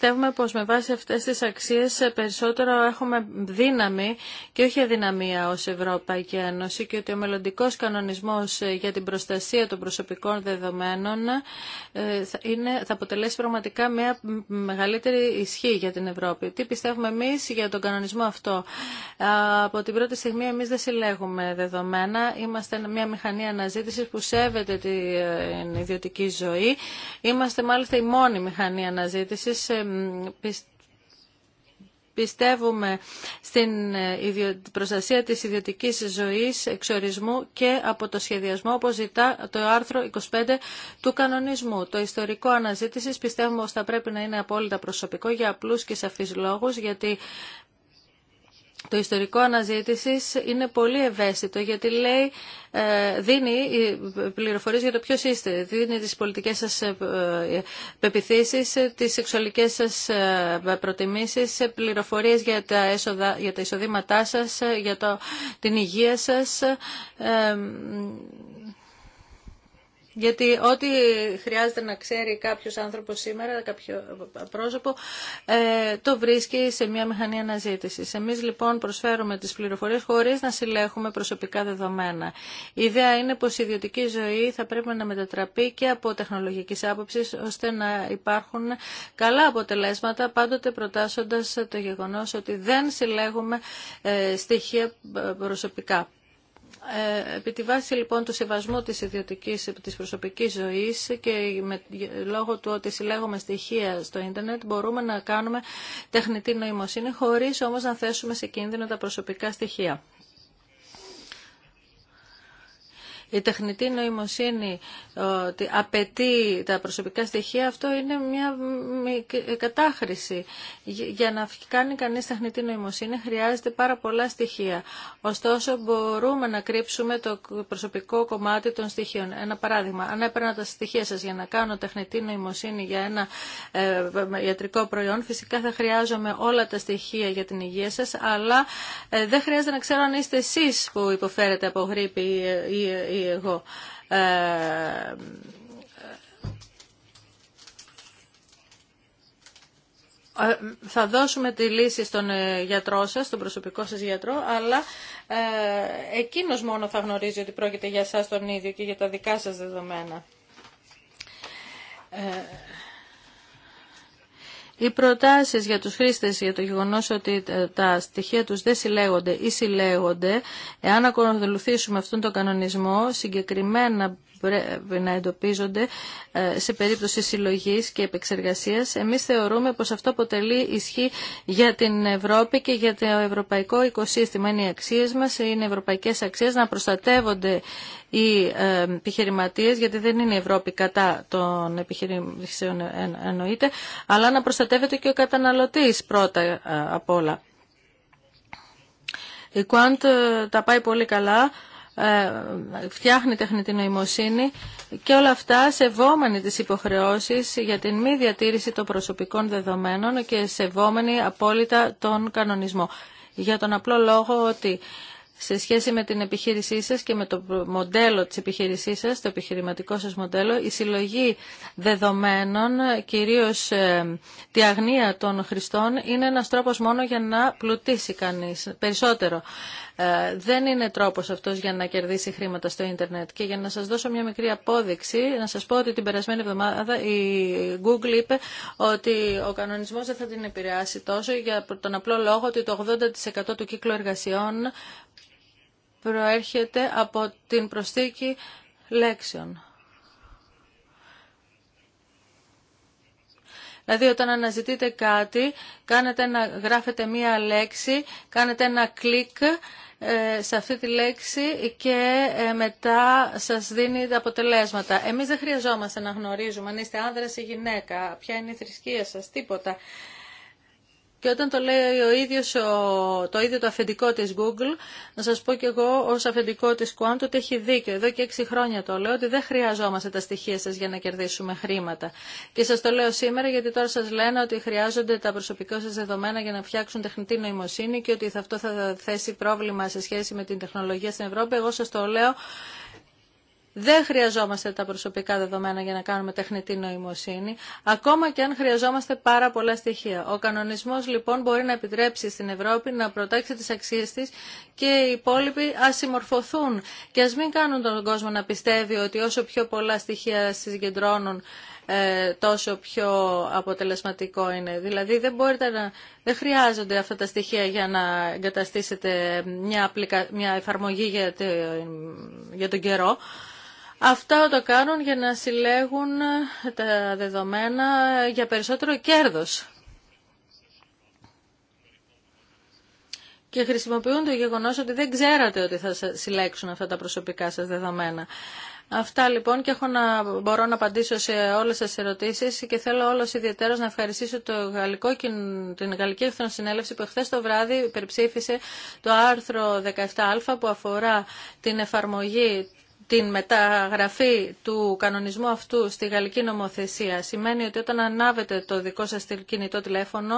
Πιστεύουμε πως με βάση αυτές τις αξίες ε, περισσότερο έχουμε δύναμη και όχι αδυναμία ως Ευρωπαϊκή Ένωση και ότι ο μελλοντικός κανονισμός ε, για την προστασία των προσωπικών δεδομένων ε, είναι, θα αποτελέσει πραγματικά μια μεγαλύτερη ισχύ για την Ευρώπη. Τι πιστεύουμε εμείς για τον κανονισμό αυτό. Από την πρώτη στιγμή εμείς δεν συλλέγουμε δεδομένα. Είμαστε μια μηχανή αναζήτησης που σέβεται την ιδιωτική ζωή. Είμαστε μάλιστα η μόνη μηχανή αναζήτησης πιστεύουμε στην ε, προστασία της ιδιωτικής ζωής εξορισμού και από το σχεδιασμό όπως ζητά το άρθρο 25 του κανονισμού. Το ιστορικό αναζήτησης πιστεύουμε ότι θα πρέπει να είναι απόλυτα προσωπικό για απλούς και σαφείς λόγους γιατί το ιστορικό αναζήτησης είναι πολύ ευαίσθητο γιατί λέει, ε, δίνει πληροφορίες για το ποιος είστε, δίνει τις πολιτικές σας ε, πεπιθήσεις, ε, τις σεξουαλικές σας προτιμήσεις, πληροφορίες για τα, έσοδα, για τα εισοδήματά σας, για το, την υγεία σας γιατί ό,τι χρειάζεται να ξέρει κάποιος άνθρωπος σήμερα, κάποιο πρόσωπο, ε, το βρίσκει σε μια μηχανή αναζήτησης. Εμείς λοιπόν προσφέρουμε τις πληροφορίες χωρίς να συλλέχουμε προσωπικά δεδομένα. Η ιδέα είναι πως η ιδιωτική ζωή θα πρέπει να μετατραπεί και από τεχνολογικής άποψη, ώστε να υπάρχουν καλά αποτελέσματα, πάντοτε προτάσσοντας το γεγονός ότι δεν συλλέγουμε ε, στοιχεία ε, προσωπικά. Ε, επί τη βάση λοιπόν του σεβασμού της ιδιωτικής, της προσωπικής ζωής και με, λόγω του ότι συλλέγουμε στοιχεία στο ίντερνετ μπορούμε να κάνουμε τεχνητή νοημοσύνη χωρίς όμως να θέσουμε σε κίνδυνο τα προσωπικά στοιχεία. η τεχνητή νοημοσύνη ε, ότι απαιτεί τα προσωπικά στοιχεία, αυτό είναι μια κατάχρηση. Για να κάνει κανείς τεχνητή νοημοσύνη χρειάζεται πάρα πολλά στοιχεία. Ωστόσο μπορούμε να κρύψουμε το προσωπικό κομμάτι των στοιχείων. Ένα παράδειγμα, αν έπαιρνα τα στοιχεία σας για να κάνω τεχνητή νοημοσύνη για ένα ε, ιατρικό προϊόν, φυσικά θα χρειάζομαι όλα τα στοιχεία για την υγεία σας, αλλά ε, δεν χρειάζεται να ξέρω αν είστε εσείς που υποφέρετε από γρήπη ή ε, ε, θα δώσουμε τη λύση στον ε, γιατρό σας, στον προσωπικό σας γιατρό, αλλά ε, εκείνος μόνο θα γνωρίζει ότι πρόκειται για σας τον ίδιο και για τα δικά σας δεδομένα. Οι προτάσεις για τους χρήστες για το γεγονός ότι τα στοιχεία τους δεν συλλέγονται ή συλλέγονται, εάν ακολουθήσουμε αυτόν τον κανονισμό, συγκεκριμένα πρέπει να εντοπίζονται ε, σε περίπτωση συλλογής και επεξεργασίας. Εμείς θεωρούμε πως αυτό αποτελεί ισχύ για την Ευρώπη και για το ευρωπαϊκό οικοσύστημα. Είναι οι αξίες μας, είναι ευρωπαϊκές αξίες να προστατεύονται οι ε, επιχειρηματίε, γιατί δεν είναι η Ευρώπη κατά των επιχειρήσεων ε, εννοείται, αλλά να προστατεύεται και ο καταναλωτής πρώτα απ' όλα. Η Quant τα πάει πολύ καλά ε, φτιάχνει τεχνητή νοημοσύνη και όλα αυτά σεβόμενοι τις υποχρεώσεις για την μη διατήρηση των προσωπικών δεδομένων και σεβόμενοι απόλυτα τον κανονισμό. Για τον απλό λόγο ότι σε σχέση με την επιχείρησή σας και με το μοντέλο της επιχείρησής σας, το επιχειρηματικό σας μοντέλο, η συλλογή δεδομένων, κυρίως ε, τη αγνία των χρηστών, είναι ένας τρόπος μόνο για να πλουτίσει κανείς περισσότερο. Ε, δεν είναι τρόπος αυτός για να κερδίσει χρήματα στο ίντερνετ. Και για να σας δώσω μια μικρή απόδειξη, να σας πω ότι την περασμένη εβδομάδα η Google είπε ότι ο κανονισμός δεν θα την επηρεάσει τόσο για τον απλό λόγο ότι το 80% του κύκλου εργασιών προέρχεται από την προσθήκη λέξεων. Δηλαδή όταν αναζητείτε κάτι, κάνετε να γράφετε μία λέξη, κάνετε ένα κλικ ε, σε αυτή τη λέξη και ε, μετά σας δίνει τα αποτελέσματα. Εμείς δεν χρειαζόμαστε να γνωρίζουμε αν είστε άνδρας ή γυναίκα, ποια είναι η θρησκεία σας, τίποτα. Και όταν το λέει ο ίδιος, το ίδιο το αφεντικό της Google, να σας πω και εγώ ως αφεντικό της Quant ότι έχει δίκιο. Εδώ και έξι χρόνια το λέω ότι δεν χρειαζόμαστε τα στοιχεία σας για να κερδίσουμε χρήματα. Και σας το λέω σήμερα γιατί τώρα σας λένε ότι χρειάζονται τα προσωπικά σας δεδομένα για να φτιάξουν τεχνητή νοημοσύνη και ότι αυτό θα θέσει πρόβλημα σε σχέση με την τεχνολογία στην Ευρώπη. Εγώ σας το λέω δεν χρειαζόμαστε τα προσωπικά δεδομένα για να κάνουμε τεχνητή νοημοσύνη, ακόμα και αν χρειαζόμαστε πάρα πολλά στοιχεία. Ο κανονισμός λοιπόν μπορεί να επιτρέψει στην Ευρώπη να προτάξει τις αξίες της και οι υπόλοιποι ας συμμορφωθούν και ας μην κάνουν τον κόσμο να πιστεύει ότι όσο πιο πολλά στοιχεία συγκεντρώνουν ε, τόσο πιο αποτελεσματικό είναι. Δηλαδή δεν, μπορείτε δεν χρειάζονται αυτά τα στοιχεία για να εγκαταστήσετε μια, μια εφαρμογή για, το, για τον καιρό. Αυτά το κάνουν για να συλλέγουν ε, τα δεδομένα για περισσότερο κέρδος. Και χρησιμοποιούν το γεγονός ότι δεν ξέρατε ότι θα συλλέξουν αυτά τα προσωπικά σας δεδομένα. Αυτά λοιπόν και έχω να μπορώ να απαντήσω σε όλες τις ερωτήσεις και θέλω όλος ιδιαίτερος να ευχαριστήσω το γαλλικό, την Γαλλική Συνέλευση που χθε το βράδυ υπερψήφισε το άρθρο 17α που αφορά την εφαρμογή την μεταγραφή του κανονισμού αυτού στη γαλλική νομοθεσία σημαίνει ότι όταν ανάβετε το δικό σας κινητό τηλέφωνο,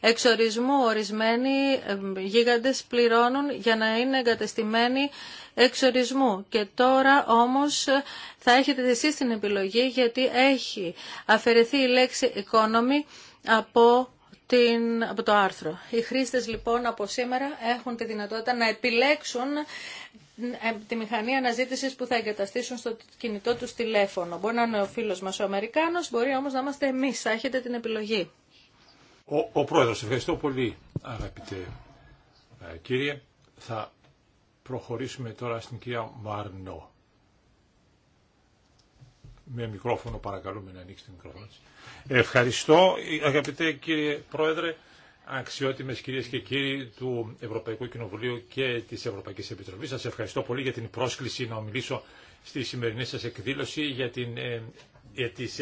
εξορισμού ορισμένοι γίγαντες πληρώνουν για να είναι εγκατεστημένοι εξορισμού. Και τώρα όμως ε, θα έχετε εσείς την επιλογή γιατί έχει αφαιρεθεί η λέξη economy από την, από το άρθρο. Οι χρήστες λοιπόν από σήμερα έχουν τη δυνατότητα να επιλέξουν ε, τη μηχανή αναζήτησης που θα εγκαταστήσουν στο κινητό του τηλέφωνο. Μπορεί να είναι ο φίλος μας ο Αμερικάνος, μπορεί όμως να είμαστε εμείς. έχετε την επιλογή. Ο, ο Πρόεδρος, ευχαριστώ πολύ αγαπητέ ε, κύριε. Θα προχωρήσουμε τώρα στην κυρία Μαρνό. Με μικρόφωνο παρακαλούμε να ανοίξει το μικρόφωνο. Ευχαριστώ αγαπητέ κύριε Πρόεδρε αξιότιμες κυρίες και κύριοι του Ευρωπαϊκού Κοινοβουλίου και της Ευρωπαϊκής Επιτροπής. Σας ευχαριστώ πολύ για την πρόσκληση να ομιλήσω στη σημερινή σας εκδήλωση για, την, ε, για τις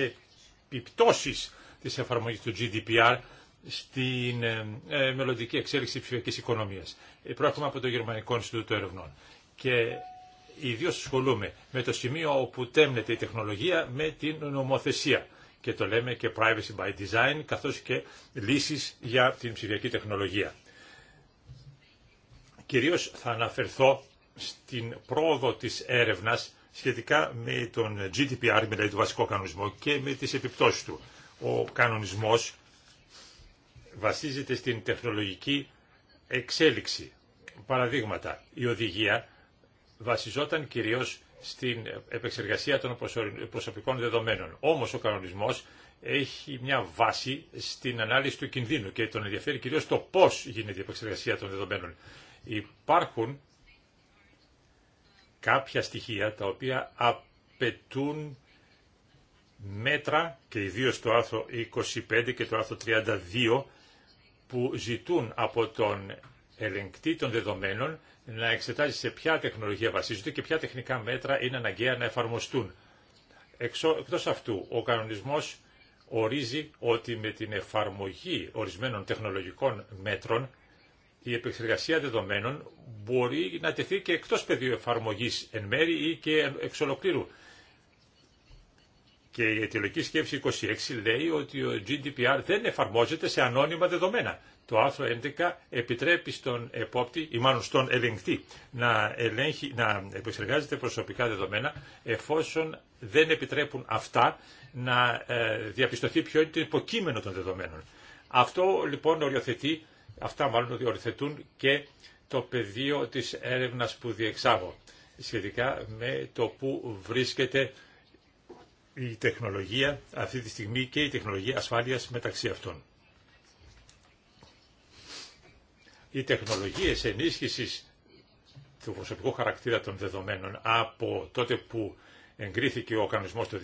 επιπτώσεις της εφαρμογής του GDPR στην ε, ε, μελλοντική εξέλιξη ψηφιακής οικονομίας. Προέρχομαι από το Γερμανικό Ινστιτούτο Ερευνών και ιδίω ασχολούμαι με το σημείο όπου τέμνεται η τεχνολογία με την νομοθεσία και το λέμε και privacy by design, καθώς και λύσεις για την ψηφιακή τεχνολογία. Κυρίως θα αναφερθώ στην πρόοδο της έρευνας σχετικά με τον GDPR, δηλαδή τον βασικό κανονισμό, και με τις επιπτώσεις του. Ο κανονισμός βασίζεται στην τεχνολογική εξέλιξη. Παραδείγματα, η οδηγία βασιζόταν κυρίως στην επεξεργασία των προσωπικών δεδομένων. Όμως ο κανονισμός έχει μια βάση στην ανάλυση του κινδύνου και τον ενδιαφέρει κυρίως το πώς γίνεται η επεξεργασία των δεδομένων. Υπάρχουν κάποια στοιχεία τα οποία απαιτούν μέτρα και ιδίω το άρθρο 25 και το άρθρο 32 που ζητούν από τον ελεγκτή των δεδομένων να εξετάζει σε ποια τεχνολογία βασίζονται και ποια τεχνικά μέτρα είναι αναγκαία να εφαρμοστούν. Εκτός αυτού, ο κανονισμός ορίζει ότι με την εφαρμογή ορισμένων τεχνολογικών μέτρων η επεξεργασία δεδομένων μπορεί να τεθεί και εκτός πεδίου εφαρμογής εν μέρη ή και εξ ολοκλήρου. Και η αιτιολογική σκέψη 26 λέει ότι ο GDPR δεν εφαρμόζεται σε ανώνυμα δεδομένα. Το άρθρο 11 επιτρέπει στον επόπτη ή μάλλον στον ελεγκτή να, ελέγχει, να επεξεργάζεται προσωπικά δεδομένα εφόσον δεν επιτρέπουν αυτά να ε, διαπιστωθεί ποιο είναι το υποκείμενο των δεδομένων. Αυτό λοιπόν οριοθετεί, αυτά μάλλον οριοθετούν και το πεδίο της έρευνας που διεξάγω σχετικά με το που βρίσκεται η τεχνολογία, αυτή τη στιγμή και η τεχνολογία ασφάλειας μεταξύ αυτών. Οι τεχνολογίες ενίσχυσης του προσωπικού χαρακτήρα των δεδομένων από τότε που εγκρίθηκε ο κανονισμός το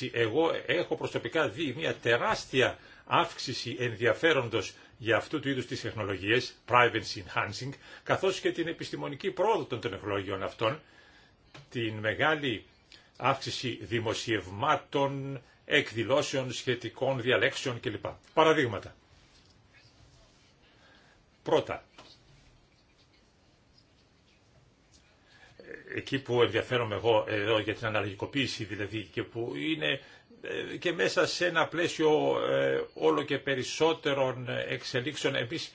2016, εγώ έχω προσωπικά δει μια τεράστια αύξηση ενδιαφέροντος για αυτού του είδους τις τεχνολογίες, privacy enhancing, καθώς και την επιστημονική πρόοδο των τεχνολογιών αυτών, την μεγάλη αύξηση δημοσιευμάτων, εκδηλώσεων, σχετικών διαλέξεων κλπ. Παραδείγματα. Πρώτα, εκεί που ενδιαφέρομαι εγώ εδώ για την αναλογικοποίηση δηλαδή και που είναι ε, και μέσα σε ένα πλαίσιο ε, όλο και περισσότερων εξελίξεων εμείς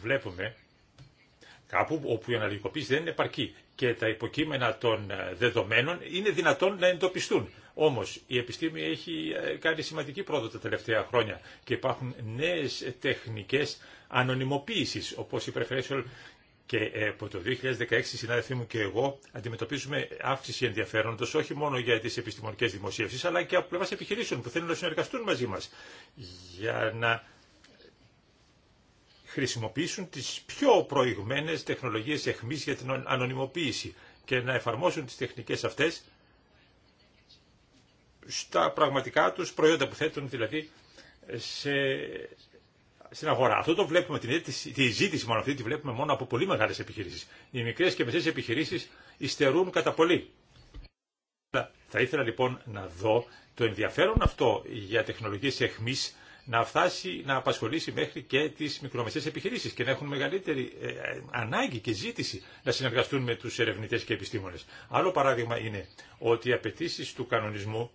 βλέπουμε κάπου όπου η αναλογικοποίηση δεν είναι επαρκή και τα υποκείμενα των ε, δεδομένων είναι δυνατόν να εντοπιστούν. Όμως η επιστήμη έχει ε, κάνει σημαντική πρόοδο τα τελευταία χρόνια και υπάρχουν νέες τεχνικές ανωνυμοποίησης όπως η preferential και ε, από το 2016 συνάδελφοί μου και εγώ αντιμετωπίζουμε αύξηση ενδιαφέροντος όχι μόνο για τις επιστημονικές δημοσίευσεις αλλά και από πλευράς επιχειρήσεων που θέλουν να συνεργαστούν μαζί μας για να χρησιμοποιήσουν τις πιο προηγμένες τεχνολογίες εχμής για την ανωνυμοποίηση και να εφαρμόσουν τις τεχνικές αυτές στα πραγματικά τους προϊόντα που θέτουν δηλαδή σε, στην αγορά. Αυτό το βλέπουμε, την τη ζήτηση μόνο αυτή τη βλέπουμε μόνο από πολύ μεγάλες επιχειρήσεις. Οι μικρές και μεσαίες επιχειρήσεις υστερούν κατά πολύ. Θα ήθελα λοιπόν να δω το ενδιαφέρον αυτό για τεχνολογίες εχμής να φτάσει να απασχολήσει μέχρι και τι μικρομεσαίες επιχειρήσει και να έχουν μεγαλύτερη ε, ε, ανάγκη και ζήτηση να συνεργαστούν με του ερευνητέ και επιστήμονε. Άλλο παράδειγμα είναι ότι οι απαιτήσει του κανονισμού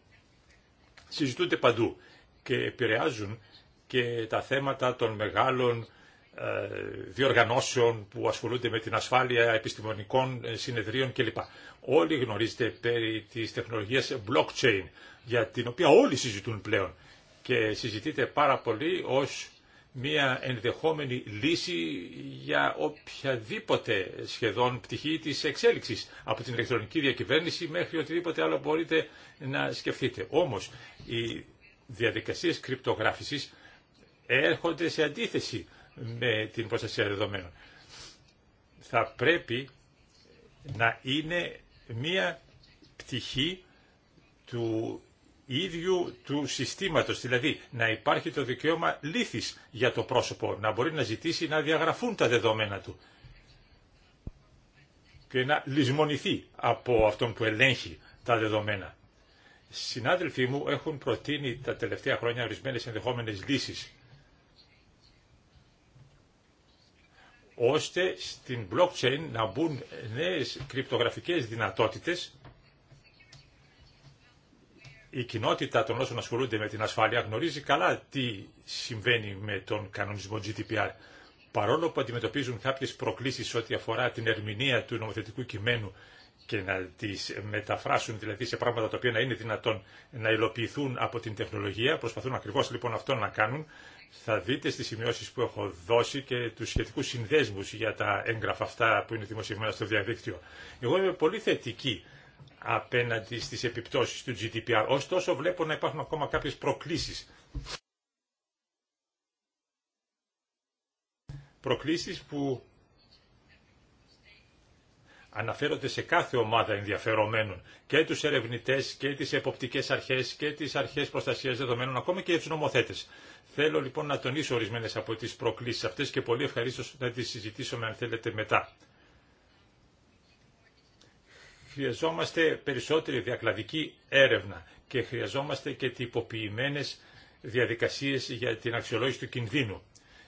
συζητούνται παντού και επηρεάζουν και τα θέματα των μεγάλων ε, διοργανώσεων που ασχολούνται με την ασφάλεια επιστημονικών συνεδρίων κλπ. Όλοι γνωρίζετε περί της τεχνολογίας blockchain για την οποία όλοι συζητούν πλέον και συζητείται πάρα πολύ ως μια ενδεχόμενη λύση για οποιαδήποτε σχεδόν πτυχή της εξέλιξης από την ηλεκτρονική διακυβέρνηση μέχρι οτιδήποτε άλλο μπορείτε να σκεφτείτε. Όμως οι διαδικασίες κρυπτογράφησης έρχονται σε αντίθεση με την προστασία δεδομένων. Θα πρέπει να είναι μια πτυχή του ίδιου του συστήματος, δηλαδή να υπάρχει το δικαίωμα λύθης για το πρόσωπο, να μπορεί να ζητήσει να διαγραφούν τα δεδομένα του και να λησμονηθεί από αυτόν που ελέγχει τα δεδομένα. Συνάδελφοί μου έχουν προτείνει τα τελευταία χρόνια ορισμένε ενδεχόμενες λύσεις ώστε στην blockchain να μπουν νέες κρυπτογραφικές δυνατότητες η κοινότητα των όσων ασχολούνται με την ασφάλεια γνωρίζει καλά τι συμβαίνει με τον κανονισμό GDPR. Παρόλο που αντιμετωπίζουν κάποιε προκλήσει ό,τι αφορά την ερμηνεία του νομοθετικού κειμένου και να τι μεταφράσουν δηλαδή σε πράγματα τα οποία να είναι δυνατόν να υλοποιηθούν από την τεχνολογία, προσπαθούν ακριβώ λοιπόν αυτό να κάνουν. Θα δείτε στι σημειώσει που έχω δώσει και του σχετικού συνδέσμου για τα έγγραφα αυτά που είναι δημοσιευμένα στο διαδίκτυο. Εγώ είμαι πολύ θετική απέναντι στις επιπτώσεις του GDPR. Ωστόσο βλέπω να υπάρχουν ακόμα κάποιες προκλήσεις. Προκλήσεις που αναφέρονται σε κάθε ομάδα ενδιαφερομένων και τους ερευνητές και τις εποπτικές αρχές και τις αρχές προστασίας δεδομένων ακόμα και τους νομοθέτες. Θέλω λοιπόν να τονίσω ορισμένες από τις προκλήσεις αυτές και πολύ ευχαρίστως να τις συζητήσουμε αν θέλετε μετά χρειαζόμαστε περισσότερη διακλαδική έρευνα και χρειαζόμαστε και τυποποιημένες διαδικασίες για την αξιολόγηση του κινδύνου.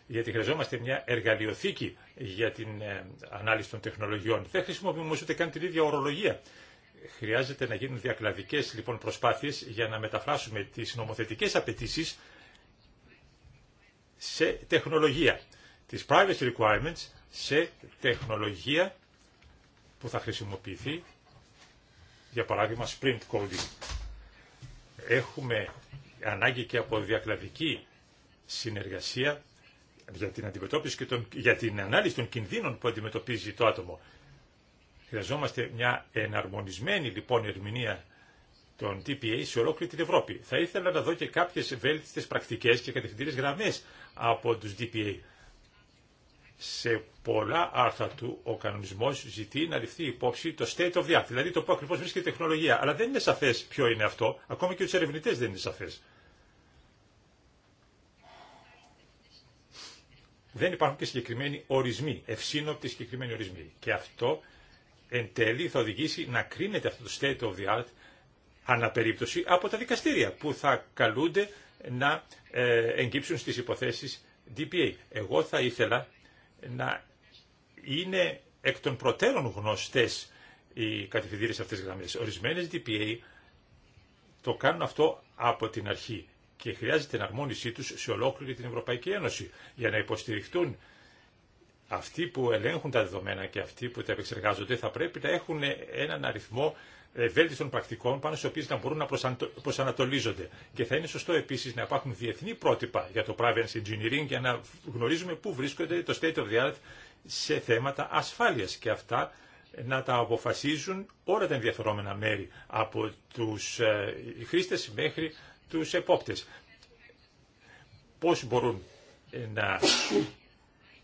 Γιατί χρειαζόμαστε μια εργαλειοθήκη για την ε, ανάλυση των τεχνολογιών. Δεν χρησιμοποιούμε ούτε καν την ίδια ορολογία. Χρειάζεται να γίνουν διακλαδικές λοιπόν προσπάθειες για να μεταφράσουμε τις νομοθετικές απαιτήσει σε τεχνολογία. Τις privacy requirements σε τεχνολογία που θα χρησιμοποιηθεί για παράδειγμα sprint coding. Έχουμε ανάγκη και από διακλαδική συνεργασία για την, αντιμετώπιση και τον, για την ανάλυση των κινδύνων που αντιμετωπίζει το άτομο. Χρειαζόμαστε μια εναρμονισμένη λοιπόν ερμηνεία των TPA σε ολόκληρη την Ευρώπη. Θα ήθελα να δω και κάποιες βέλτιστες πρακτικές και κατευθυντήρες γραμμές από τους DPA σε πολλά άρθρα του ο κανονισμό ζητεί να ληφθεί υπόψη το state of the art, δηλαδή το που ακριβώ βρίσκεται η τεχνολογία. Αλλά δεν είναι σαφέ ποιο είναι αυτό, ακόμα και του ερευνητέ δεν είναι σαφέ. Δεν υπάρχουν και συγκεκριμένοι ορισμοί, ευσύνοπτοι συγκεκριμένοι ορισμοί. Και αυτό εν τέλει θα οδηγήσει να κρίνεται αυτό το state of the art αναπερίπτωση από τα δικαστήρια που θα καλούνται να ε, εγκύψουν στις υποθέσεις DPA. Εγώ θα ήθελα να είναι εκ των προτέρων γνωστές οι κατευθυντήρες αυτές τις γραμμές. Ορισμένες DPA το κάνουν αυτό από την αρχή και χρειάζεται εναρμόνισή τους σε ολόκληρη την Ευρωπαϊκή Ένωση για να υποστηριχτούν αυτοί που ελέγχουν τα δεδομένα και αυτοί που τα επεξεργάζονται θα πρέπει να έχουν έναν αριθμό βέλτιστων πρακτικών πάνω στι οποίε να μπορούν να προσανατολίζονται. Και θα είναι σωστό επίση να υπάρχουν διεθνή πρότυπα για το privacy engineering για να γνωρίζουμε πού βρίσκονται το state of the art σε θέματα ασφάλεια. Και αυτά να τα αποφασίζουν όλα τα ενδιαφερόμενα μέρη, από του ε, χρήστε μέχρι του επόπτε. Πώ μπορούν ε, να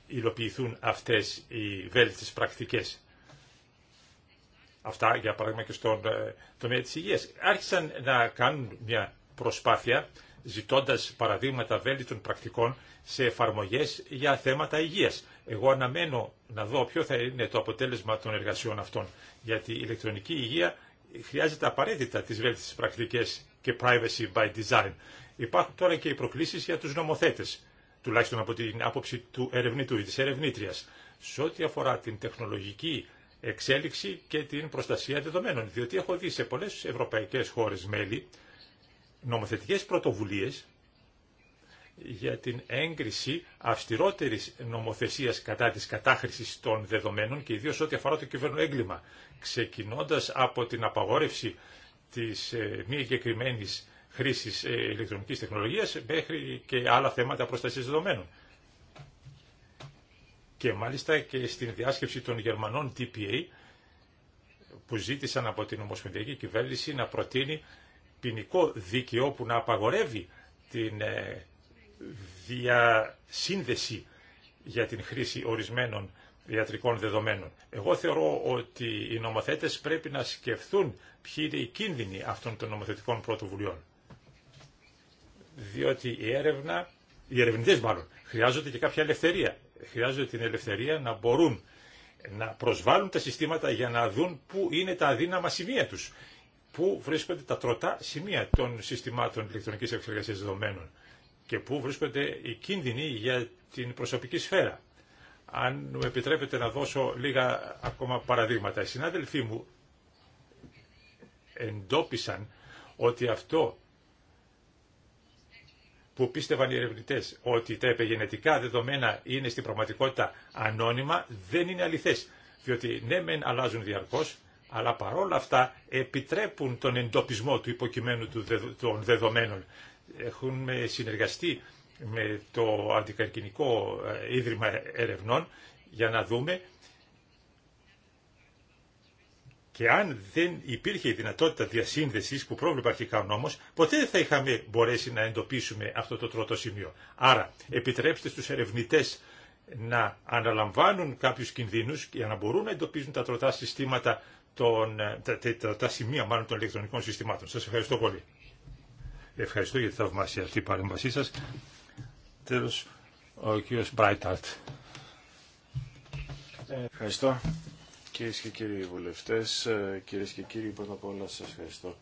υλοποιηθούν αυτές οι βέλτιστες πρακτικές. Αυτά για παράδειγμα και στον ε, τομέα της υγείας. Άρχισαν να κάνουν μια προσπάθεια ζητώντας παραδείγματα των πρακτικών σε εφαρμογές για θέματα υγείας. Εγώ αναμένω να δω ποιο θα είναι το αποτέλεσμα των εργασιών αυτών, γιατί η ηλεκτρονική υγεία χρειάζεται απαραίτητα τις βέλτιστες πρακτικές και privacy by design. Υπάρχουν τώρα και οι προκλήσεις για τους νομοθέτες, τουλάχιστον από την άποψη του ερευνητού ή της ερευνήτριας. Σε ό,τι αφορά την τεχνολογική εξέλιξη και την προστασία δεδομένων. Διότι έχω δει σε πολλές ευρωπαϊκές χώρες μέλη νομοθετικές πρωτοβουλίες για την έγκριση αυστηρότερης νομοθεσίας κατά της κατάχρησης των δεδομένων και ιδίως ό,τι αφορά το κυβέρνο έγκλημα, ξεκινώντας από την απαγόρευση της ε, μη εγκεκριμένης χρήσης ε, ηλεκτρονικής τεχνολογίας μέχρι και άλλα θέματα προστασίας δεδομένων και μάλιστα και στην διάσκεψη των Γερμανών TPA που ζήτησαν από την Ομοσπονδιακή Κυβέρνηση να προτείνει ποινικό δίκαιο που να απαγορεύει την ε, διασύνδεση για την χρήση ορισμένων ιατρικών δεδομένων. Εγώ θεωρώ ότι οι νομοθέτες πρέπει να σκεφτούν ποιοι είναι οι κίνδυνοι αυτών των νομοθετικών πρωτοβουλειών. Διότι η έρευνα, οι ερευνητές μάλλον, χρειάζονται και κάποια ελευθερία χρειάζονται την ελευθερία να μπορούν να προσβάλλουν τα συστήματα για να δουν πού είναι τα αδύναμα σημεία τους, πού βρίσκονται τα τροτά σημεία των συστημάτων ηλεκτρονικής εξεργασίας δεδομένων και πού βρίσκονται οι κίνδυνοι για την προσωπική σφαίρα. Αν μου επιτρέπετε να δώσω λίγα ακόμα παραδείγματα. Οι συνάδελφοί μου εντόπισαν ότι αυτό που πίστευαν οι ερευνητέ ότι τα επεγενετικά δεδομένα είναι στην πραγματικότητα ανώνυμα δεν είναι αληθέ. Διότι ναι μεν αλλάζουν διαρκώς, αλλά παρόλα αυτά επιτρέπουν τον εντοπισμό του υποκειμένου των δεδομένων. Έχουμε συνεργαστεί με το Αντικαρκυνικό ε, Ίδρυμα Ερευνών για να δούμε Και αν δεν υπήρχε η δυνατότητα διασύνδεσης που πρόβλημα αρχικά ο νόμος, ποτέ δεν θα είχαμε μπορέσει να εντοπίσουμε αυτό το τρώτο σημείο. Άρα, επιτρέψτε στους ερευνητές να αναλαμβάνουν κάποιους κινδύνους για να μπορούν να εντοπίζουν τα τρώτα συστήματα, των, τα, τα, σημεία μάλλον των ηλεκτρονικών συστημάτων. Σας ευχαριστώ πολύ. Ευχαριστώ για τη θαυμάσια αυτή παρέμβασή σας. Τέλος, ο κ. Μπράιταρτ. Ευχαριστώ. Κυρίε και κύριοι βουλευτέ, ε, κυρίε και κύριοι, πρώτα απ' όλα σα ευχαριστώ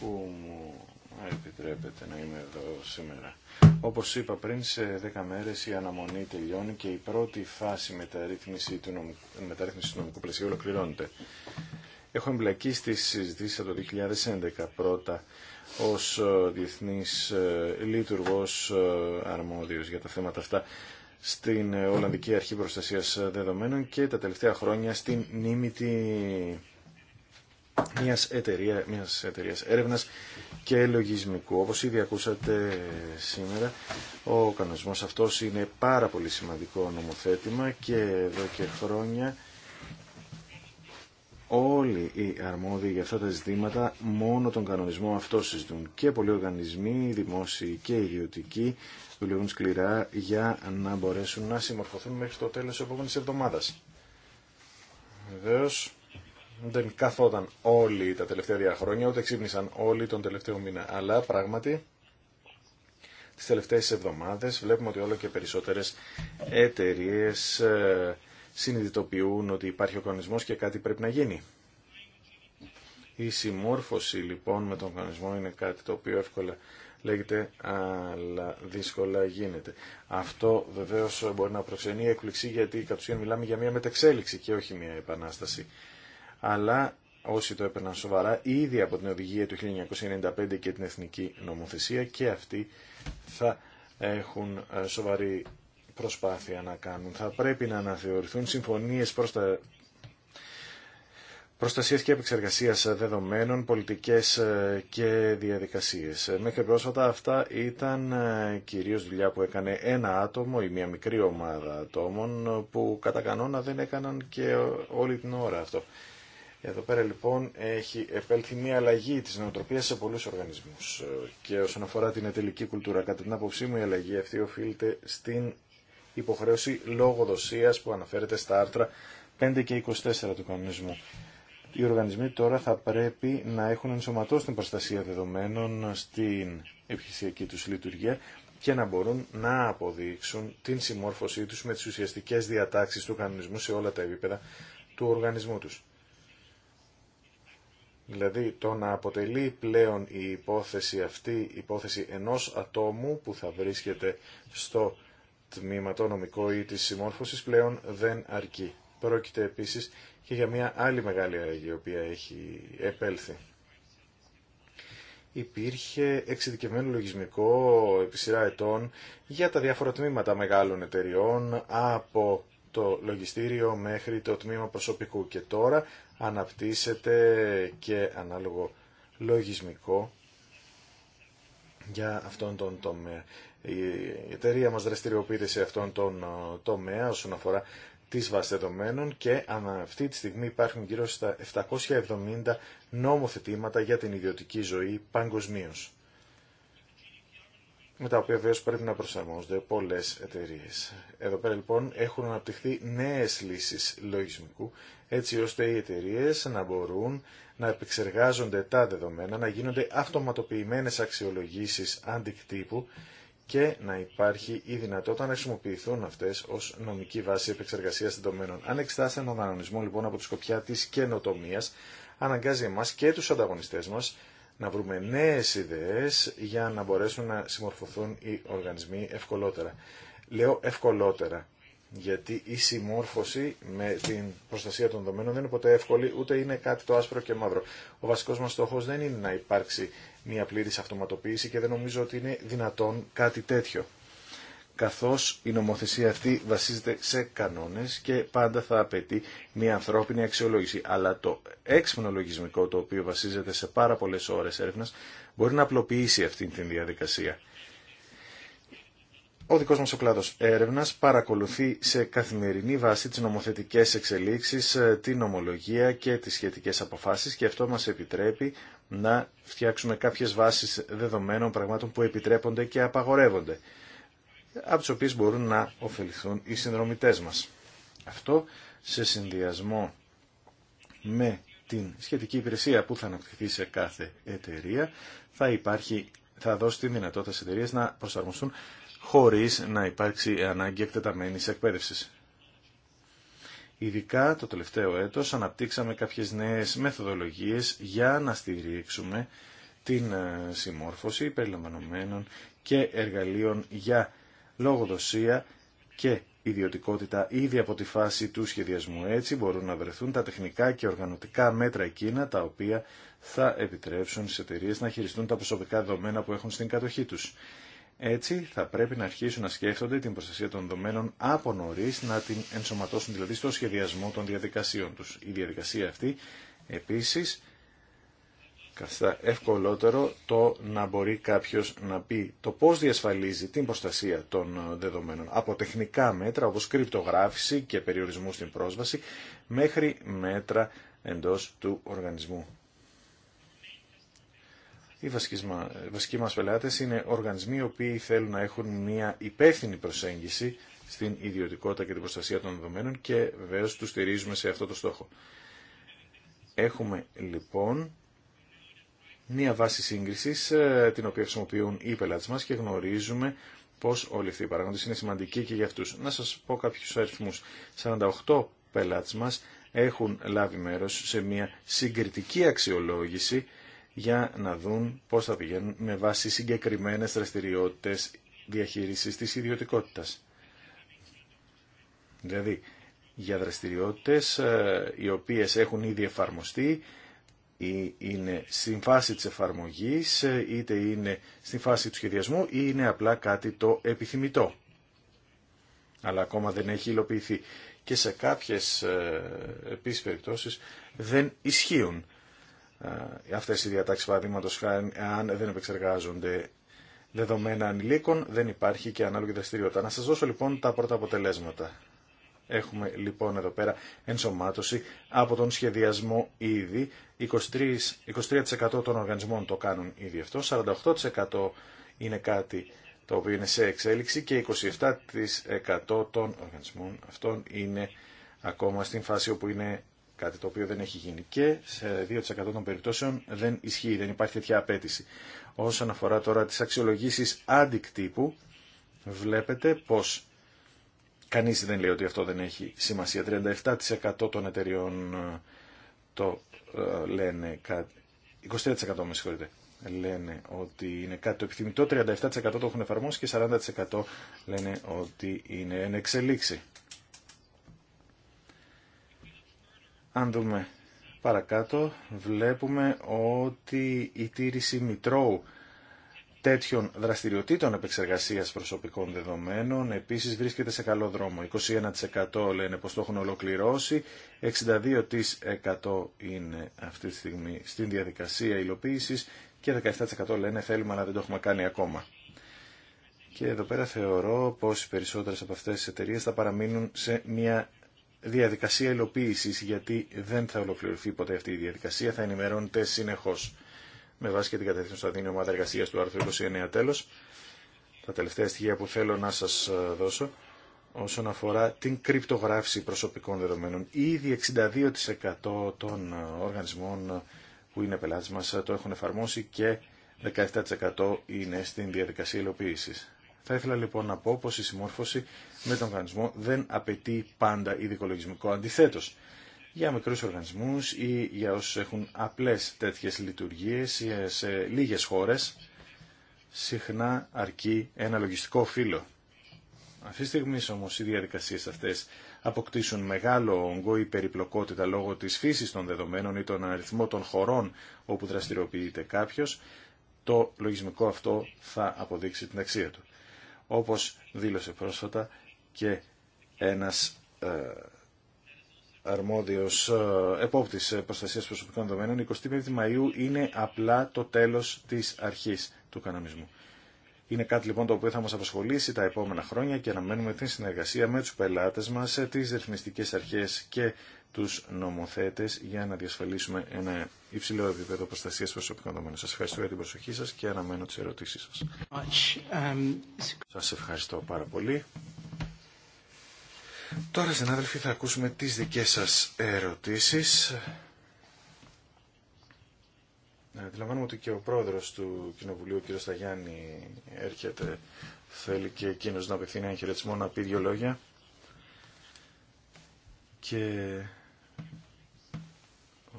που μου επιτρέπετε να είμαι εδώ σήμερα. Όπω είπα πριν, σε 10 μέρε η αναμονή τελειώνει και η πρώτη φάση μεταρρύθμιση του νομικού, μεταρρύθμιση του πλαισίου ολοκληρώνεται. Έχω εμπλακεί στη συζήτηση από το 2011 πρώτα ως ε, διεθνής ε, λειτουργός αρμόδιος για τα θέματα αυτά στην Ολλανδική Αρχή Προστασίας Δεδομένων και τα τελευταία χρόνια στην νήμητη μιας, εταιρεία, μιας εταιρείας έρευνας και λογισμικού. Όπως ήδη ακούσατε σήμερα, ο κανονισμός αυτός είναι πάρα πολύ σημαντικό νομοθέτημα και εδώ και χρόνια όλοι οι αρμόδιοι για αυτά τα ζητήματα μόνο τον κανονισμό αυτό συζητούν και πολλοί οργανισμοί, δημόσιοι και ιδιωτικοί δουλεύουν σκληρά για να μπορέσουν να συμμορφωθούν μέχρι το τέλος της επόμενης εβδομάδας. Βεβαίω, δεν καθόταν όλοι τα τελευταία δύο χρόνια, ούτε ξύπνησαν όλοι τον τελευταίο μήνα. Αλλά πράγματι, τις τελευταίες εβδομάδες βλέπουμε ότι όλο και περισσότερες εταιρείε ε, συνειδητοποιούν ότι υπάρχει ο κανονισμός και κάτι πρέπει να γίνει. Η συμμόρφωση λοιπόν με τον κανονισμό είναι κάτι το οποίο εύκολα λέγεται, αλλά δύσκολα γίνεται. Αυτό βεβαίως μπορεί να προξενεί έκπληξη γιατί κατ' ουσίαν μιλάμε για μια μετεξέλιξη και όχι μια επανάσταση. Αλλά όσοι το έπαιρναν σοβαρά ήδη από την οδηγία του 1995 και την εθνική νομοθεσία και αυτοί θα έχουν ε, σοβαρή προσπάθεια να κάνουν. Θα πρέπει να αναθεωρηθούν συμφωνίες προς τα Προστασία και επεξεργασία δεδομένων, πολιτικέ ε, και διαδικασίε. Ε, μέχρι πρόσφατα αυτά ήταν ε, κυρίω δουλειά που έκανε ένα άτομο ή μια μικρή ομάδα ατόμων που κατά κανόνα δεν έκαναν και όλη την ώρα αυτό. Εδώ πέρα λοιπόν έχει επέλθει μια αλλαγή της νοοτροπίας σε πολλούς οργανισμούς και όσον αφορά την ετελική κουλτούρα κατά την άποψή μου η αλλαγή αυτή οφείλεται στην υποχρέωση λόγοδοσίας που αναφέρεται στα άρθρα 5 και 24 του κανονισμού οι οργανισμοί τώρα θα πρέπει να έχουν ενσωματώσει την προστασία δεδομένων στην επιχειρησιακή τους λειτουργία και να μπορούν να αποδείξουν την συμμόρφωσή τους με τις ουσιαστικές διατάξεις του κανονισμού σε όλα τα επίπεδα του οργανισμού τους. Δηλαδή το να αποτελεί πλέον η υπόθεση αυτή, η υπόθεση ενός ατόμου που θα βρίσκεται στο τμήμα το νομικό ή της συμμόρφωσης πλέον δεν αρκεί. Πρόκειται επίσης και για μια άλλη μεγάλη αραγή η οποία έχει επέλθει. Υπήρχε εξειδικευμένο λογισμικό επί σειρά ετών για τα διάφορα τμήματα μεγάλων εταιριών από το λογιστήριο μέχρι το τμήμα προσωπικού και τώρα αναπτύσσεται και ανάλογο λογισμικό για αυτόν τον τομέα. Η εταιρεία μας δραστηριοποιείται σε αυτόν τον ε, τομέα όσον αφορά της βάσης δεδομένων και αυτή τη στιγμή υπάρχουν γύρω στα 770 νομοθετήματα για την ιδιωτική ζωή παγκοσμίω. Με τα οποία βέβαια πρέπει να προσαρμόζονται πολλέ εταιρείε. Εδώ πέρα λοιπόν έχουν αναπτυχθεί νέε λύσει λογισμικού, έτσι ώστε οι εταιρείε να μπορούν να επεξεργάζονται τα δεδομένα, να γίνονται αυτοματοποιημένε αξιολογήσει αντικτύπου και να υπάρχει η δυνατότητα να χρησιμοποιηθούν αυτέ ω νομική βάση επεξεργασία δεδομένων. Αν εξετάσετε έναν κανονισμό λοιπόν από τη σκοπιά τη καινοτομία, αναγκάζει εμά και του ανταγωνιστέ μα να βρούμε νέε ιδέε για να μπορέσουν να συμμορφωθούν οι οργανισμοί ευκολότερα. Λέω ευκολότερα, γιατί η συμμόρφωση με την προστασία των δεδομένων δεν είναι ποτέ εύκολη, ούτε είναι κάτι το άσπρο και μαύρο. Ο βασικό μα στόχο δεν είναι να υπάρξει μια πλήρης αυτοματοποίηση και δεν νομίζω ότι είναι δυνατόν κάτι τέτοιο. Καθώς η νομοθεσία αυτή βασίζεται σε κανόνες και πάντα θα απαιτεί μια ανθρώπινη αξιολόγηση. Αλλά το έξυπνο λογισμικό το οποίο βασίζεται σε πάρα πολλές ώρες έρευνας μπορεί να απλοποιήσει αυτή την διαδικασία. Ο δικός μας ο κλάδος έρευνας παρακολουθεί σε καθημερινή βάση τις νομοθετικές εξελίξεις, ε, την ομολογία και τις σχετικές αποφάσεις και αυτό μας επιτρέπει να φτιάξουμε κάποιες βάσεις δεδομένων πραγμάτων που επιτρέπονται και απαγορεύονται, από τις οποίες μπορούν να ωφεληθούν οι συνδρομητές μας. Αυτό σε συνδυασμό με την σχετική υπηρεσία που θα αναπτυχθεί σε κάθε εταιρεία θα, υπάρχει, θα δώσει τη δυνατότητα στις εταιρείες να προσαρμοστούν χωρίς να υπάρξει ανάγκη εκτεταμένης εκπαίδευσης. Ειδικά το τελευταίο έτος αναπτύξαμε κάποιες νέες μεθοδολογίες για να στηρίξουμε την ε, συμμόρφωση περιλαμβανομένων και εργαλείων για λογοδοσία και ιδιωτικότητα ήδη από τη φάση του σχεδιασμού. Έτσι μπορούν να βρεθούν τα τεχνικά και οργανωτικά μέτρα εκείνα τα οποία θα επιτρέψουν στις εταιρείε να χειριστούν τα προσωπικά δεδομένα που έχουν στην κατοχή τους. Έτσι θα πρέπει να αρχίσουν να σκέφτονται την προστασία των δεδομένων από νωρί, να την ενσωματώσουν δηλαδή στο σχεδιασμό των διαδικασίων τους. Η διαδικασία αυτή επίσης καθιστά ευκολότερο το να μπορεί κάποιος να πει το πώς διασφαλίζει την προστασία των δεδομένων από τεχνικά μέτρα όπως κρυπτογράφηση και περιορισμού στην πρόσβαση μέχρι μέτρα εντός του οργανισμού οι βασικοί μας πελάτες είναι οργανισμοί οι οποίοι θέλουν να έχουν μια υπεύθυνη προσέγγιση στην ιδιωτικότητα και την προστασία των δεδομένων και βεβαίως τους στηρίζουμε σε αυτό το στόχο. Έχουμε λοιπόν μία βάση σύγκρισης ε, την οποία χρησιμοποιούν οι πελάτες μας και γνωρίζουμε πως όλοι αυτοί οι παράγοντες είναι σημαντικοί και για αυτούς. Να σας πω κάποιους αριθμούς. 48 πελάτες μας έχουν λάβει μέρος σε μία συγκριτική αξιολόγηση για να δουν πώς θα πηγαίνουν με βάση συγκεκριμένες δραστηριότητες διαχείρισης της ιδιωτικότητας. Δηλαδή, για δραστηριότητες ε, οι οποίες έχουν ήδη εφαρμοστεί ή είναι στην φάση της εφαρμογής, ε, είτε είναι στην φάση του σχεδιασμού ή είναι απλά κάτι το επιθυμητό. Αλλά ακόμα δεν έχει υλοποιηθεί. Και σε κάποιες ε, επίσης περιπτώσεις δεν ισχύουν ε, αυτές οι διατάξεις παραδείγματος χάρη αν δεν επεξεργάζονται δεδομένα ανηλίκων δεν υπάρχει και ανάλογη δραστηριότητα. Να σας δώσω λοιπόν τα πρώτα αποτελέσματα. Έχουμε λοιπόν εδώ πέρα ενσωμάτωση από τον σχεδιασμό ήδη. 23%, 23 των οργανισμών το κάνουν ήδη αυτό, 48% είναι κάτι το οποίο είναι σε εξέλιξη και 27% των οργανισμών αυτών είναι ακόμα στην φάση όπου είναι Κάτι το οποίο δεν έχει γίνει. Και σε 2% των περιπτώσεων δεν ισχύει, δεν υπάρχει τέτοια απέτηση. Όσον αφορά τώρα τις αξιολογήσεις αντικτύπου, βλέπετε πως κανείς δεν λέει ότι αυτό δεν έχει σημασία. 37% των εταιριών ε, το ε, λένε 23% με λένε ότι είναι κάτι το επιθυμητό, 37% το έχουν εφαρμόσει και 40% λένε ότι είναι εν εξελίξη. Αν δούμε παρακάτω, βλέπουμε ότι η τήρηση μητρώου τέτοιων δραστηριοτήτων επεξεργασίας προσωπικών δεδομένων επίσης βρίσκεται σε καλό δρόμο. 21% λένε πως το έχουν ολοκληρώσει, 62% είναι αυτή τη στιγμή στην διαδικασία υλοποίησης και 17% λένε θέλουμε αλλά δεν το έχουμε κάνει ακόμα. Και εδώ πέρα θεωρώ πως οι περισσότερες από αυτές τις εταιρείες θα παραμείνουν σε μια διαδικασία υλοποίηση, γιατί δεν θα ολοκληρωθεί ποτέ αυτή η διαδικασία, θα ενημερώνεται συνεχώ. Με βάση και την κατεύθυνση που θα δίνει η ομάδα εργασία του άρθρου 29 τέλο, τα τελευταία στοιχεία που θέλω να σα ε, δώσω, όσον αφορά την κρυπτογράφηση προσωπικών δεδομένων. Ήδη 62% των ε, οργανισμών ε, που είναι πελάτες μας το έχουν εφαρμόσει και 17% είναι στην διαδικασία υλοποίησης. Θα ήθελα λοιπόν να πω πως η συμμόρφωση με τον οργανισμό δεν απαιτεί πάντα λογισμικό αντιθέτως. Για μικρούς οργανισμούς ή για όσους έχουν απλές τέτοιες λειτουργίες σε λίγες χώρες, συχνά αρκεί ένα λογιστικό φύλλο. Αυτή τη στιγμή όμως οι διαδικασίες αυτές αποκτήσουν μεγάλο όγκο ή περιπλοκότητα λόγω της φύσης των δεδομένων ή των αριθμό των χωρών όπου δραστηριοποιείται κάποιος, το λογισμικό αυτό θα αποδείξει την αξία του. Όπως δήλωσε πρόσφατα και ένας ε, αρμόδιος ε, επόπτης προστασίας προσωπικών δεδομένων, 25 Μαΐου είναι απλά το τέλος της αρχής του κανονισμού. Είναι κάτι λοιπόν το οποίο θα μας απασχολήσει τα επόμενα χρόνια και αναμένουμε την συνεργασία με τους πελάτες μας, ε, τις ρυθμιστικές αρχές και τους νομοθέτες για να διασφαλίσουμε ένα υψηλό επίπεδο προστασίας προσωπικών δεδομένων. Σας ευχαριστώ για την προσοχή σας και αναμένω τις ερωτήσεις σας. Um, σας ευχαριστώ πάρα πολύ. Τώρα, συνάδελφοι, θα ακούσουμε τις δικές σας ερωτήσεις. Αντιλαμβάνομαι ότι και ο πρόεδρος του Κοινοβουλίου, ο κ. Σταγιάννη, έρχεται. Θέλει και εκείνος να απευθύνει ένα χαιρετισμό, να πει δύο λόγια. Και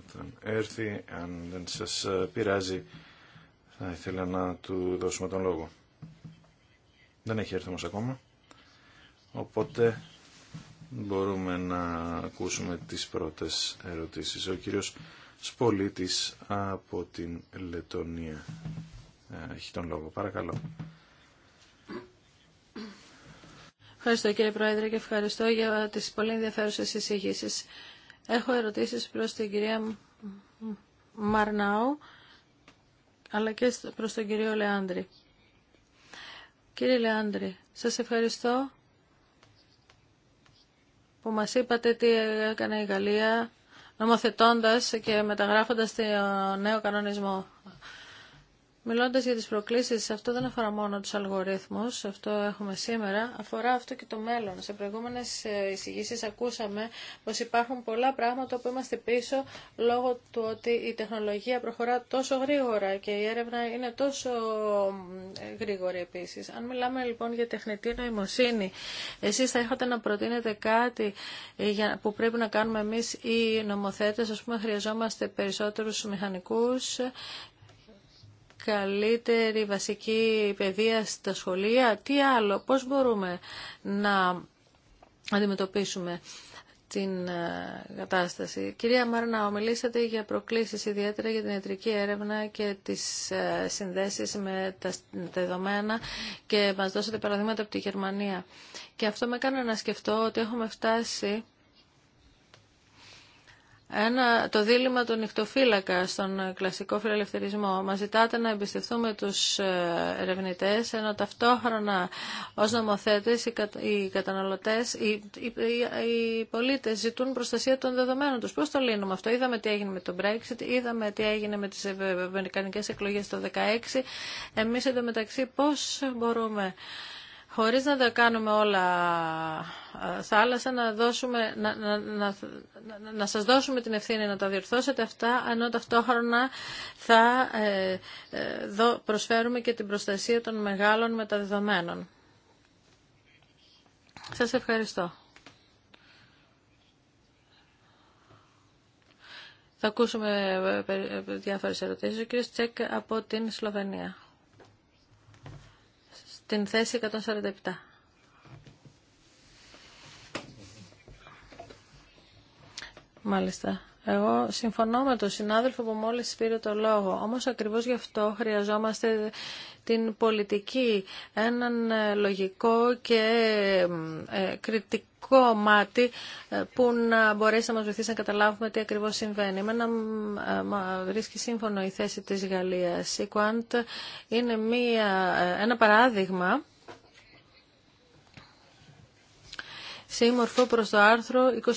όταν έρθει, αν δεν σας πειράζει, θα ήθελα να του δώσουμε τον λόγο. Δεν έχει έρθει όμως ακόμα. Οπότε μπορούμε να ακούσουμε τις πρώτες ερωτήσεις. Ο κύριος Σπολίτης από την Λετωνία ε, έχει τον λόγο. Παρακαλώ. Ευχαριστώ κύριε Πρόεδρε και ευχαριστώ για τις πολύ ενδιαφέρουσες εισηγήσεις. Έχω ερωτήσεις προς την κυρία Μαρνάου αλλά και προς τον κύριο Λεάνδρη. Κύριε Λεάνδρη, σας ευχαριστώ που μας είπατε τι έκανε η Γαλλία νομοθετώντας και μεταγράφοντας το νέο κανονισμό. Μιλώντας για τις προκλήσεις, αυτό δεν αφορά μόνο τους αλγορίθμους, αυτό έχουμε σήμερα, αφορά αυτό και το μέλλον. Σε προηγούμενες ε, εισηγήσεις ακούσαμε πως υπάρχουν πολλά πράγματα που είμαστε πίσω λόγω του ότι η τεχνολογία προχωρά τόσο γρήγορα και η έρευνα είναι τόσο ε, γρήγορη επίσης. Αν μιλάμε λοιπόν για τεχνητή νοημοσύνη, εσείς θα έχετε να προτείνετε κάτι ε, που πρέπει να κάνουμε εμείς οι νομοθέτες, ας πούμε χρειαζόμαστε περισσότερους μηχανικούς καλύτερη βασική παιδεία στα σχολεία. Τι άλλο, πώς μπορούμε να αντιμετωπίσουμε την ε, κατάσταση. Κυρία Μαρνα, μιλήσατε για προκλήσεις ιδιαίτερα για την ιατρική έρευνα και τις ε, συνδέσεις με τα δεδομένα και μας δώσατε παραδείγματα από τη Γερμανία. Και αυτό με έκανε να σκεφτώ ότι έχουμε φτάσει ένα, το δίλημα του νυχτοφύλακα στον ε, κλασικό φιλελευθερισμό. Μα ζητάτε να εμπιστευτούμε τους ε, ερευνητέ, ενώ ταυτόχρονα ως νομοθέτες οι, κα, οι καταναλωτές, οι, πολίτες ζητούν προστασία των δεδομένων του. Πώ το λύνουμε αυτό. Είδαμε τι έγινε με το Brexit, είδαμε τι έγινε με τις Αμερικανικέ εκλογές το 2016. Εμείς εντωμεταξύ πώ μπορούμε χωρίς να τα κάνουμε όλα θάλασσα, να, δώσουμε, να, να, να, σας δώσουμε την ευθύνη να τα διορθώσετε αυτά, ενώ ταυτόχρονα θα ε, ε, δώ προσφέρουμε και την προστασία των μεγάλων μεταδεδομένων. Σας ευχαριστώ. Θα ακούσουμε ε, διάφορες ερωτήσεις. Ο κύριος Τσέκ από την Σλοβενία την θέση 147. Μάλιστα. Εγώ συμφωνώ με τον συνάδελφο που μόλις πήρε το λόγο. Όμως ακριβώς γι' αυτό χρειαζόμαστε την πολιτική, έναν ε, λογικό και ε, κριτικό μάτι ε, που να μπορέσει να μας βοηθήσει να καταλάβουμε τι ακριβώς συμβαίνει. Εμένα βρίσκει σύμφωνο η θέση της Γαλλίας. Η Quant είναι μία, ένα παράδειγμα σύμμορφο προς το άρθρο 25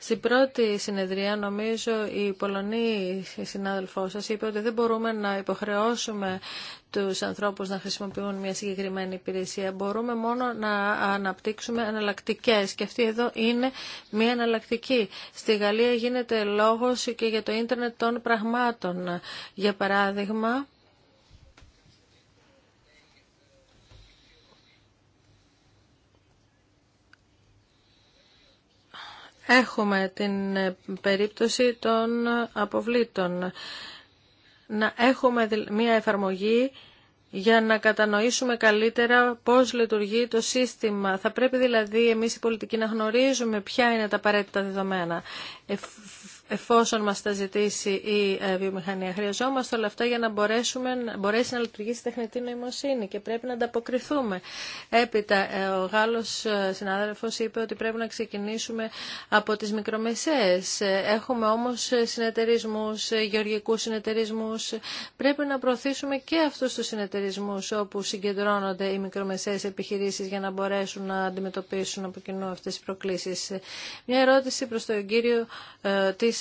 στην πρώτη συνεδρία, νομίζω, η Πολωνή συνάδελφό σα είπε ότι δεν μπορούμε να υποχρεώσουμε του ανθρώπου να χρησιμοποιούν μια συγκεκριμένη υπηρεσία. Μπορούμε μόνο να αναπτύξουμε εναλλακτικέ. Και αυτή εδώ είναι μια εναλλακτική. Στη Γαλλία γίνεται λόγο και για το ίντερνετ των πραγμάτων. Για παράδειγμα, Έχουμε την ε, περίπτωση των αποβλήτων. Να έχουμε μια εφαρμογή για να κατανοήσουμε καλύτερα πώς λειτουργεί το σύστημα. Θα πρέπει δηλαδή εμείς οι πολιτικοί να γνωρίζουμε ποια είναι τα απαραίτητα δεδομένα. Ε, εφόσον μας τα ζητήσει η ε, βιομηχανία. Χρειαζόμαστε όλα αυτά για να μπορέσουμε, μπορέσει να λειτουργήσει η τεχνητή νοημοσύνη και πρέπει να ανταποκριθούμε. Έπειτα, ε, ο Γάλλος ε, συνάδελφος είπε ότι πρέπει να ξεκινήσουμε από τις μικρομεσαίες. Έχουμε όμως συνεταιρισμούς, γεωργικούς συνεταιρισμούς. Πρέπει να προωθήσουμε και αυτούς τους συνεταιρισμούς όπου συγκεντρώνονται οι μικρομεσαίες επιχειρήσεις για να μπορέσουν να αντιμετωπίσουν από κοινού αυτές τις προκλήσεις. Μια ερώτηση προς τον κύριο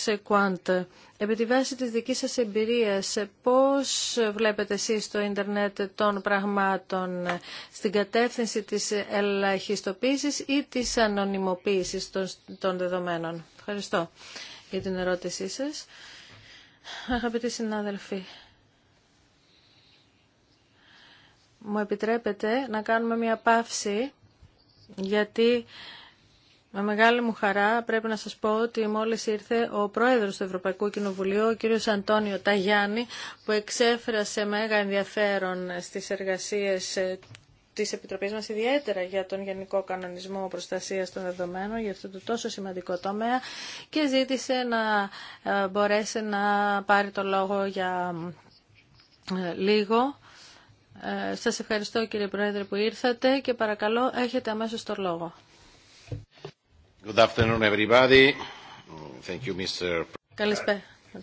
της Quant. Επί τη βάση της δικής σας εμπειρίας, πώς βλέπετε εσείς το ίντερνετ των πραγμάτων στην κατεύθυνση της ελαχιστοποίησης ή της ανωνυμοποίησης των, δεδομένων. Ευχαριστώ για την ερώτησή σας. Αγαπητοί συνάδελφοι, μου επιτρέπετε να κάνουμε μια παύση γιατί με μεγάλη μου χαρά πρέπει να σας πω ότι μόλις ήρθε ο πρόεδρος του Ευρωπαϊκού Κοινοβουλίου, ο κύριος Αντώνιο Ταγιάννη, που εξέφρασε μέγα ενδιαφέρον στις εργασίες ε, της Επιτροπής μας ιδιαίτερα για τον Γενικό Κανονισμό Προστασίας των Δεδομένων, για αυτό το τόσο σημαντικό τομέα και ζήτησε να ε, μπορέσει να πάρει το λόγο για ε, λίγο. Σας ευχαριστώ κύριε Πρόεδρε που ήρθατε και παρακαλώ έχετε αμέσως το λόγο. Καλησπέρα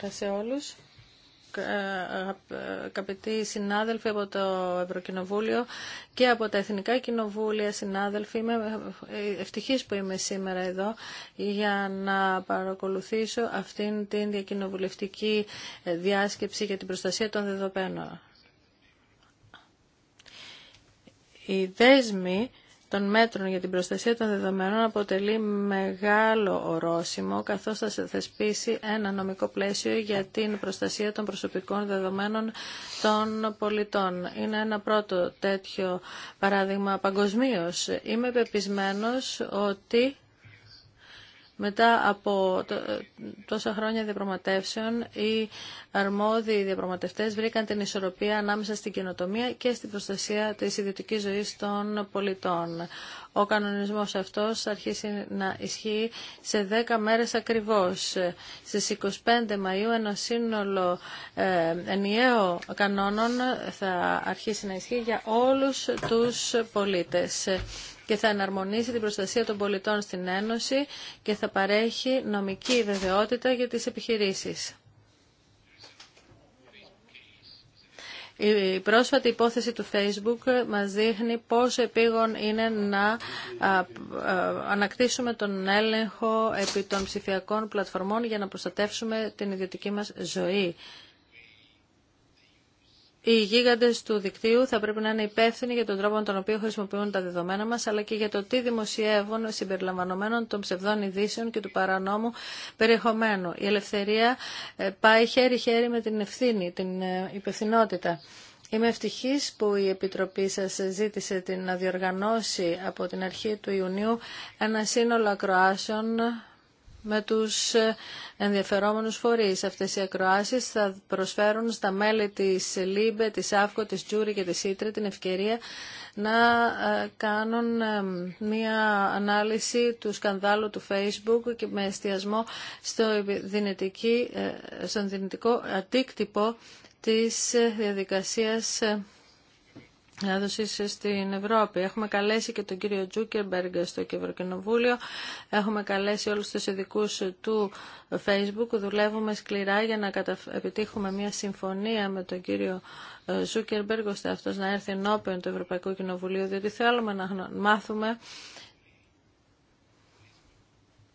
σε όλους. Αγαπητοί συνάδελφοι από το Ευρωκοινοβούλιο και από τα Εθνικά Κοινοβούλια, συνάδελφοι, είμαι ευτυχής που είμαι σήμερα εδώ για να παρακολουθήσω αυτήν την διακοινοβουλευτική διάσκεψη για την προστασία των δεδομένων. Οι δέσμοι των μέτρων για την προστασία των δεδομένων αποτελεί μεγάλο ορόσημο, καθώς θα θεσπίσει ένα νομικό πλαίσιο για την προστασία των προσωπικών δεδομένων των πολιτών. Είναι ένα πρώτο τέτοιο παράδειγμα παγκοσμίω. Είμαι πεπισμένος ότι μετά από τόσα χρόνια διαπραγματεύσεων, οι αρμόδιοι διαπραγματευτές βρήκαν την ισορροπία ανάμεσα στην καινοτομία και στην προστασία της ιδιωτικής ζωής των πολιτών. Ο κανονισμός αυτός αρχίσει να ισχύει σε 10 μέρες ακριβώς. Στις 25 Μαΐου ένα σύνολο ε, ενιαίο κανόνων θα αρχίσει να ισχύει για όλους τους πολίτες και θα εναρμονίσει την προστασία των πολιτών στην Ένωση και θα παρέχει νομική βεβαιότητα για τις επιχειρήσεις. Η πρόσφατη υπόθεση του Facebook μας δείχνει πόσο επίγον είναι να ανακτήσουμε τον έλεγχο επί των ψηφιακών πλατφορμών για να προστατεύσουμε την ιδιωτική μας ζωή οι γίγαντε του δικτύου θα πρέπει να είναι υπεύθυνοι για τον τρόπο με τον οποίο χρησιμοποιούν τα δεδομένα μα, αλλά και για το τι δημοσιεύουν συμπεριλαμβανομένων των ψευδών ειδήσεων και του παρανόμου περιεχομένου. Η ελευθερία ε, πάει χέρι-χέρι με την ευθύνη, την ε, υπευθυνότητα. Είμαι ευτυχή που η Επιτροπή σας ζήτησε την να διοργανώσει από την αρχή του Ιουνίου ένα σύνολο ακροάσεων με τους ε, ενδιαφερόμενους φορείς. Αυτές οι ακροάσεις θα προσφέρουν στα μέλη της ΛΥΜΠΕ, της ΑΦΚΟ, της Τζούρι και της Ήτρε την ευκαιρία να ε, κάνουν ε, μία ανάλυση του σκανδάλου του Facebook και με εστιασμό στο, στον δυνητικό αντίκτυπο της διαδικασίας έδωσης στην Ευρώπη. Έχουμε καλέσει και τον κύριο Τζούκερμπεργκ στο Ευρωκοινοβούλιο. Έχουμε καλέσει όλους τους ειδικού του Facebook. Δουλεύουμε σκληρά για να επιτύχουμε μια συμφωνία με τον κύριο ε, Ζούκερμπεργκ ώστε αυτό να έρθει ενώπιον του Ευρωπαϊκό Κοινοβουλίου διότι θέλουμε να μάθουμε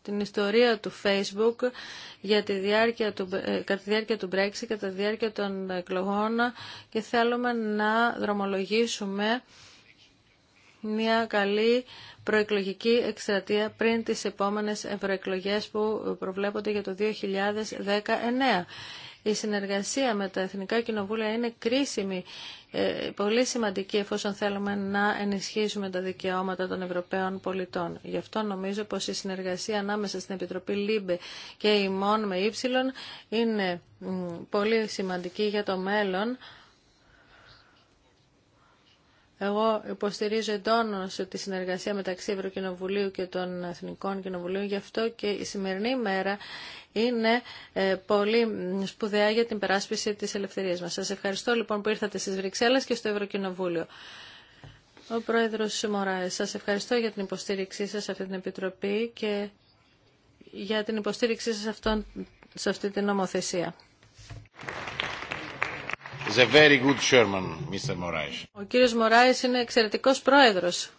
την ιστορία του Facebook για τη διάρκεια του, ε, κατά τη διάρκεια του Brexit, κατά τη διάρκεια των εκλογών και θέλουμε να δρομολογήσουμε μια καλή προεκλογική εκστρατεία πριν τις επόμενες ευρωεκλογές που προβλέπονται για το 2019 η συνεργασία με τα Εθνικά Κοινοβούλια είναι κρίσιμη, ε, πολύ σημαντική εφόσον θέλουμε να ενισχύσουμε τα δικαιώματα των Ευρωπαίων πολιτών. Γι' αυτό νομίζω πως η συνεργασία ανάμεσα στην Επιτροπή ΛΥΜΠΕ και η ΜΟΝ με είναι πολύ σημαντική για το μέλλον εγώ υποστηρίζω εντόνω τη συνεργασία μεταξύ Ευρωκοινοβουλίου και των Εθνικών Κοινοβουλίων. Γι' αυτό και η σημερινή μέρα είναι ε, πολύ σπουδαία για την περάσπιση της ελευθερίας μας. Σας ευχαριστώ λοιπόν που ήρθατε στις Βρυξέλλες και στο Ευρωκοινοβούλιο. Ο Πρόεδρος Μωράε, σας ευχαριστώ για την υποστήριξή σα σε αυτή την Επιτροπή και για την υποστήριξή σα σε αυτή την νομοθεσία. Ο κύριος Μωράης είναι εξαιρετικός πρόεδρος.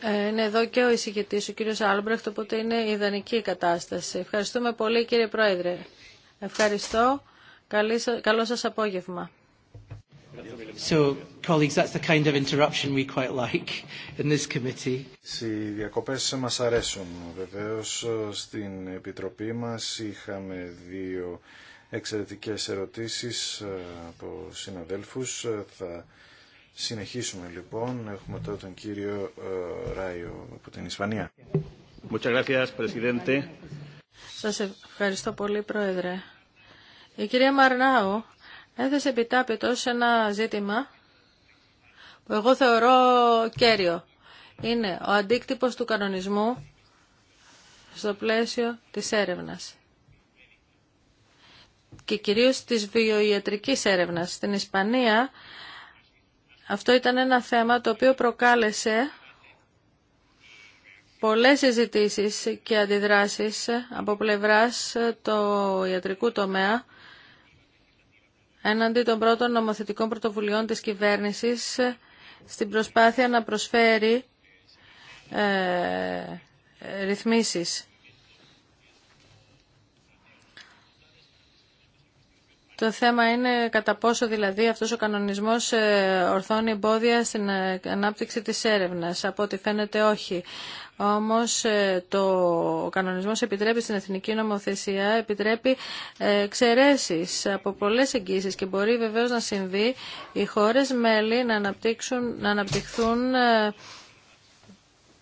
Ε, είναι εδώ και ο εισηγητής, ο κύριος Άλμπρεχτ, οπότε είναι ιδανική η κατάσταση. Ευχαριστούμε πολύ κύριε Πρόεδρε. Ευχαριστώ. Καλή, καλό σας απόγευμα. So, colleagues, that's the kind of interruption we quite like in this committee. διακοπές μας αρέσουν βεβαίως. Στην Επιτροπή μας είχαμε δύο εξαιρετικές ερωτήσεις ε, από συναδέλφους. Ε, θα συνεχίσουμε λοιπόν. Έχουμε τώρα τον κύριο ε, Ράιο από την Ισπανία. Σας ευχαριστώ πολύ, Πρόεδρε. Η κυρία Μαρνάου έθεσε σε ένα ζήτημα που εγώ θεωρώ κέριο. Είναι ο αντίκτυπος του κανονισμού στο πλαίσιο της έρευνας και κυρίως της βιοιατρικής έρευνας. Στην Ισπανία αυτό ήταν ένα θέμα το οποίο προκάλεσε πολλές συζητήσει και αντιδράσεις από πλευράς του ιατρικού τομέα έναντι των πρώτων νομοθετικών πρωτοβουλειών της κυβέρνησης στην προσπάθεια να προσφέρει ε, ρυθμίσεις. Το θέμα είναι κατά πόσο δηλαδή αυτός ο κανονισμός ε, ορθώνει εμπόδια στην ε, ανάπτυξη της έρευνας. Από ό,τι φαίνεται όχι. Όμως ε, το ο κανονισμός επιτρέπει στην εθνική νομοθεσία, επιτρέπει εξαιρέσεις από πολλές εγγύσεις και μπορεί βεβαίως να συμβεί οι χώρες μέλη να, αναπτύξουν, να αναπτυχθούν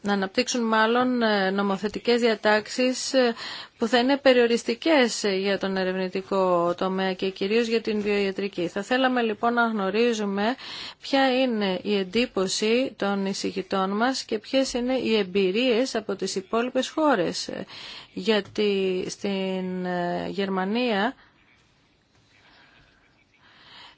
να αναπτύξουν μάλλον ε, νομοθετικές διατάξεις ε, που θα είναι περιοριστικές ε, για τον ερευνητικό τομέα και κυρίως για την βιοιατρική. Θα θέλαμε λοιπόν να γνωρίζουμε ποια είναι η εντύπωση των εισηγητών μας και ποιες είναι οι εμπειρίες από τις υπόλοιπες χώρες. Γιατί στην Γερμανία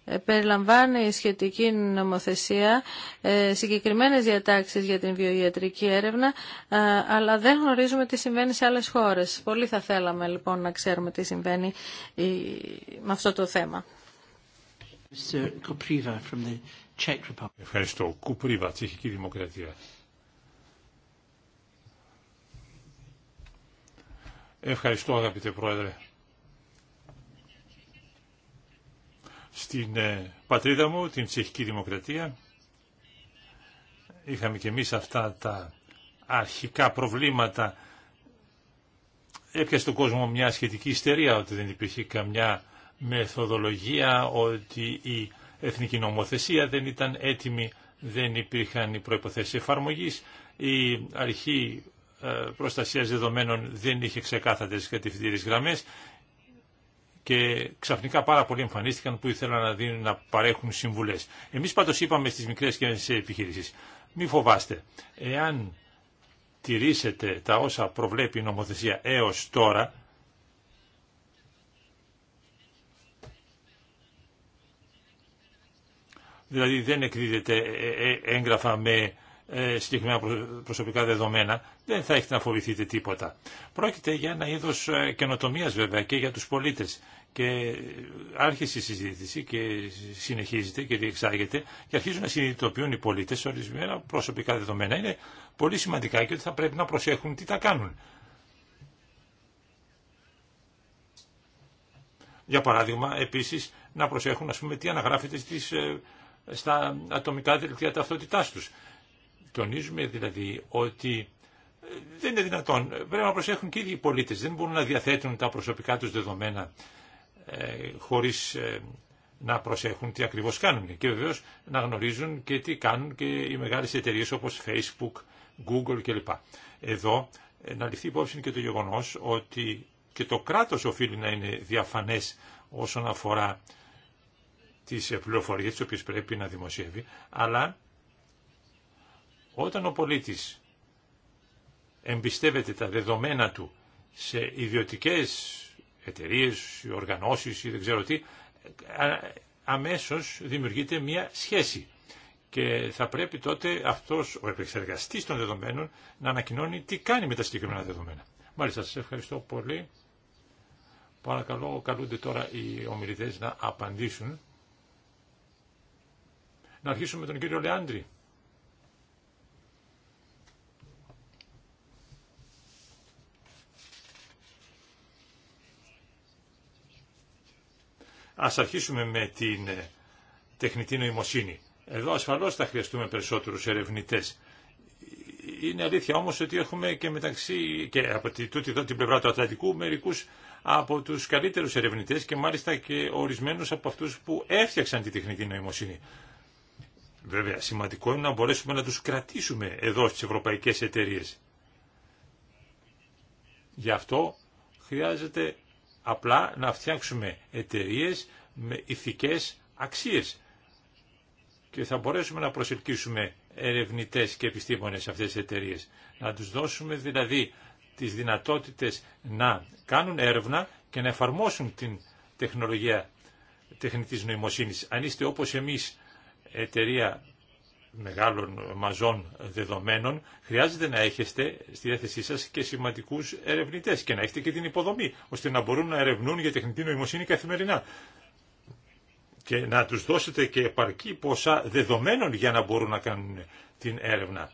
ε, περιλαμβάνει σχετική νομοθεσία ε, συγκεκριμένες διατάξεις για την βιοιατρική έρευνα, ε, αλλά δεν γνωρίζουμε τι συμβαίνει σε άλλες χώρες. Πολύ θα θέλαμε λοιπόν να ξέρουμε τι συμβαίνει με αυτό το θέμα. Ευχαριστώ. Κουπρίβα, Τσεχική Δημοκρατία. Ευχαριστώ αγαπητέ Πρόεδρε. Στην ε, πατρίδα μου, την ψυχική Δημοκρατία, είχαμε και εμείς αυτά τα αρχικά προβλήματα. Έπιασε τον κόσμο μια σχετική ιστερία ότι δεν υπήρχε καμιά μεθοδολογία, ότι η εθνική νομοθεσία δεν ήταν έτοιμη, δεν υπήρχαν οι προϋποθέσεις εφαρμογής, η αρχή ε, προστασίας δεδομένων δεν είχε ξεκάθαρες κατευθυντήρες γραμμές και ξαφνικά πάρα πολλοί εμφανίστηκαν που ήθελαν να, δίνουν, να παρέχουν συμβουλές. Εμείς πάντω είπαμε στις μικρές και σε επιχειρήσεις, μη φοβάστε, εάν τηρήσετε τα όσα προβλέπει η νομοθεσία έως τώρα, δηλαδή δεν εκδίδεται ε, ε, έγγραφα με ε, συγκεκριμένα προσωπικά δεδομένα, δεν θα έχετε να φοβηθείτε τίποτα. Πρόκειται για ένα είδος ε, καινοτομία βέβαια και για τους πολίτες. Και ε, άρχισε η συζήτηση και συνεχίζεται και διεξάγεται και αρχίζουν να συνειδητοποιούν οι πολίτες ορισμένα προσωπικά δεδομένα. Είναι πολύ σημαντικά και ότι θα πρέπει να προσέχουν τι τα κάνουν. Για παράδειγμα, επίσης, να προσέχουν ας πούμε, τι αναγράφεται στις, στα ατομικά δελτία ταυτότητάς τους. Τονίζουμε δηλαδή ότι ε, δεν είναι δυνατόν. Πρέπει να προσέχουν και οι ίδιοι πολίτες. Δεν μπορούν να διαθέτουν τα προσωπικά τους δεδομένα ε, χωρίς ε, να προσέχουν τι ακριβώς κάνουν. Και βεβαίως να γνωρίζουν και τι κάνουν και οι μεγάλες εταιρείες όπως Facebook, Google κλπ. Εδώ ε, να ληφθεί υπόψη και το γεγονός ότι και το κράτος οφείλει να είναι διαφανές όσον αφορά τις πληροφορίες τις οποίες πρέπει να δημοσιεύει, αλλά όταν ο πολίτης εμπιστεύεται τα δεδομένα του σε ιδιωτικές εταιρείες, οργανώσεις ή δεν ξέρω τι, αμέσως δημιουργείται μια σχέση. Και θα πρέπει τότε αυτός ο επεξεργαστής των δεδομένων να ανακοινώνει τι κάνει με τα συγκεκριμένα δεδομένα. Μάλιστα, σας ευχαριστώ πολύ. Παρακαλώ, καλούνται τώρα οι ομιλητές να απαντήσουν. Να αρχίσουμε με τον κύριο Λεάντρη. Ας αρχίσουμε με την ε, τεχνητή νοημοσύνη. Εδώ ασφαλώς θα χρειαστούμε περισσότερους ερευνητές. Είναι αλήθεια όμως ότι έχουμε και μεταξύ και από τη, τούτη την πλευρά του Ατλαντικού μερικούς από τους καλύτερους ερευνητές και μάλιστα και ορισμένους από αυτούς που έφτιαξαν τη τεχνητή νοημοσύνη. Βέβαια, σημαντικό είναι να μπορέσουμε να τους κρατήσουμε εδώ στις ευρωπαϊκές εταιρείες. Γι' αυτό χρειάζεται απλά να φτιάξουμε εταιρείε με ηθικές αξίες και θα μπορέσουμε να προσελκύσουμε ερευνητές και επιστήμονες σε αυτές τις εταιρείε. Να τους δώσουμε δηλαδή τις δυνατότητες να κάνουν έρευνα και να εφαρμόσουν την τεχνολογία τεχνητής νοημοσύνης. Αν είστε όπως εμείς εταιρεία μεγάλων μαζών δεδομένων, χρειάζεται να έχετε στη διάθεσή σας και σημαντικούς ερευνητές και να έχετε και την υποδομή, ώστε να μπορούν να ερευνούν για τεχνητή νοημοσύνη καθημερινά. Και να τους δώσετε και επαρκή ποσά δεδομένων για να μπορούν να κάνουν την έρευνα.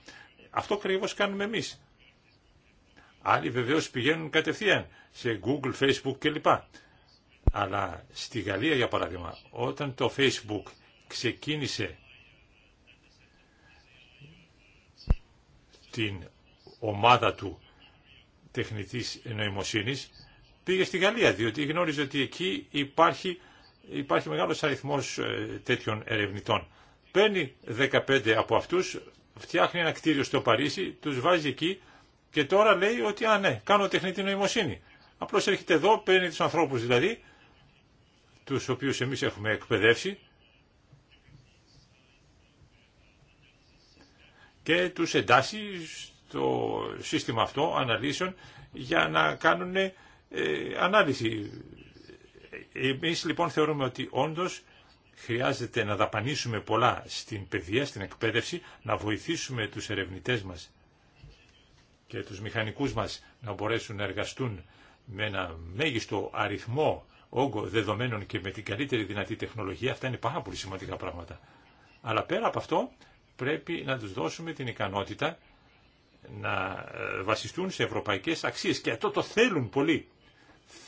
Αυτό ακριβώ κάνουμε εμείς. Άλλοι βεβαίως πηγαίνουν κατευθείαν σε Google, Facebook κλπ. Αλλά στη Γαλλία για παράδειγμα, όταν το Facebook ξεκίνησε την ομάδα του τεχνητής νοημοσύνης, πήγε στη Γαλλία, διότι γνώριζε ότι εκεί υπάρχει, υπάρχει μεγάλος αριθμός ε, τέτοιων ερευνητών. Παίρνει 15 από αυτούς, φτιάχνει ένα κτίριο στο Παρίσι, τους βάζει εκεί και τώρα λέει ότι «Α ναι, κάνω τεχνητή νοημοσύνη». Απλώς έρχεται εδώ, παίρνει τους ανθρώπους δηλαδή, τους οποίους εμείς έχουμε εκπαιδεύσει και τους εντάσσει στο σύστημα αυτό αναλύσεων για να κάνουν ε, ανάλυση. Εμείς λοιπόν θεωρούμε ότι όντως χρειάζεται να δαπανίσουμε πολλά στην παιδεία, στην εκπαίδευση, να βοηθήσουμε τους ερευνητές μας και τους μηχανικούς μας να μπορέσουν να εργαστούν με ένα μέγιστο αριθμό όγκο δεδομένων και με την καλύτερη δυνατή τεχνολογία. Αυτά είναι πάρα πολύ σημαντικά πράγματα. Αλλά πέρα από αυτό πρέπει να τους δώσουμε την ικανότητα να ε, βασιστούν σε ευρωπαϊκές αξίες. Και αυτό το θέλουν πολύ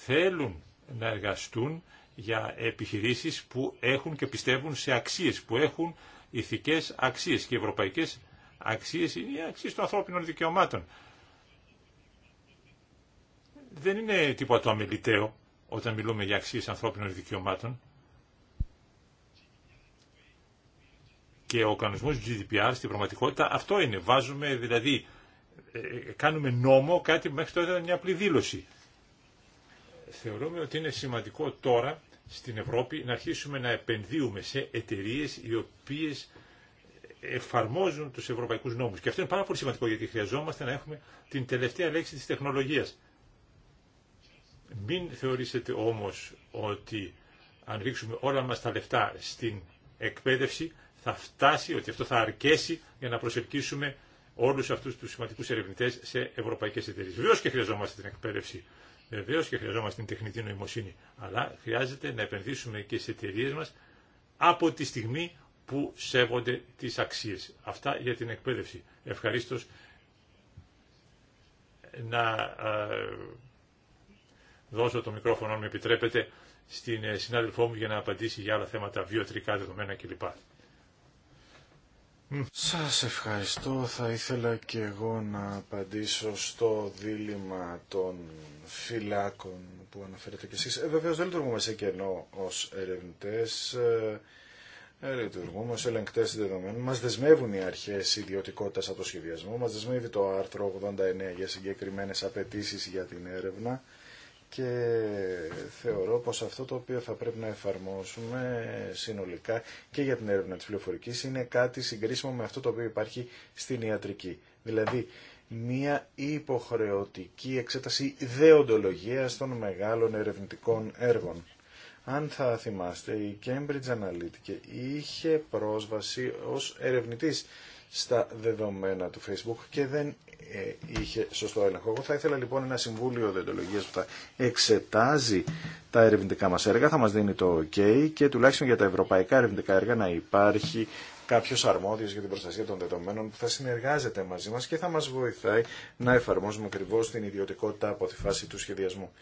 Θέλουν να εργαστούν για επιχειρήσεις που έχουν και πιστεύουν σε αξίες, που έχουν ηθικές αξίες. Και ευρωπαϊκές αξίες είναι οι αξίες των ανθρώπινων δικαιωμάτων. Δεν είναι τίποτα αμεληταίο όταν μιλούμε για αξίες ανθρώπινων δικαιωμάτων. Και ο κανονισμό GDPR στην πραγματικότητα αυτό είναι. Βάζουμε δηλαδή, ε, ε, κάνουμε νόμο κάτι που μέχρι τώρα ήταν μια απλή δήλωση. Θεωρούμε ότι είναι σημαντικό τώρα στην Ευρώπη να αρχίσουμε να επενδύουμε σε εταιρείε οι οποίες εφαρμόζουν τους ευρωπαϊκούς νόμους. Και αυτό είναι πάρα πολύ σημαντικό γιατί χρειαζόμαστε να έχουμε την τελευταία λέξη τη τεχνολογία. Μην θεωρήσετε όμω ότι αν ρίξουμε όλα μα τα λεφτά στην εκπαίδευση θα φτάσει, ότι αυτό θα αρκέσει για να προσελκύσουμε όλους αυτούς τους σημαντικούς ερευνητές σε ευρωπαϊκές εταιρείες. Βεβαίως και χρειαζόμαστε την εκπαίδευση, βεβαίως και χρειαζόμαστε την τεχνητή νοημοσύνη, αλλά χρειάζεται να επενδύσουμε και στις εταιρείε μας από τη στιγμή που σέβονται τις αξίες. Αυτά για την εκπαίδευση. Ευχαριστώ να ε, δώσω το μικρόφωνο, αν με επιτρέπετε, στην ε, συνάδελφό μου για να απαντήσει για άλλα θέματα βιοτρικά δεδομένα κλπ. Σας ευχαριστώ. Θα ήθελα και εγώ να απαντήσω στο δίλημα των φυλάκων που αναφέρετε κι εσείς. Ε, βεβαίως δεν λειτουργούμε σε κενό ως ερευνητές. Ε, ε λειτουργούμε ως ελεγκτές δεδομένων. Μας δεσμεύουν οι αρχές ιδιωτικότητας από το σχεδιασμό. Μας δεσμεύει το άρθρο 89 για συγκεκριμένες απαιτήσει για την έρευνα και θεωρώ πως αυτό το οποίο θα πρέπει να εφαρμόσουμε συνολικά και για την έρευνα της πληροφορικής είναι κάτι συγκρίσιμο με αυτό το οποίο υπάρχει στην ιατρική. Δηλαδή, μία υποχρεωτική εξέταση δεοντολογίας των μεγάλων ερευνητικών έργων. Αν θα θυμάστε, η Cambridge Analytica είχε πρόσβαση ως ερευνητής στα δεδομένα του Facebook και δεν ε, είχε σωστό έλεγχο. Εγώ θα ήθελα λοιπόν ένα συμβούλιο δεντολογίας που θα εξετάζει τα ερευνητικά μας έργα, θα μας δίνει το OK και τουλάχιστον για τα ευρωπαϊκά ερευνητικά έργα να υπάρχει κάποιο αρμόδιο για την προστασία των δεδομένων που θα συνεργάζεται μαζί μα και θα μα βοηθάει να εφαρμόζουμε ακριβώ την ιδιωτικότητα από τη φάση του σχεδιασμού.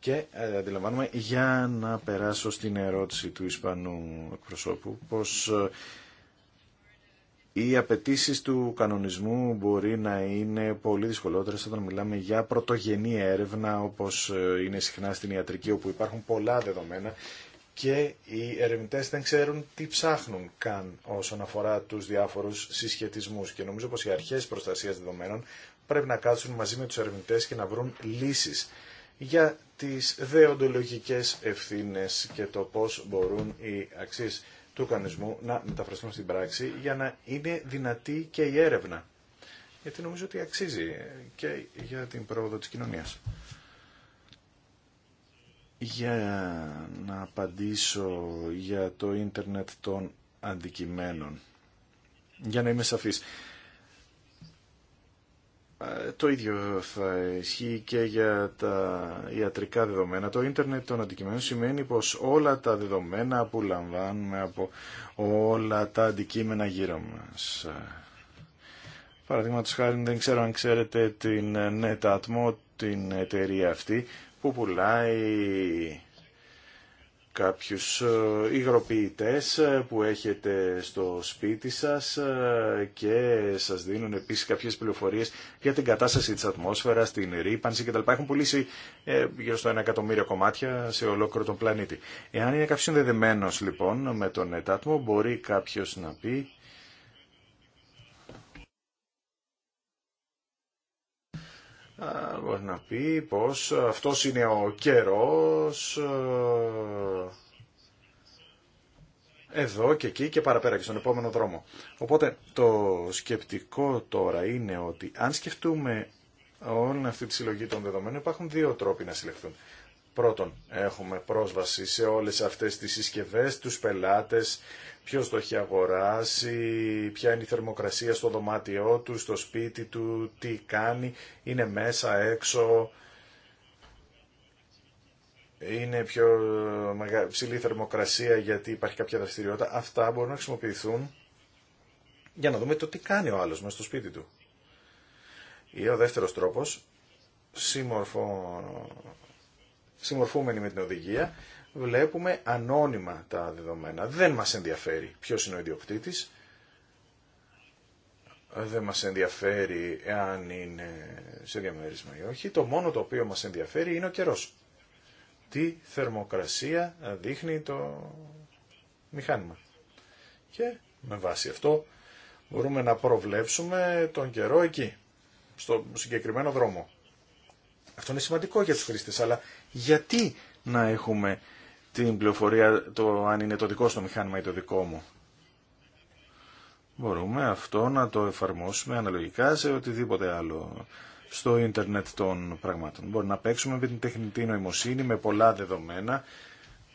Και ε, αντιλαμβάνομαι, για να περάσω στην ερώτηση του Ισπανού εκπροσώπου, πως ε, οι απαιτήσει του κανονισμού μπορεί να είναι πολύ δυσκολότερες όταν μιλάμε για πρωτογενή έρευνα όπως ε, είναι συχνά στην ιατρική όπου υπάρχουν πολλά δεδομένα και οι ερευνητέ δεν ξέρουν τι ψάχνουν καν όσον αφορά τους διάφορους συσχετισμούς και νομίζω πω οι αρχές προστασίας δεδομένων πρέπει να κάτσουν μαζί με του ερευνητέ και να βρουν λύσει για τις δεοντολογικές ευθύνες και το πώς μπορούν οι αξίες του κανονισμού να μεταφραστούν στην πράξη για να είναι δυνατή και η έρευνα. Γιατί νομίζω ότι αξίζει και για την πρόοδο της κοινωνίας. Για να απαντήσω για το ίντερνετ των αντικειμένων. Για να είμαι σαφής το ίδιο θα ισχύει και για τα ιατρικά δεδομένα. Το ίντερνετ των αντικειμένων σημαίνει πως όλα τα δεδομένα που λαμβάνουμε από όλα τα αντικείμενα γύρω μας. Παραδείγματος χάρη δεν ξέρω αν ξέρετε την NetAtmo, την εταιρεία αυτή που πουλάει κάποιους ε, υγροποιητές ε, που έχετε στο σπίτι σας ε, και σας δίνουν επίσης κάποιες πληροφορίες για την κατάσταση της ατμόσφαιρας, την ρήπανση κτλ. Έχουν πουλήσει γύρω στο ένα εκατομμύριο κομμάτια σε ολόκληρο τον πλανήτη. Εάν είναι κάποιος συνδεδεμένος λοιπόν με τον ετάτμο μπορεί κάποιος να πει μπορεί να πει πως αυτός είναι ο καιρός εδώ και εκεί και παραπέρα και στον επόμενο δρόμο. Οπότε το σκεπτικό τώρα είναι ότι αν σκεφτούμε όλη αυτή τη συλλογή των δεδομένων υπάρχουν δύο τρόποι να συλλεχθούν. Πρώτον, έχουμε πρόσβαση σε όλες αυτές τις συσκευές, τους πελάτες, ποιος το έχει αγοράσει, ποια είναι η θερμοκρασία στο δωμάτιό του, στο σπίτι του, τι κάνει, είναι μέσα, έξω, είναι πιο ψηλή θερμοκρασία γιατί υπάρχει κάποια δραστηριότητα. Αυτά μπορούν να χρησιμοποιηθούν για να δούμε το τι κάνει ο άλλος μέσα στο σπίτι του. Ή ο δεύτερος τρόπος, σύμμορφο συμμορφούμενοι με την οδηγία, βλέπουμε ανώνυμα τα δεδομένα. Δεν μας ενδιαφέρει ποιος είναι ο ιδιοκτήτης, δεν μας ενδιαφέρει αν είναι σε διαμέρισμα ή όχι. Το μόνο το οποίο μας ενδιαφέρει είναι ο καιρός. Τι θερμοκρασία δείχνει το μηχάνημα. Και με βάση αυτό μπορούμε να προβλέψουμε τον καιρό εκεί, στο συγκεκριμένο δρόμο. Αυτό είναι σημαντικό για τους χρήστες, αλλά γιατί να έχουμε την πληροφορία το αν είναι το δικό στο μηχάνημα ή το δικό μου. Μπορούμε αυτό να το εφαρμόσουμε αναλογικά σε οτιδήποτε άλλο στο ίντερνετ των πραγμάτων. μπορεί να παίξουμε με την τεχνητή νοημοσύνη, με πολλά δεδομένα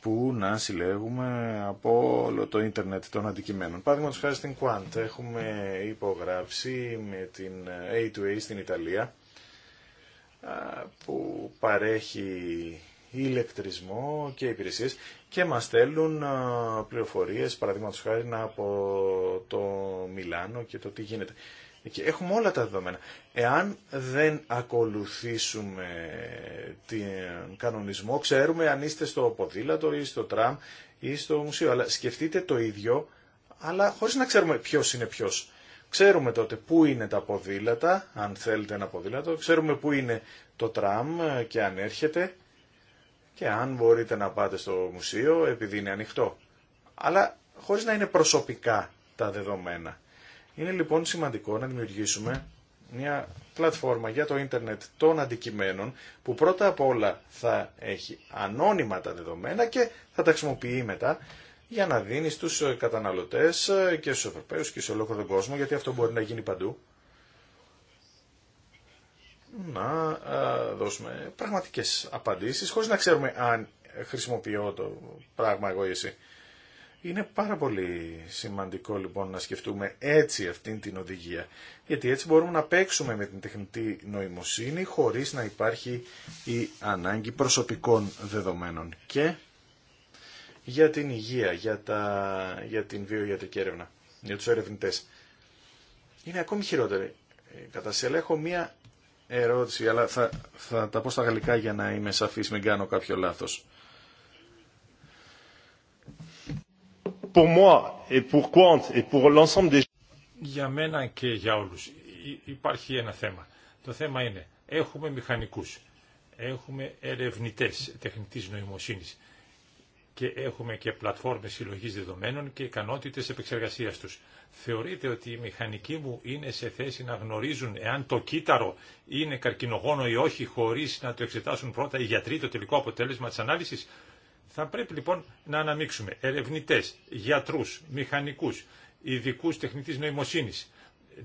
που να συλλέγουμε από όλο το ίντερνετ των αντικειμένων. Παραδείγματος χάρη στην Quant έχουμε υπογράψει με την A2A στην Ιταλία που παρέχει ηλεκτρισμό και υπηρεσίες και μας στέλνουν πληροφορίες, παραδείγματο χάρη, από το Μιλάνο και το τι γίνεται. Και έχουμε όλα τα δεδομένα. Εάν δεν ακολουθήσουμε τον κανονισμό, ξέρουμε αν είστε στο ποδήλατο ή στο τραμ ή στο μουσείο. Αλλά σκεφτείτε το ίδιο, αλλά χωρίς να ξέρουμε ποιος είναι ποιος. Ξέρουμε τότε πού είναι τα ποδήλατα, αν θέλετε ένα ποδήλατο, ξέρουμε πού είναι το τραμ και αν έρχεται και αν μπορείτε να πάτε στο μουσείο επειδή είναι ανοιχτό. Αλλά χωρίς να είναι προσωπικά τα δεδομένα. Είναι λοιπόν σημαντικό να δημιουργήσουμε μια πλατφόρμα για το ίντερνετ των αντικειμένων που πρώτα απ' όλα θα έχει ανώνυμα τα δεδομένα και θα τα χρησιμοποιεί μετά για να δίνει στους ε, καταναλωτές ε, και στους Ευρωπαίους και σε ολόκληρο τον κόσμο, γιατί αυτό μπορεί να γίνει παντού, να ε, δώσουμε πραγματικές απαντήσεις, χωρίς να ξέρουμε αν χρησιμοποιώ το πράγμα εγώ ή εσύ. Είναι πάρα πολύ σημαντικό λοιπόν να σκεφτούμε έτσι αυτήν την οδηγία, γιατί έτσι μπορούμε να παίξουμε με την τεχνητή νοημοσύνη χωρίς να υπάρχει η ανάγκη προσωπικών δεδομένων. Και για την υγεία, για, τα, για την βιοιατρική έρευνα, για τους ερευνητές. Είναι ακόμη χειρότερη Κατά έχω μία ερώτηση, αλλά θα, θα τα πω στα γαλλικά για να είμαι σαφής, μην κάνω κάποιο λάθος. Pour moi et pour et pour des... Για μένα και για όλους υπάρχει ένα θέμα. Το θέμα είναι, έχουμε μηχανικούς, έχουμε ερευνητές τεχνητής νοημοσύνης και έχουμε και πλατφόρμες συλλογή δεδομένων και ικανότητες επεξεργασίας τους. Θεωρείτε ότι οι μηχανικοί μου είναι σε θέση να γνωρίζουν εάν το κύτταρο είναι καρκινογόνο ή όχι χωρίς να το εξετάσουν πρώτα οι γιατροί το τελικό αποτέλεσμα της ανάλυσης. Θα πρέπει λοιπόν να αναμίξουμε ερευνητές, γιατρούς, μηχανικούς, ειδικού τεχνητής νοημοσύνης.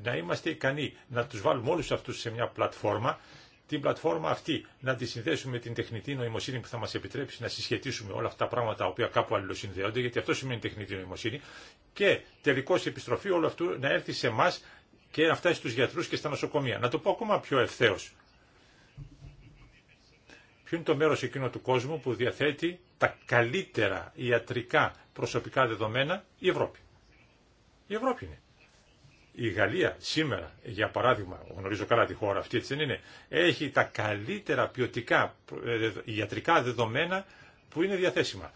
Να είμαστε ικανοί να τους βάλουμε όλους αυτούς σε μια πλατφόρμα την πλατφόρμα αυτή, να τη συνδέσουμε με την τεχνητή νοημοσύνη που θα μας επιτρέψει να συσχετίσουμε όλα αυτά τα πράγματα τα οποία κάπου αλληλοσυνδέονται, γιατί αυτό σημαίνει τεχνητή νοημοσύνη, και τελικώ η επιστροφή όλου αυτού να έρθει σε εμά και να φτάσει στους γιατρούς και στα νοσοκομεία. Να το πω ακόμα πιο ευθέω. Ποιο είναι το μέρο εκείνο του κόσμου που διαθέτει τα καλύτερα ιατρικά προσωπικά δεδομένα η Ευρώπη. Η Ευρώπη είναι. Η Γαλλία σήμερα, για παράδειγμα, γνωρίζω καλά τη χώρα αυτή, έτσι δεν είναι, έχει τα καλύτερα ποιοτικά ε, ιατρικά δεδομένα που είναι διαθέσιμα.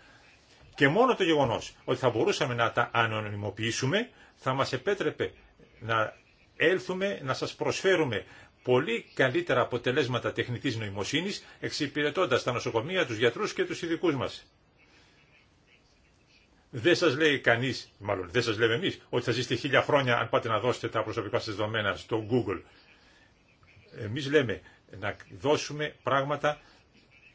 Και μόνο το γεγονός ότι θα μπορούσαμε να τα ανωνυμοποιήσουμε θα μας επέτρεπε να έλθουμε να σας προσφέρουμε πολύ καλύτερα αποτελέσματα τεχνητής νοημοσύνης εξυπηρετώντας τα νοσοκομεία, τους γιατρούς και τους ειδικούς μας. Δεν σας λέει κανεί, μάλλον δεν σα λέμε εμείς, ότι θα ζήσετε χίλια χρόνια αν πάτε να δώσετε τα προσωπικά σας δεδομένα στο Google. Εμεί λέμε να δώσουμε πράγματα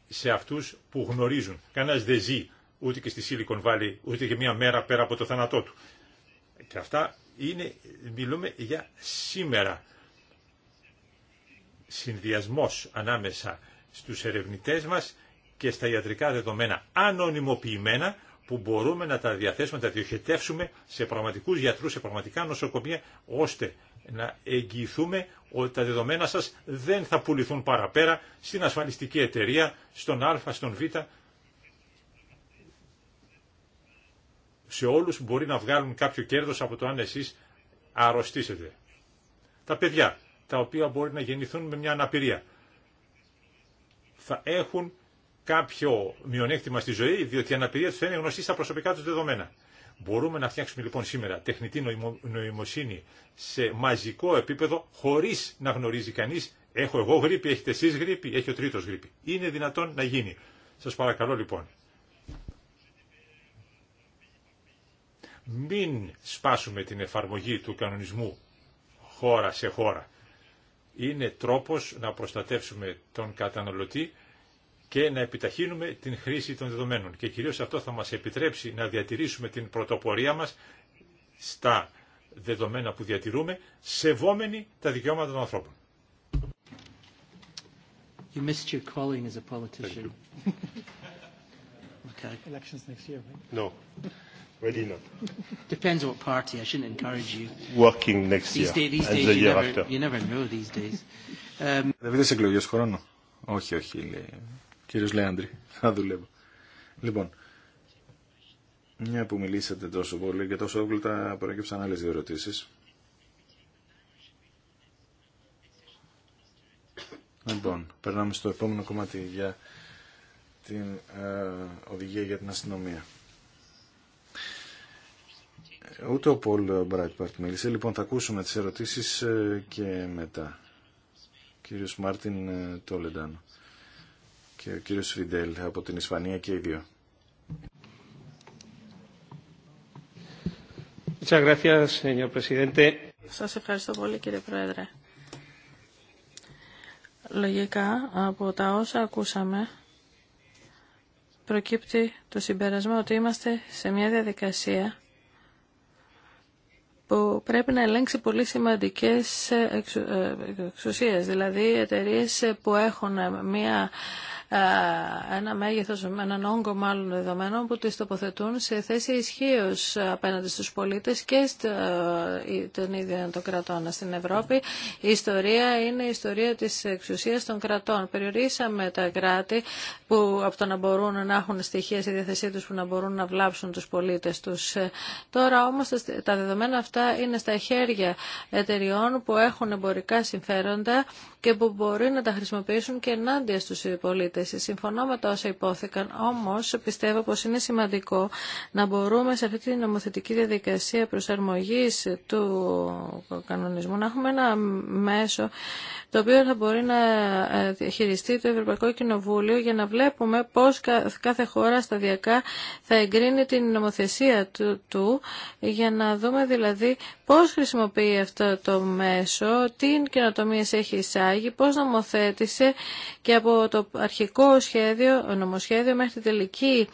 σε αυτούς που γνωρίζουν. Κανένα δεν ζει ούτε και στη Silicon Valley, ούτε και μία μέρα πέρα από το θάνατό του. Και αυτά είναι, μιλούμε για σήμερα. συνδυασμό ανάμεσα στου ερευνητέ μα και στα ιατρικά δεδομένα ανωνυμοποιημένα που μπορούμε να τα διαθέσουμε, να τα διοχετεύσουμε σε πραγματικούς γιατρούς, σε πραγματικά νοσοκομεία, ώστε να εγγυηθούμε ότι τα δεδομένα σας δεν θα πουληθούν παραπέρα στην ασφαλιστική εταιρεία, στον Α, στον Β. Σε όλους μπορεί να βγάλουν κάποιο κέρδος από το αν εσείς αρρωστήσετε. Τα παιδιά, τα οποία μπορεί να γεννηθούν με μια αναπηρία, θα έχουν κάποιο μειονέκτημα στη ζωή, διότι η αναπηρία του θα είναι γνωστή στα προσωπικά του δεδομένα. Μπορούμε να φτιάξουμε λοιπόν σήμερα τεχνητή νοημοσύνη σε μαζικό επίπεδο, χωρί να γνωρίζει κανεί, έχω εγώ γρήπη, έχετε εσεί γρήπη, έχει ο τρίτο γρήπη. Είναι δυνατόν να γίνει. Σα παρακαλώ λοιπόν. Μην σπάσουμε την εφαρμογή του κανονισμού χώρα σε χώρα. Είναι τρόπος να προστατεύσουμε τον καταναλωτή και να επιταχύνουμε την χρήση των δεδομένων. Και κυρίως αυτό θα μας επιτρέψει να διατηρήσουμε την πρωτοπορία μας στα δεδομένα που διατηρούμε, σεβόμενοι τα δικαιώματα των ανθρώπων. You missed your calling as a politician. okay. Elections next year, right? No. Ready not. Depends what party. I shouldn't encourage you. Working next year. These, day, these days, the you, year never, after. you never know these days. Um, Δεν εκλογές χρόνο. Όχι, όχι, λέει κύριος Λέαντρη. Θα δουλεύω. Λοιπόν, μια που μιλήσατε τόσο πολύ και τόσο όγκλητα προέκυψαν άλλες δύο ερωτήσεις. Λοιπόν, περνάμε στο επόμενο κομμάτι για την ε, οδηγία για την αστυνομία. Ούτε ο Πολ Μπράιτπαρτ μίλησε. Λοιπόν, θα ακούσουμε τις ερωτήσεις ε, και μετά. Κύριος Μάρτιν ε, Τόλεντάνο και ο κύριος Φιντέλ από την Ισπανία και οι δύο. Σας ευχαριστώ πολύ κύριε Πρόεδρε. Λογικά από τα όσα ακούσαμε προκύπτει το συμπέρασμα ότι είμαστε σε μια διαδικασία που πρέπει να ελέγξει πολύ σημαντικές ε, εξουσίες, δηλαδή εταιρείες που έχουν μια ένα μέγεθος, έναν όγκο μάλλον δεδομένων που τις τοποθετούν σε θέση ισχύω απέναντι στους πολίτες και στο, ε, ίδιο των κρατών στην Ευρώπη. Η ιστορία είναι η ιστορία της εξουσίας των κρατών. Περιορίσαμε τα κράτη που από το να μπορούν να έχουν στοιχεία στη διαθεσή τους που να μπορούν να βλάψουν τους πολίτες τους. Ε, τώρα όμως τα δεδομένα αυτά είναι στα χέρια εταιριών που έχουν εμπορικά συμφέροντα και που μπορεί να τα χρησιμοποιήσουν και ενάντια στους πολίτες Συμφωνώ με τα όσα υπόθηκαν, όμως πιστεύω πως είναι σημαντικό να μπορούμε σε αυτή τη νομοθετική διαδικασία προσαρμογής του κανονισμού να έχουμε ένα μέσο το οποίο θα μπορεί να ε, χειριστεί το Ευρωπαϊκό Κοινοβούλιο για να βλέπουμε πώς κάθε χώρα σταδιακά θα εγκρίνει την νομοθεσία του, για να δούμε δηλαδή πώς χρησιμοποιεί αυτό το μέσο, τι καινοτομίε έχει εισάγει, πώς νομοθέτησε και από το αρχικό σχέδιο, νομοσχέδιο μέχρι τη τελική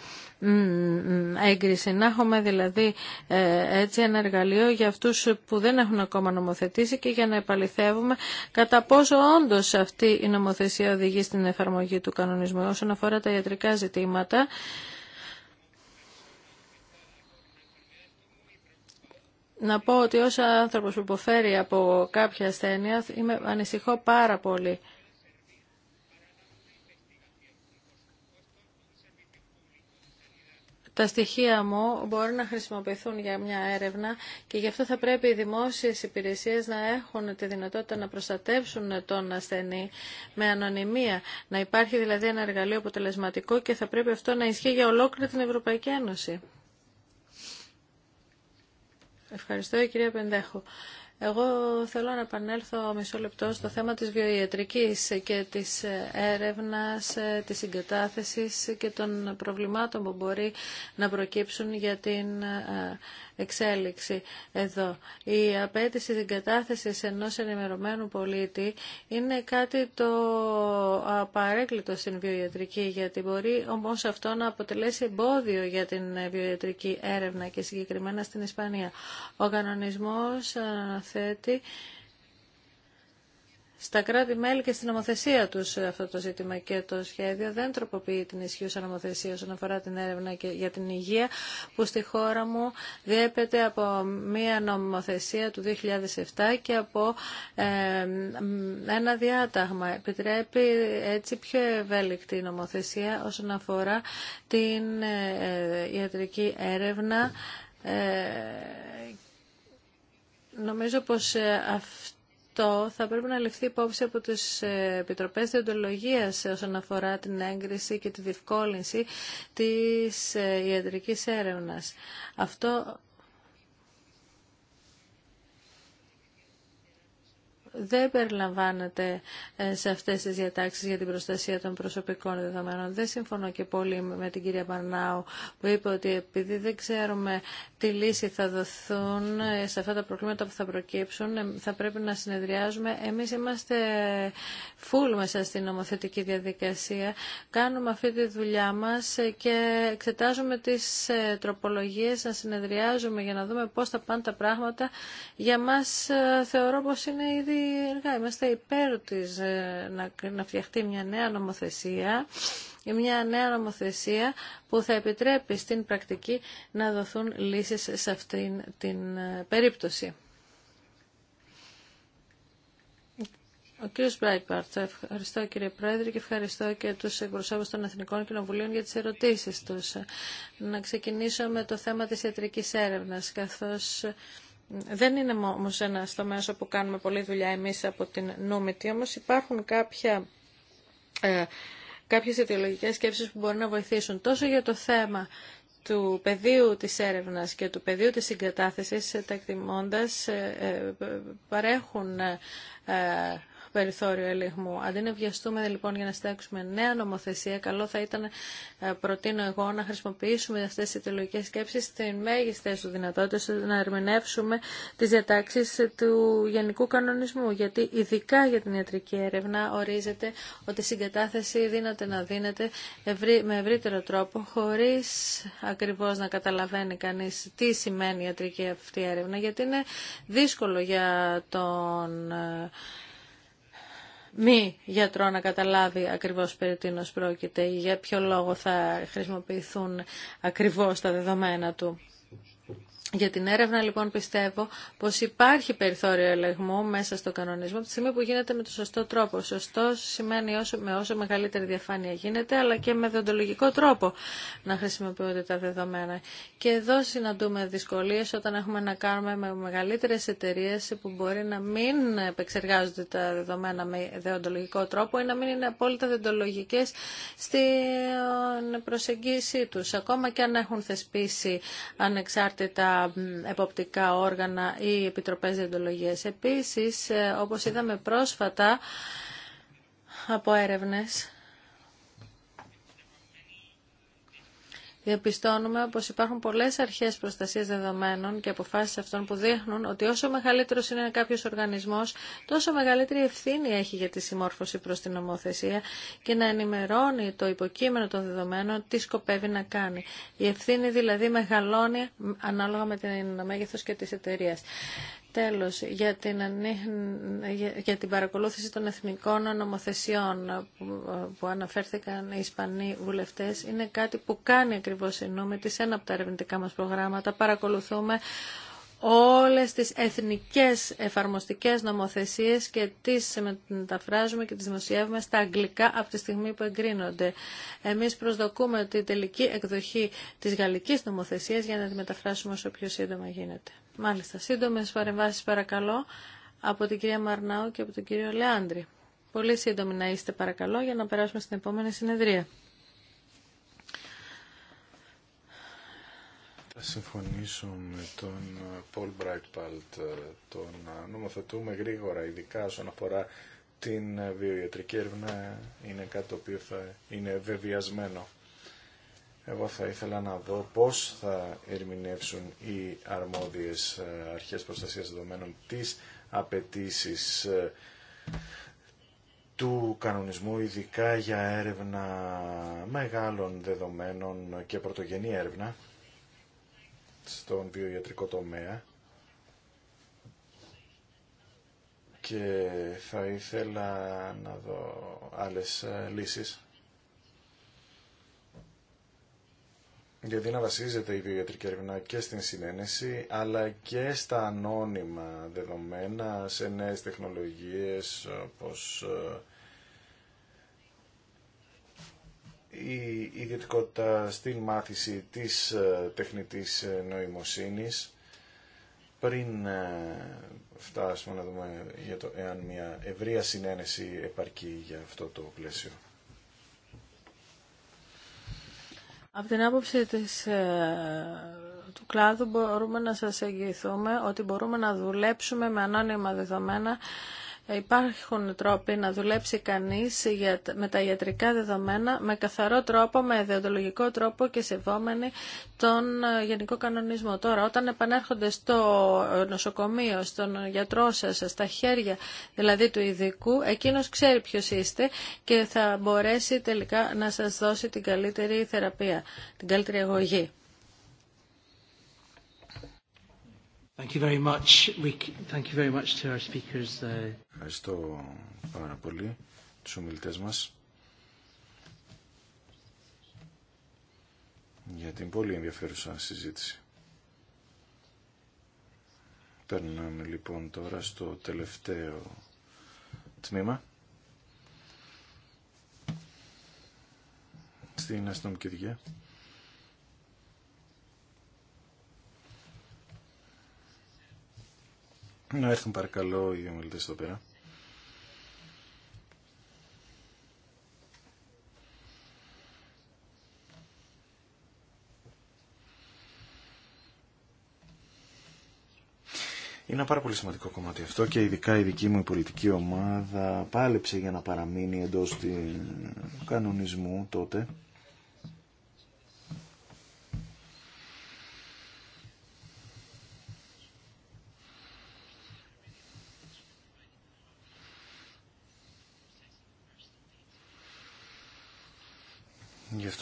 έγκριση. Να έχουμε δηλαδή ε, έτσι ένα εργαλείο για αυτούς που δεν έχουν ακόμα νομοθετήσει και για να επαληθεύουμε κατά πόσο όντως αυτή η νομοθεσία οδηγεί στην εφαρμογή του κανονισμού. Όσον αφορά τα ιατρικά ζητήματα, να πω ότι ως άνθρωπος που υποφέρει από κάποια ασθένεια είμαι, ανησυχώ πάρα πολύ τα στοιχεία μου μπορεί να χρησιμοποιηθούν για μια έρευνα και γι' αυτό θα πρέπει οι δημόσιες υπηρεσίες να έχουν τη δυνατότητα να προστατεύσουν τον ασθενή με ανωνυμία. Να υπάρχει δηλαδή ένα εργαλείο αποτελεσματικό και θα πρέπει αυτό να ισχύει για ολόκληρη την Ευρωπαϊκή Ένωση. Ευχαριστώ, κυρία Πεντέχου. Εγώ θέλω να επανέλθω μισό λεπτό στο θέμα της βιοιατρικής και της έρευνας, της συγκατάθεσης και των προβλημάτων που μπορεί να προκύψουν για την ε, εξέλιξη εδώ. Η απέτηση εγκατάθεση ενός ενημερωμένου πολίτη είναι κάτι το απαρέκλειτο στην βιοιατρική γιατί μπορεί όμως αυτό να αποτελέσει εμπόδιο για την βιοιατρική έρευνα και συγκεκριμένα στην Ισπανία. Ο κανονισμός θέτει στα κράτη-μέλη και στην νομοθεσία τους ε, αυτό το ζήτημα και το σχέδιο δεν τροποποιεί την ισχύουσα νομοθεσία όσον αφορά την έρευνα και για την υγεία που στη χώρα μου διέπεται από μία νομοθεσία του 2007 και από ε, ένα διάταγμα. Επιτρέπει έτσι πιο ευέλικτη νομοθεσία όσον αφορά την ε, ιατρική έρευνα Νομίζω πως αυτό αυτό θα πρέπει να ληφθεί υπόψη από τις ε, επιτροπές διοντολογίας όσον αφορά την έγκριση και τη διευκόλυνση της ε, ιατρικής έρευνας. Αυτό δεν περιλαμβάνεται ε, σε αυτές τις διατάξεις για την προστασία των προσωπικών δεδομένων. Δεν συμφωνώ και πολύ με την κυρία Μπαρνάου που είπε ότι επειδή δεν ξέρουμε τι λύση θα δοθούν ε, σε αυτά τα προβλήματα που θα προκύψουν, ε, θα πρέπει να συνεδριάζουμε. Εμείς είμαστε φουλ μέσα στην νομοθετική διαδικασία. Κάνουμε αυτή τη δουλειά μας και εξετάζουμε τις τροπολογίες, να συνεδριάζουμε για να δούμε πώς θα πάνε τα πράγματα. Για μας θεωρώ πως είναι ήδη εργά. Είμαστε υπέρ της ε, να, να φτιαχτεί μια νέα νομοθεσία μια νέα νομοθεσία που θα επιτρέπει στην πρακτική να δοθούν λύσεις σε αυτήν την ε, περίπτωση. Ο κ. Μπράικπαρτ, ευχαριστώ κύριε Πρόεδρε και ευχαριστώ και τους εκπροσώπους των Εθνικών Κοινοβουλίων για τις ερωτήσεις τους. Να ξεκινήσω με το θέμα της ιατρικής έρευνας, καθώς δεν είναι όμω ένα τομέα όπου κάνουμε πολλή δουλειά εμεί από την Νούμητη, όμω υπάρχουν κάποια. Ε, κάποιες σκέψεις που μπορούν να βοηθήσουν τόσο για το θέμα του πεδίου της έρευνας και του πεδίου της συγκατάθεσης, ε, τα εκτιμώντας, ε, ε, παρέχουν περιθώριο ελιγμού. Αντί να βιαστούμε λοιπόν για να στέξουμε νέα νομοθεσία, καλό θα ήταν, ε, προτείνω εγώ, να χρησιμοποιήσουμε αυτέ τι ιδεολογικέ σκέψει στι μέγιστε του δυνατότητε να ερμηνεύσουμε τι διατάξει του Γενικού Κανονισμού. Γιατί ειδικά για την ιατρική έρευνα ορίζεται ότι η συγκατάθεση δύναται να δίνεται με ευρύτερο τρόπο, χωρί ακριβώ να καταλαβαίνει κανεί τι σημαίνει η ιατρική αυτή έρευνα, γιατί είναι δύσκολο για τον ε, μη γιατρό να καταλάβει ακριβώς περί τίνος πρόκειται ή για ποιο λόγο θα χρησιμοποιηθούν ακριβώς τα δεδομένα του. Για την έρευνα λοιπόν πιστεύω πως υπάρχει περιθώριο ελεγμού μέσα στο κανονισμό από τη στιγμή που γίνεται με το σωστό τρόπο. Σωστό σημαίνει όσο, με όσο μεγαλύτερη διαφάνεια γίνεται αλλά και με δοντολογικό τρόπο να χρησιμοποιούνται τα δεδομένα. Και εδώ συναντούμε δυσκολίες όταν έχουμε να κάνουμε με μεγαλύτερες εταιρείε που μπορεί να μην επεξεργάζονται τα δεδομένα με δεοντολογικό τρόπο ή να μην είναι απόλυτα δεοντολογικές στην προσεγγίση τους. Ακόμα και αν έχουν θεσπίσει ανεξάρτητα εποπτικά όργανα ή επιτροπές διοντολογίας. Επίσης, ε, όπως είδαμε πρόσφατα από έρευνες, διαπιστώνουμε πως υπάρχουν πολλές αρχές προστασίας δεδομένων και αποφάσει αυτών που δείχνουν ότι όσο μεγαλύτερος είναι κάποιο οργανισμός, τόσο μεγαλύτερη ευθύνη έχει για τη συμμόρφωση προς την νομοθεσία και να ενημερώνει το υποκείμενο των δεδομένων τι σκοπεύει να κάνει. Η ευθύνη δηλαδή μεγαλώνει ανάλογα με την μέγεθο και τη εταιρεία. Τέλος, για την, για την παρακολούθηση των εθνικών νομοθεσιών που, αναφέρθηκαν οι Ισπανοί βουλευτές, είναι κάτι που κάνει ακριβώς η Νούμη ένα από τα ερευνητικά μας προγράμματα. Παρακολουθούμε όλες τις εθνικές εφαρμοστικές νομοθεσίες και τις μεταφράζουμε και τις δημοσιεύουμε στα αγγλικά από τη στιγμή που εγκρίνονται. Εμείς προσδοκούμε τη τελική εκδοχή της γαλλικής νομοθεσίας για να τη μεταφράσουμε όσο πιο σύντομα γίνεται. Μάλιστα, σύντομες παρεμβάσεις παρακαλώ από την κυρία Μαρνάου και από τον κύριο Λεάνδρη. Πολύ σύντομη να είστε παρακαλώ για να περάσουμε στην επόμενη συνεδρία. συμφωνήσω με τον Πολ Μπράιτπαλτ ε, το να νομοθετούμε γρήγορα, ειδικά όσον αφορά την βιοιατρική έρευνα ε, είναι κάτι το οποίο θα είναι βεβαιασμένο. Εγώ θα ήθελα να δω πώς θα ερμηνεύσουν οι αρμόδιες ε, αρχές προστασίας δεδομένων τις απαιτήσει του κανονισμού, ειδικά για έρευνα μεγάλων δεδομένων και πρωτογενή έρευνα, στον βιοιατρικό τομέα και θα ήθελα να δω άλλες ε, λύσεις. Γιατί να βασίζεται η βιοιατρική έρευνα και στην συνένεση, αλλά και στα ανώνυμα δεδομένα, σε νέες τεχνολογίες όπως ε, η ιδιωτικότητα στην μάθηση της ε, τεχνητής ε, νοημοσύνης πριν ε, φτάσουμε να δούμε για το εάν μια ευρεία συνένεση επαρκεί για αυτό το πλαίσιο. Από την άποψη της, του κλάδου μπορούμε να σας εγγυηθούμε ότι μπορούμε να δουλέψουμε με ανώνυμα δεδομένα Υπάρχουν τρόποι να δουλέψει κανείς με τα ιατρικά δεδομένα με καθαρό τρόπο, με ιδεοντολογικό τρόπο και σεβόμενοι τον ε, γενικό κανονισμό. Τώρα, όταν επανέρχονται στο ε, νοσοκομείο, στον γιατρό σας, στα χέρια δηλαδή του ειδικού, εκείνος ξέρει ποιος είστε και θα μπορέσει τελικά να σας δώσει την καλύτερη θεραπεία, την καλύτερη αγωγή. Ευχαριστώ πάρα πολύ τους ομιλητές μας για την πολύ ενδιαφέρουσα συζήτηση. Περνάμε λοιπόν τώρα στο τελευταίο τμήμα. Στην αστυνομική δικαιοσύνη. Να έρθουν παρακαλώ οι ομιλητές εδώ πέρα. Είναι ένα πάρα πολύ σημαντικό κομμάτι αυτό και ειδικά η δική μου πολιτική ομάδα πάλεψε για να παραμείνει εντός του κανονισμού τότε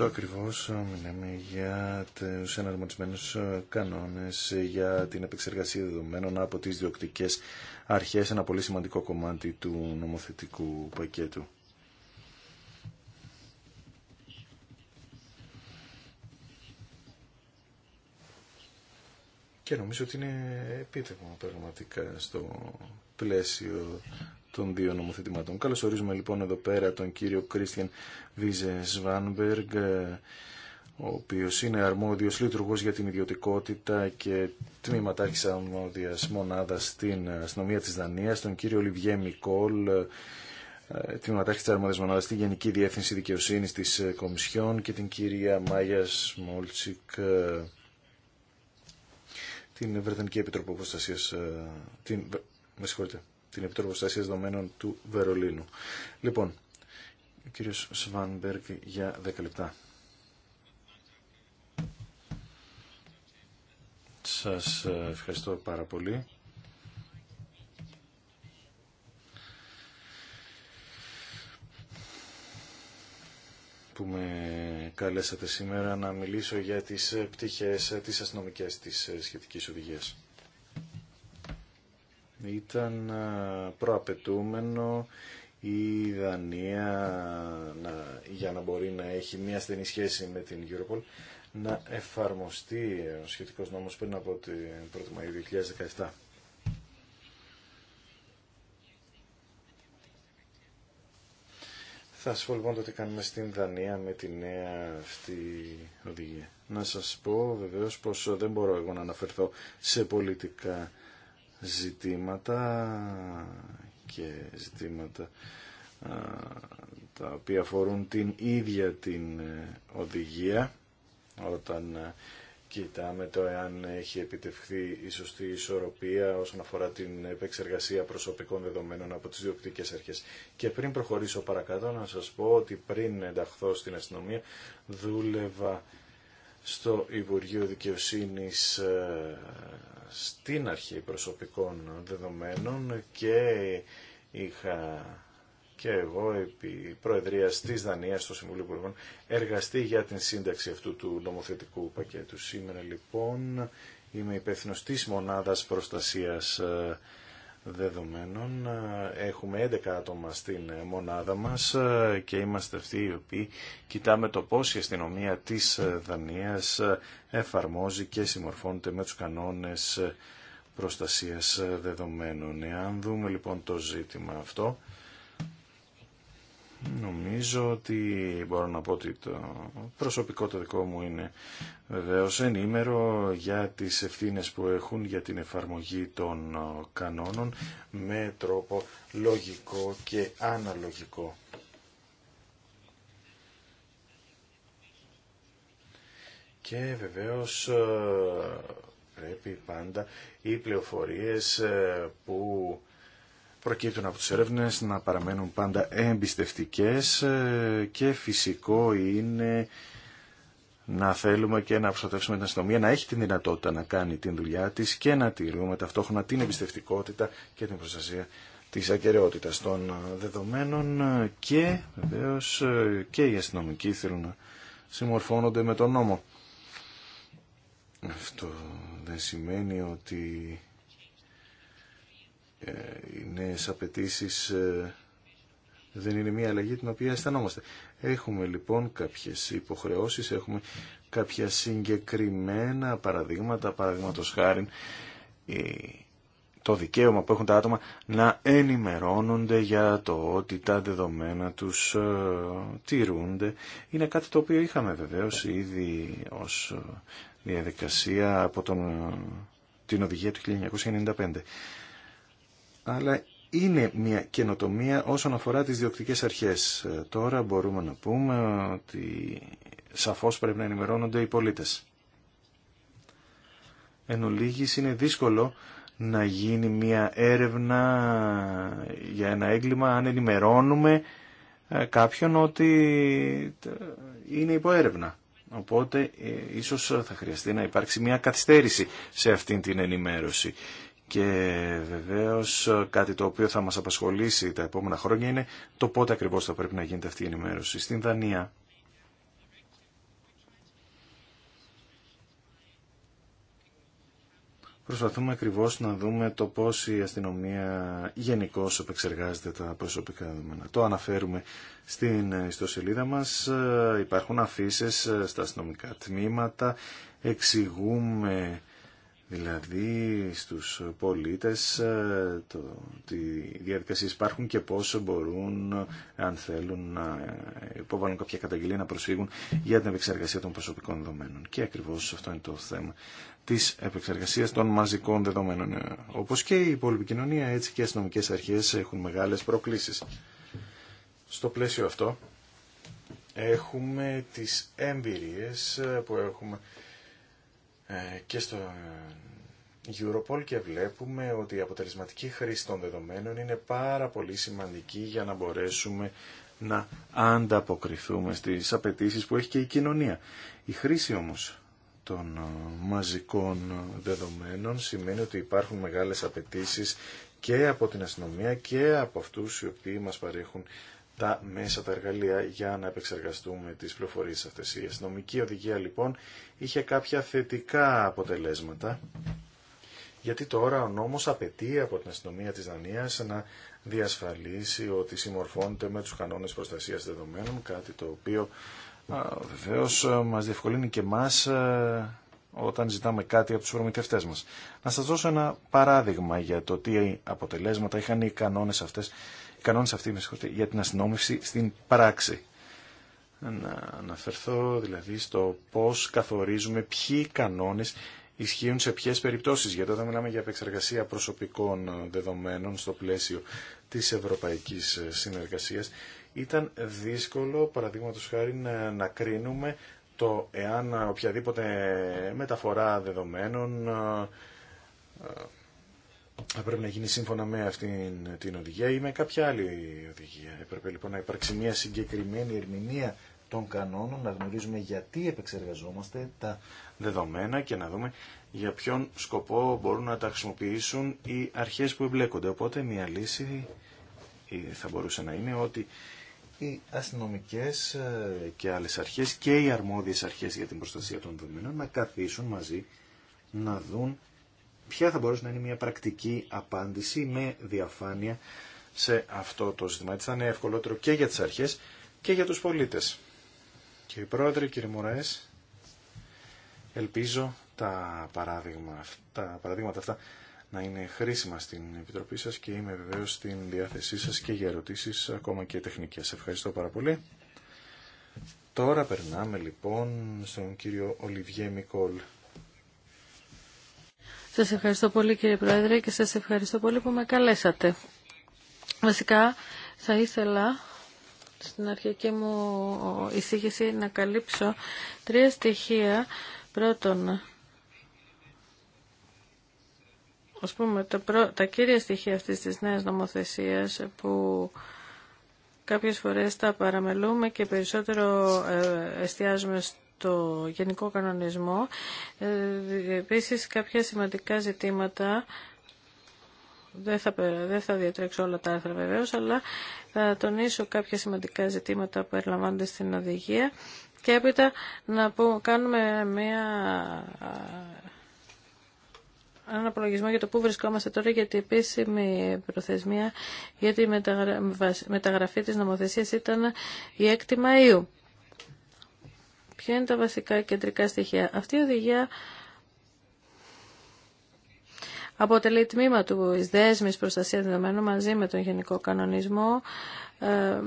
αυτό ακριβώς ε, μιλάμε για τους εναρμονισμένους ε, κανόνες ε, για την επεξεργασία δεδομένων από τις διοκτικές αρχές, ένα πολύ σημαντικό κομμάτι του νομοθετικού πακέτου. Και νομίζω ότι είναι επίτευγμα πραγματικά στο πλαίσιο των δύο νομοθετημάτων. Καλωσορίζουμε λοιπόν εδώ πέρα τον κύριο Κρίστιαν Βίζε Σβάνμπεργκ, ο οποίος είναι αρμόδιος λειτουργός για την ιδιωτικότητα και τμήματάρχης αρμόδιας μονάδα στην αστυνομία της Δανίας, τον κύριο Λιβιέ Μικόλ, τμήματάρχη τη Αρμόδια Μονάδα στην Γενική Διεύθυνση Δικαιοσύνη τη Κομισιόν και την κυρία Μάγια Μόλτσικ, την Βρετανική Επιτροπή Προστασία. Με συγχωρείτε την Επιτροπή Προστασία Δεδομένων του Βερολίνου. Λοιπόν, ο κύριος Σβάνμπεργκ για 10 λεπτά. Σα ε, ευχαριστώ πάρα πολύ. που με καλέσατε σήμερα να μιλήσω για τις πτυχές, ε, τις αστυνομικές της ε, σχετικής οδηγίας ήταν προαπαιτούμενο η Δανία να, για να μπορεί να έχει μια στενή σχέση με την Europol να εφαρμοστεί ο σχετικός νόμος πριν από την 1η Μαΐου 2017. Θα σας πω λοιπόν το τι κάνουμε στην Δανία με τη νέα αυτή οδηγία. Να σας πω βεβαίως πως δεν μπορώ εγώ να αναφερθώ σε πολιτικά ζητήματα και ζητήματα τα οποία αφορούν την ίδια την ε, οδηγία όταν ε, κοιτάμε το εάν έχει επιτευχθεί η σωστή ισορροπία όσον αφορά την επεξεργασία προσωπικών δεδομένων από τις διοκτικές αρχές. Και πριν προχωρήσω παρακάτω να σας πω ότι πριν ενταχθώ στην αστυνομία δούλευα στο Υπουργείο Δικαιοσύνης ε, στην αρχή προσωπικών δεδομένων και είχα και εγώ επί Προεδρίας της Δανίας στο Συμβουλίο Υπουργών εργαστεί για την σύνταξη αυτού του νομοθετικού πακέτου. Σήμερα λοιπόν είμαι υπεύθυνο της Μονάδας Προστασίας ε, δεδομένων. Έχουμε 11 άτομα στην μονάδα μας και είμαστε αυτοί οι οποίοι κοιτάμε το πώς η αστυνομία της Δανίας εφαρμόζει και συμμορφώνεται με τους κανόνες προστασίας δεδομένων. Εάν δούμε λοιπόν το ζήτημα αυτό, Νομίζω ότι μπορώ να πω ότι το προσωπικό το δικό μου είναι βεβαίως ενήμερο για τις ευθύνες που έχουν για την εφαρμογή των ε, κανόνων με τρόπο λογικό και αναλογικό. Και βεβαίως ε, πρέπει πάντα οι πληροφορίες ε, που προκύπτουν από τι έρευνες να παραμένουν πάντα εμπιστευτικές ε, και φυσικό είναι να θέλουμε και να προστατεύσουμε την αστυνομία να έχει τη δυνατότητα να κάνει την δουλειά της και να τηρούμε ταυτόχρονα την εμπιστευτικότητα και την προστασία της ακαιρεότητας των δεδομένων και βεβαίω ε, και οι αστυνομικοί θέλουν να συμμορφώνονται με τον νόμο. Αυτό δεν σημαίνει ότι ε, οι νέε απαιτήσει ε, δεν είναι μια αλλαγή την οποία αισθανόμαστε. Έχουμε λοιπόν κάποιες υποχρεώσεις, έχουμε κάποια συγκεκριμένα παραδείγματα, παραδείγματο χάρη το δικαίωμα που έχουν τα άτομα να ενημερώνονται για το ότι τα δεδομένα τους ε, τηρούνται. Είναι κάτι το οποίο είχαμε βεβαίως ήδη ως διαδικασία από τον, την οδηγία του 1995 αλλά είναι μια καινοτομία όσον αφορά τις διοκτικές αρχές. Ε, τώρα μπορούμε να πούμε ότι σαφώς πρέπει να ενημερώνονται οι πολίτες. Εν ολίγης είναι δύσκολο να γίνει μια έρευνα για ένα έγκλημα αν ενημερώνουμε ε, κάποιον ότι ε, είναι υπό έρευνα. Οπότε ίσως θα χρειαστεί να υπάρξει μια καθυστέρηση σε αυτή την ενημέρωση. Και βεβαίως κάτι το οποίο θα μας απασχολήσει τα επόμενα χρόνια είναι το πότε ακριβώς θα πρέπει να γίνεται αυτή η ενημέρωση. Στην Δανία Προσπαθούμε ακριβώς να δούμε το πώς η αστυνομία γενικώ επεξεργάζεται τα προσωπικά δεδομένα. Το αναφέρουμε στην ιστοσελίδα μας. Υπάρχουν αφήσει στα αστυνομικά τμήματα. Εξηγούμε δηλαδή στους πολίτες ε, το, τι διαδικασίες υπάρχουν και πόσο μπορούν αν θέλουν να υποβάλουν κάποια καταγγελία να προσφύγουν για την επεξεργασία των προσωπικών δεδομένων και ακριβώς αυτό είναι το θέμα της επεξεργασίας των μαζικών δεδομένων όπως και η υπόλοιπη κοινωνία έτσι και οι αστυνομικές αρχές έχουν μεγάλες προκλήσεις στο πλαίσιο αυτό έχουμε τις εμπειρίες που έχουμε ε, και στο Europol και βλέπουμε ότι η αποτελεσματική χρήση των δεδομένων είναι πάρα πολύ σημαντική για να μπορέσουμε να ανταποκριθούμε στις απαιτήσεις που έχει και η κοινωνία. Η χρήση όμως των ε, μαζικών δεδομένων σημαίνει ότι υπάρχουν μεγάλες απαιτήσεις και από την αστυνομία και από αυτούς οι οποίοι μας παρέχουν τα μέσα, τα εργαλεία για να επεξεργαστούμε τις πληροφορίες αυτές. Η αστυνομική οδηγία λοιπόν είχε κάποια θετικά αποτελέσματα γιατί τώρα ο νόμος απαιτεί από την αστυνομία της Δανίας να διασφαλίσει ότι συμμορφώνεται με τους κανόνες προστασίας δεδομένων, κάτι το οποίο βεβαίω μας διευκολύνει και μας όταν ζητάμε κάτι από τους προμηθευτές μας. Να σας δώσω ένα παράδειγμα για το τι αποτελέσματα είχαν οι κανόνες αυτές κανόνε αυτοί με για την αστυνόμευση στην πράξη. Να αναφερθώ δηλαδή στο πώς καθορίζουμε ποιοι κανόνες ισχύουν σε ποιες περιπτώσεις, γιατί όταν μιλάμε για επεξεργασία προσωπικών δεδομένων στο πλαίσιο τη Ευρωπαϊκή Συνεργασία. ήταν δύσκολο, παραδείγματο χάρη, να, να κρίνουμε το εάν οποιαδήποτε μεταφορά δεδομένων ε, θα πρέπει να γίνει σύμφωνα με αυτήν την οδηγία ή με κάποια άλλη οδηγία. Έπρεπε λοιπόν να υπάρξει μια συγκεκριμένη ερμηνεία των κανόνων, να γνωρίζουμε γιατί επεξεργαζόμαστε τα δεδομένα και να δούμε για ποιον σκοπό μπορούν να τα χρησιμοποιήσουν οι αρχές που εμπλέκονται. Οπότε μια λύση θα μπορούσε να είναι ότι οι αστυνομικές ε, και άλλες αρχές και οι αρμόδιες αρχές για την προστασία των δεδομένων να καθίσουν μαζί να δουν ποια θα μπορούσε να είναι μια πρακτική απάντηση με διαφάνεια σε αυτό το ζήτημα. Έτσι θα είναι ευκολότερο και για τις αρχές και για τους πολίτες. Κύριε Πρόεδρε, κύριε Μωραές, ελπίζω τα, παράδειγμα, τα παραδείγματα αυτά να είναι χρήσιμα στην Επιτροπή σας και είμαι βεβαίως στην διάθεσή σας και για ερωτήσεις ακόμα και τεχνικές. Ευχαριστώ πάρα πολύ. Τώρα περνάμε λοιπόν στον κύριο Ολιβιέ Μικόλ. Σας ευχαριστώ πολύ κύριε Πρόεδρε και σας ευχαριστώ πολύ που με καλέσατε. Βασικά θα ήθελα στην αρχική μου εισήγηση να καλύψω τρία στοιχεία. Πρώτον, ας πούμε, τα, τα κύρια στοιχεία αυτής της νέας νομοθεσίας που κάποιες φορές τα παραμελούμε και περισσότερο ε, εστιάζουμε το γενικό κανονισμό. Ε, επίσης κάποια σημαντικά ζητήματα δεν θα, δεν διατρέξω όλα τα άρθρα βεβαίω, αλλά θα τονίσω κάποια σημαντικά ζητήματα που περιλαμβάνονται στην οδηγία και έπειτα να πω, κάνουμε μια, έναν απολογισμό για το πού βρισκόμαστε τώρα γιατί η επίσημη προθεσμία για τη μεταγραφή της νομοθεσίας ήταν η 6η Μαΐου. Ποια είναι τα βασικά κεντρικά στοιχεία. Αυτή η οδηγία αποτελεί τμήμα του εις δέσμης προστασία δεδομένων μαζί με τον Γενικό Κανονισμό. Ε,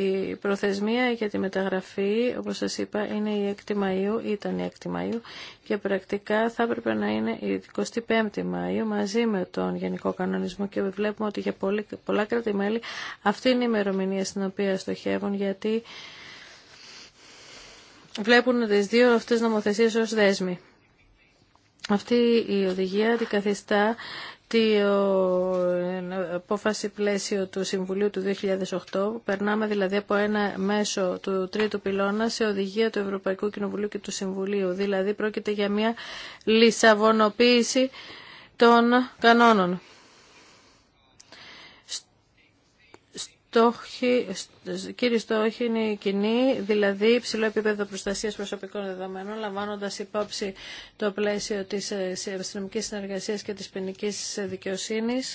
η προθεσμία για τη μεταγραφή, όπως σας είπα, είναι η 6η Μαΐου, ήταν η 6η Μαΐου και πρακτικά θα έπρεπε να είναι η 25η Μαΐου μαζί με τον Γενικό Κανονισμό και βλέπουμε ότι για πολλά κράτη-μέλη αυτή είναι η ημερομηνία στην οποία στοχεύουν γιατί βλέπουν τις δύο αυτές νομοθεσίες ως δέσμοι. Αυτή η οδηγία αντικαθιστά την απόφαση πλαίσιο του Συμβουλίου του 2008. Περνάμε δηλαδή από ένα μέσο του τρίτου πυλώνα σε οδηγία του Ευρωπαϊκού Κοινοβουλίου και του Συμβουλίου. Δηλαδή πρόκειται για μια λισαβονοποίηση των κανόνων. στόχοι, κύριοι στόχοι είναι κοινοί, δηλαδή υψηλό επίπεδο προστασίας προσωπικών δεδομένων, λαμβάνοντας υπόψη το πλαίσιο της ε, αστυνομικής συνεργασίας και της ποινική δικαιοσύνης,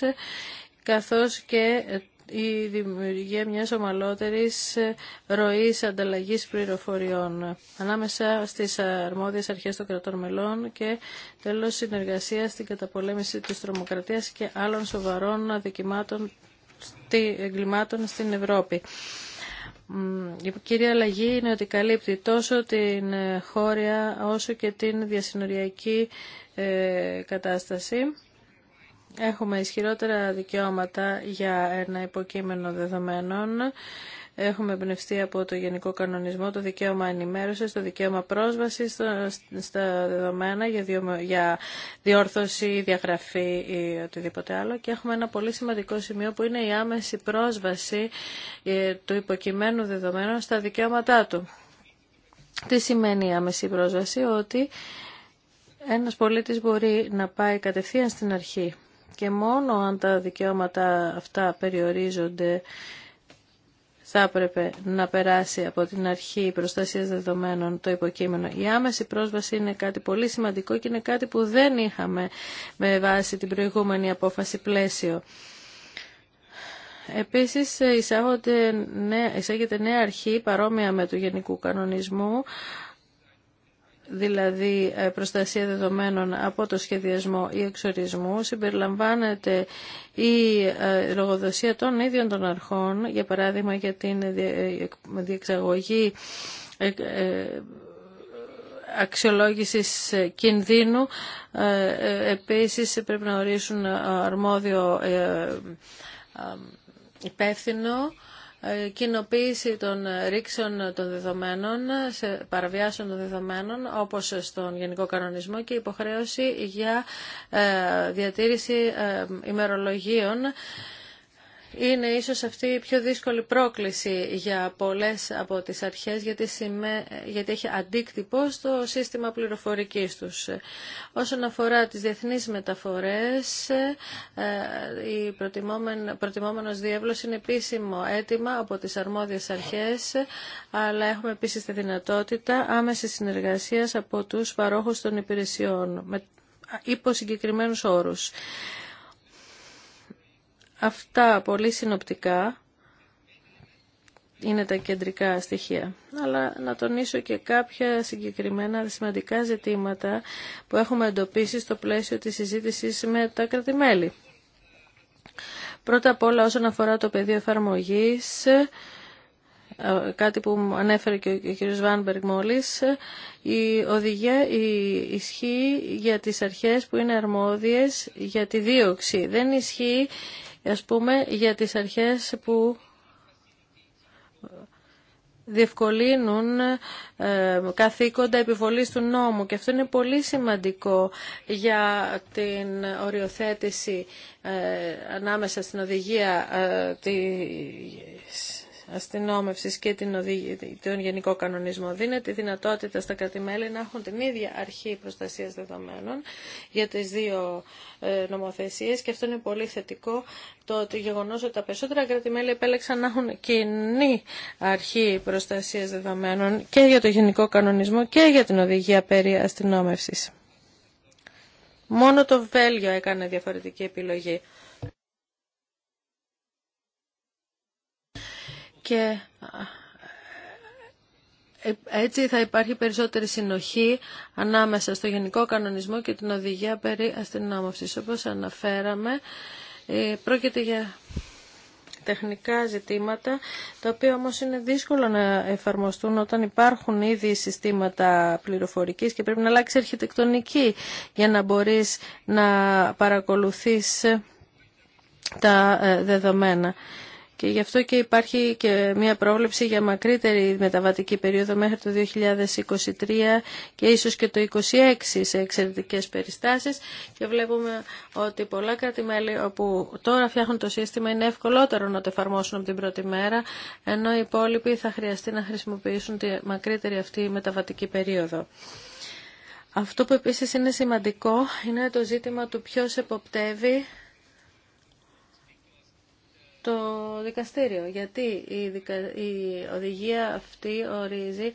καθώς και ε, η δημιουργία μιας ομαλότερης ε, ροής ανταλλαγής πληροφοριών ανάμεσα στις αρμόδιες αρχές των κρατών μελών και τέλος συνεργασία στην καταπολέμηση της τρομοκρατίας και άλλων σοβαρών αδικημάτων εγκλημάτων στην Ευρώπη. Η κυρία αλλαγή είναι ότι καλύπτει τόσο την ε, χώρια όσο και την διασυνοριακή ε, κατάσταση. Έχουμε ισχυρότερα δικαιώματα για ένα υποκείμενο δεδομένων. Έχουμε εμπνευστεί από το Γενικό Κανονισμό το δικαίωμα ενημέρωσης, το δικαίωμα πρόσβασης στα δεδομένα για διόρθωση, διαγραφή ή οτιδήποτε άλλο. Και έχουμε ένα πολύ σημαντικό σημείο που είναι η άμεση πρόσβαση ε, του υποκειμένου δεδομένου στα δικαιώματά του. Τι σημαίνει η άμεση πρόσβαση, ότι ένας πολίτης μπορεί να πάει κατευθείαν στην αρχή και μόνο αν τα δικαιώματα αυτά περιορίζονται θα έπρεπε να περάσει από την αρχή προστασίας δεδομένων το υποκείμενο. Η άμεση πρόσβαση είναι κάτι πολύ σημαντικό και είναι κάτι που δεν είχαμε με βάση την προηγούμενη απόφαση πλαίσιο. Επίσης εισάγεται νέα αρχή παρόμοια με του γενικού κανονισμού δηλαδή ε, προστασία δεδομένων από το σχεδιασμό ή εξορισμού, συμπεριλαμβάνεται η ε, λογοδοσία των ίδιων των αρχών, για παράδειγμα για την ε, διεξαγωγή αξιολόγησης κινδύνου. Επίσης πρέπει να ορίσουν αρμόδιο υπεύθυνο ε, κοινοποίηση των ρήξεων των δεδομένων, παραβιάσεων των δεδομένων, όπως στον Γενικό Κανονισμό και υποχρέωση για ε, διατήρηση ε, ημερολογίων είναι ίσως αυτή η πιο δύσκολη πρόκληση για πολλές από τις αρχές γιατί, γιατί έχει αντίκτυπο στο σύστημα πληροφορικής τους. Όσον αφορά τις διεθνείς μεταφορές, ε, η προτιμόμενος διεύλος είναι επίσημο έτοιμα από τις αρμόδιες αρχές, αλλά έχουμε επίσης τη δυνατότητα άμεσης συνεργασίας από τους παρόχους των υπηρεσιών υπό συγκεκριμένους όρους. Αυτά πολύ συνοπτικά είναι τα κεντρικά στοιχεία. Αλλά να τονίσω και κάποια συγκεκριμένα σημαντικά ζητήματα που έχουμε εντοπίσει στο πλαίσιο της συζήτησης με τα κρατημέλη. Πρώτα απ' όλα όσον αφορά το πεδίο εφαρμογής, κάτι που ανέφερε και ο κ. Βάνμπεργκ μόλις, η οδηγία η ισχύει για τις αρχές που είναι αρμόδιες για τη δίωξη. Δεν ισχύει ας πούμε, για τις αρχές που διευκολύνουν ε, καθήκοντα επιβολής του νόμου και αυτό είναι πολύ σημαντικό για την οριοθέτηση ε, ανάμεσα στην οδηγία ε, της αστυνόμευση και την οδηγία, τον γενικό κανονισμό δίνεται τη δυνατότητα στα κρατημέλη να έχουν την ίδια αρχή προστασίας δεδομένων για τις δύο ε, νομοθεσίες και αυτό είναι πολύ θετικό το, το γεγονός ότι τα περισσότερα κρατημέλη επέλεξαν να έχουν κοινή αρχή προστασίας δεδομένων και για το γενικό κανονισμό και για την οδηγία περί αστυνόμευσης. Μόνο το Βέλγιο έκανε διαφορετική επιλογή. και ε, ε, έτσι θα υπάρχει περισσότερη συνοχή ανάμεσα στο Γενικό Κανονισμό και την Οδηγία περί αστυνόμευσης. Όπως αναφέραμε, ε, πρόκειται για τεχνικά ζητήματα, τα οποία όμως είναι δύσκολο να εφαρμοστούν όταν υπάρχουν ήδη συστήματα πληροφορικής και πρέπει να αλλάξει αρχιτεκτονική για να μπορείς να παρακολουθείς τα δεδομένα. Και γι' αυτό και υπάρχει και μια πρόβλεψη για μακρύτερη μεταβατική περίοδο μέχρι το 2023 και ίσως και το 2026 σε εξαιρετικές περιστάσεις. Και βλέπουμε ότι πολλά κράτη-μέλη όπου τώρα φτιάχνουν το σύστημα είναι ευκολότερο να το εφαρμόσουν από την πρώτη μέρα, ενώ οι υπόλοιποι θα χρειαστεί να χρησιμοποιήσουν τη μακρύτερη αυτή μεταβατική περίοδο. Αυτό που επίσης είναι σημαντικό είναι το ζήτημα του ποιος εποπτεύει το δικαστήριο. Γιατί η οδηγία αυτή ορίζει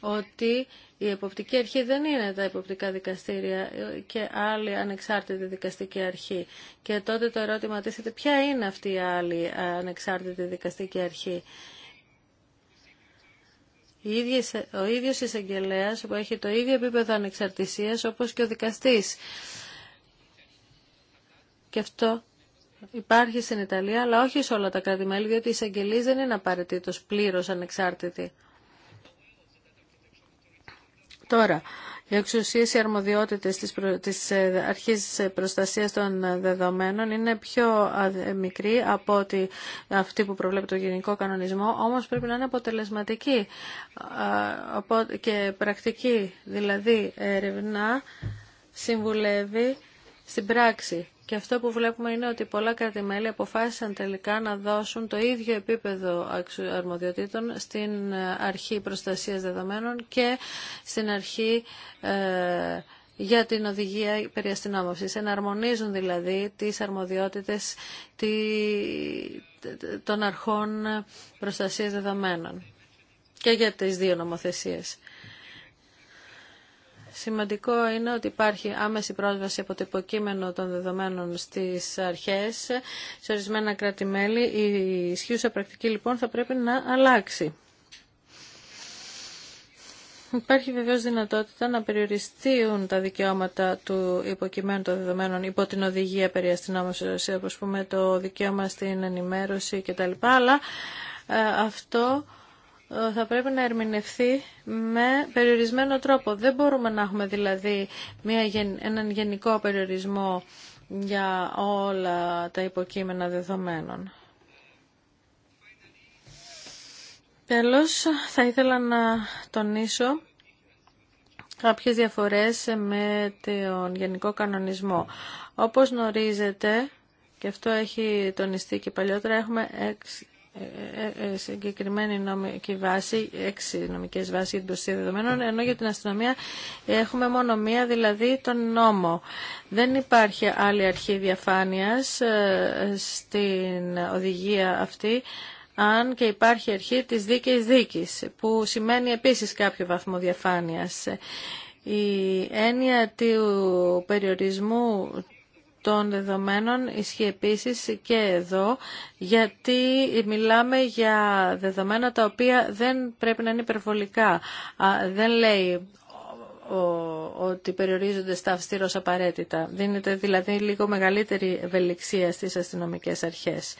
ότι η εποπτική αρχή δεν είναι τα εποπτικά δικαστήρια και άλλη ανεξάρτητη δικαστική αρχή. Και τότε το ερώτημα τίθεται ποια είναι αυτή η άλλη ανεξάρτητη δικαστική αρχή. Ο ίδιος εισαγγελέα που έχει το ίδιο επίπεδο ανεξαρτησίας όπως και ο δικαστής. Και αυτό υπάρχει στην Ιταλία, αλλά όχι σε όλα τα κράτη-μέλη, διότι οι εισαγγελίε δεν είναι απαραίτητο πλήρω ανεξάρτητοι. Τώρα, οι εξουσίε οι αρμοδιότητε τη προ... Ε, αρχής προστασίας των δεδομένων είναι πιο μικρή από ότι αυτή που προβλέπει το γενικό κανονισμό, όμως πρέπει να είναι αποτελεσματική και πρακτική, δηλαδή ερευνά, συμβουλεύει στην πράξη και αυτό που βλέπουμε είναι ότι πολλά κράτη-μέλη αποφάσισαν τελικά να δώσουν το ίδιο επίπεδο αρμοδιοτήτων στην ε, αρχή προστασίας δεδομένων και στην αρχή ε, για την οδηγία περί Εναρμονίζουν δηλαδή τις αρμοδιότητες των αρχών προστασίας δεδομένων και για τις δύο νομοθεσίες. Σημαντικό είναι ότι υπάρχει άμεση πρόσβαση από το υποκείμενο των δεδομένων στις αρχές, σε ορισμένα κράτη-μέλη. Η ισχύουσα πρακτική λοιπόν θα πρέπει να αλλάξει. Υπάρχει βεβαίως δυνατότητα να περιοριστούν τα δικαιώματα του υποκειμένου των δεδομένων υπό την οδηγία περί αστυνόμευσης, όπως πούμε το δικαίωμα στην ενημέρωση κτλ. Αλλά ε, αυτό ε, θα πρέπει να ερμηνευθεί με περιορισμένο τρόπο. Δεν μπορούμε να έχουμε δηλαδή μια, έναν γενικό περιορισμό για όλα τα υποκείμενα δεδομένων. Τέλος, θα ήθελα να τονίσω κάποιες διαφορές με τον γενικό κανονισμό. Όπως γνωρίζετε, και αυτό έχει τονιστεί και παλιότερα, έχουμε ε, ε, ε, συγκεκριμένη νομική βάση, έξι νομικές βάσεις για την προστασία δεδομένων, ενώ για την αστυνομία έχουμε μόνο μία, δηλαδή τον νόμο. Δεν υπάρχει άλλη αρχή διαφάνειας στην οδηγία αυτή, αν και υπάρχει αρχή της δίκαιης δίκης, που σημαίνει επίσης κάποιο βαθμό διαφάνειας. Η έννοια του περιορισμού των δεδομένων ισχύει επίσης και εδώ, γιατί μιλάμε για δεδομένα τα οποία δεν πρέπει να είναι υπερβολικά. Δεν λέει ότι περιορίζονται στα αυστηρός απαραίτητα. Δίνεται δηλαδή λίγο μεγαλύτερη ευελιξία στις αστυνομικές αρχές.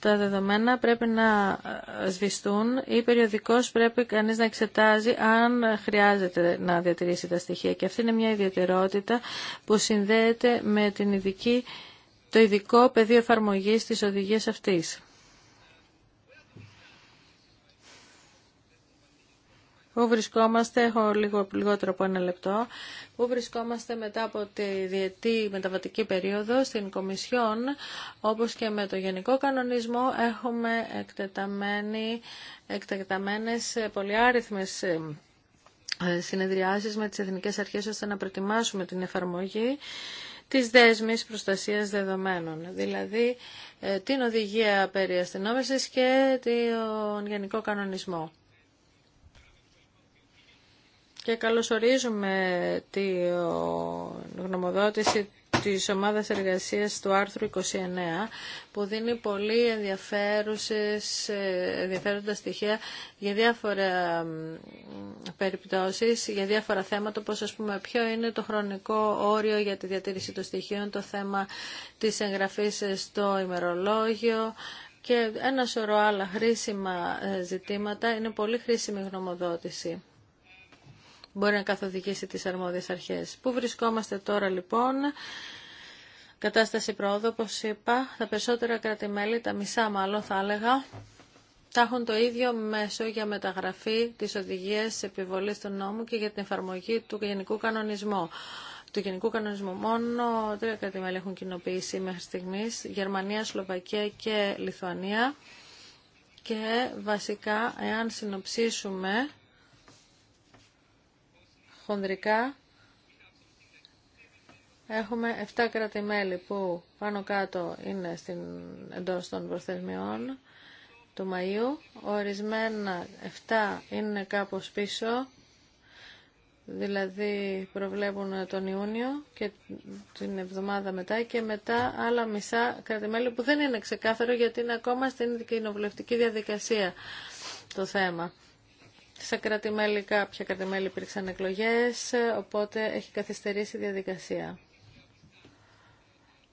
τα δεδομένα πρέπει να ε, σβηστούν ή περιοδικώς πρέπει κανείς να εξετάζει αν χρειάζεται να διατηρήσει τα στοιχεία. Και αυτή είναι μια ιδιαιτερότητα που συνδέεται με την ειδική, το ειδικό πεδίο εφαρμογής της οδηγίας αυτής. Πού βρισκόμαστε, έχω λίγο, λιγότερο από ένα λεπτό, πού βρισκόμαστε μετά από τη διετή μεταβατική περίοδο στην Κομισιόν, όπως και με το Γενικό Κανονισμό, έχουμε εκτεταμένες πολυάριθμες ε, συνεδριάσεις με τις εθνικές αρχές ώστε να προετοιμάσουμε την εφαρμογή της δέσμης προστασίας δεδομένων, δηλαδή ε, την οδηγία περί και τον γενικό κανονισμό και καλωσορίζουμε τη γνωμοδότηση της ομάδας εργασίας του άρθρου 29 που δίνει πολύ ενδιαφέρουσες, ε, ενδιαφέροντα στοιχεία για διάφορα περιπτώσεις, για διάφορα θέματα όπως ας πούμε ποιο είναι το χρονικό όριο για τη διατήρηση των στοιχείων, το θέμα της εγγραφής στο ημερολόγιο, και ένα σωρό άλλα χρήσιμα ε, ζητήματα είναι πολύ χρήσιμη γνωμοδότηση μπορεί να καθοδηγήσει τις αρμόδιες αρχές. Πού βρισκόμαστε τώρα λοιπόν. Κατάσταση πρόοδο, όπως είπα, τα περισσότερα κρατημέλη, τα μισά μάλλον θα έλεγα, θα έχουν το ίδιο μέσο για μεταγραφή της οδηγίας επιβολής του νόμου και για την εφαρμογή του γενικού κανονισμού του Γενικού Κανονισμού. Μόνο τρία κράτη-μέλη έχουν κοινοποιήσει μέχρι στιγμής, Γερμανία, Σλοβακία και Λιθουανία. Και βασικά, εάν συνοψίσουμε χονδρικά έχουμε 7 κράτη-μέλη που πάνω κάτω είναι στην, εντός των προθεσμιών του Μαΐου. Ορισμένα 7 είναι κάπως πίσω, δηλαδή προβλέπουν τον Ιούνιο και την εβδομάδα μετά και μετά άλλα μισά κρατημέλη που δεν είναι ξεκάθαρο γιατί είναι ακόμα στην κοινοβουλευτική διαδικασία το θέμα. Σε κρατημέλη, κάποια κρατημέλη υπήρξαν εκλογές, οπότε έχει καθυστερήσει η διαδικασία.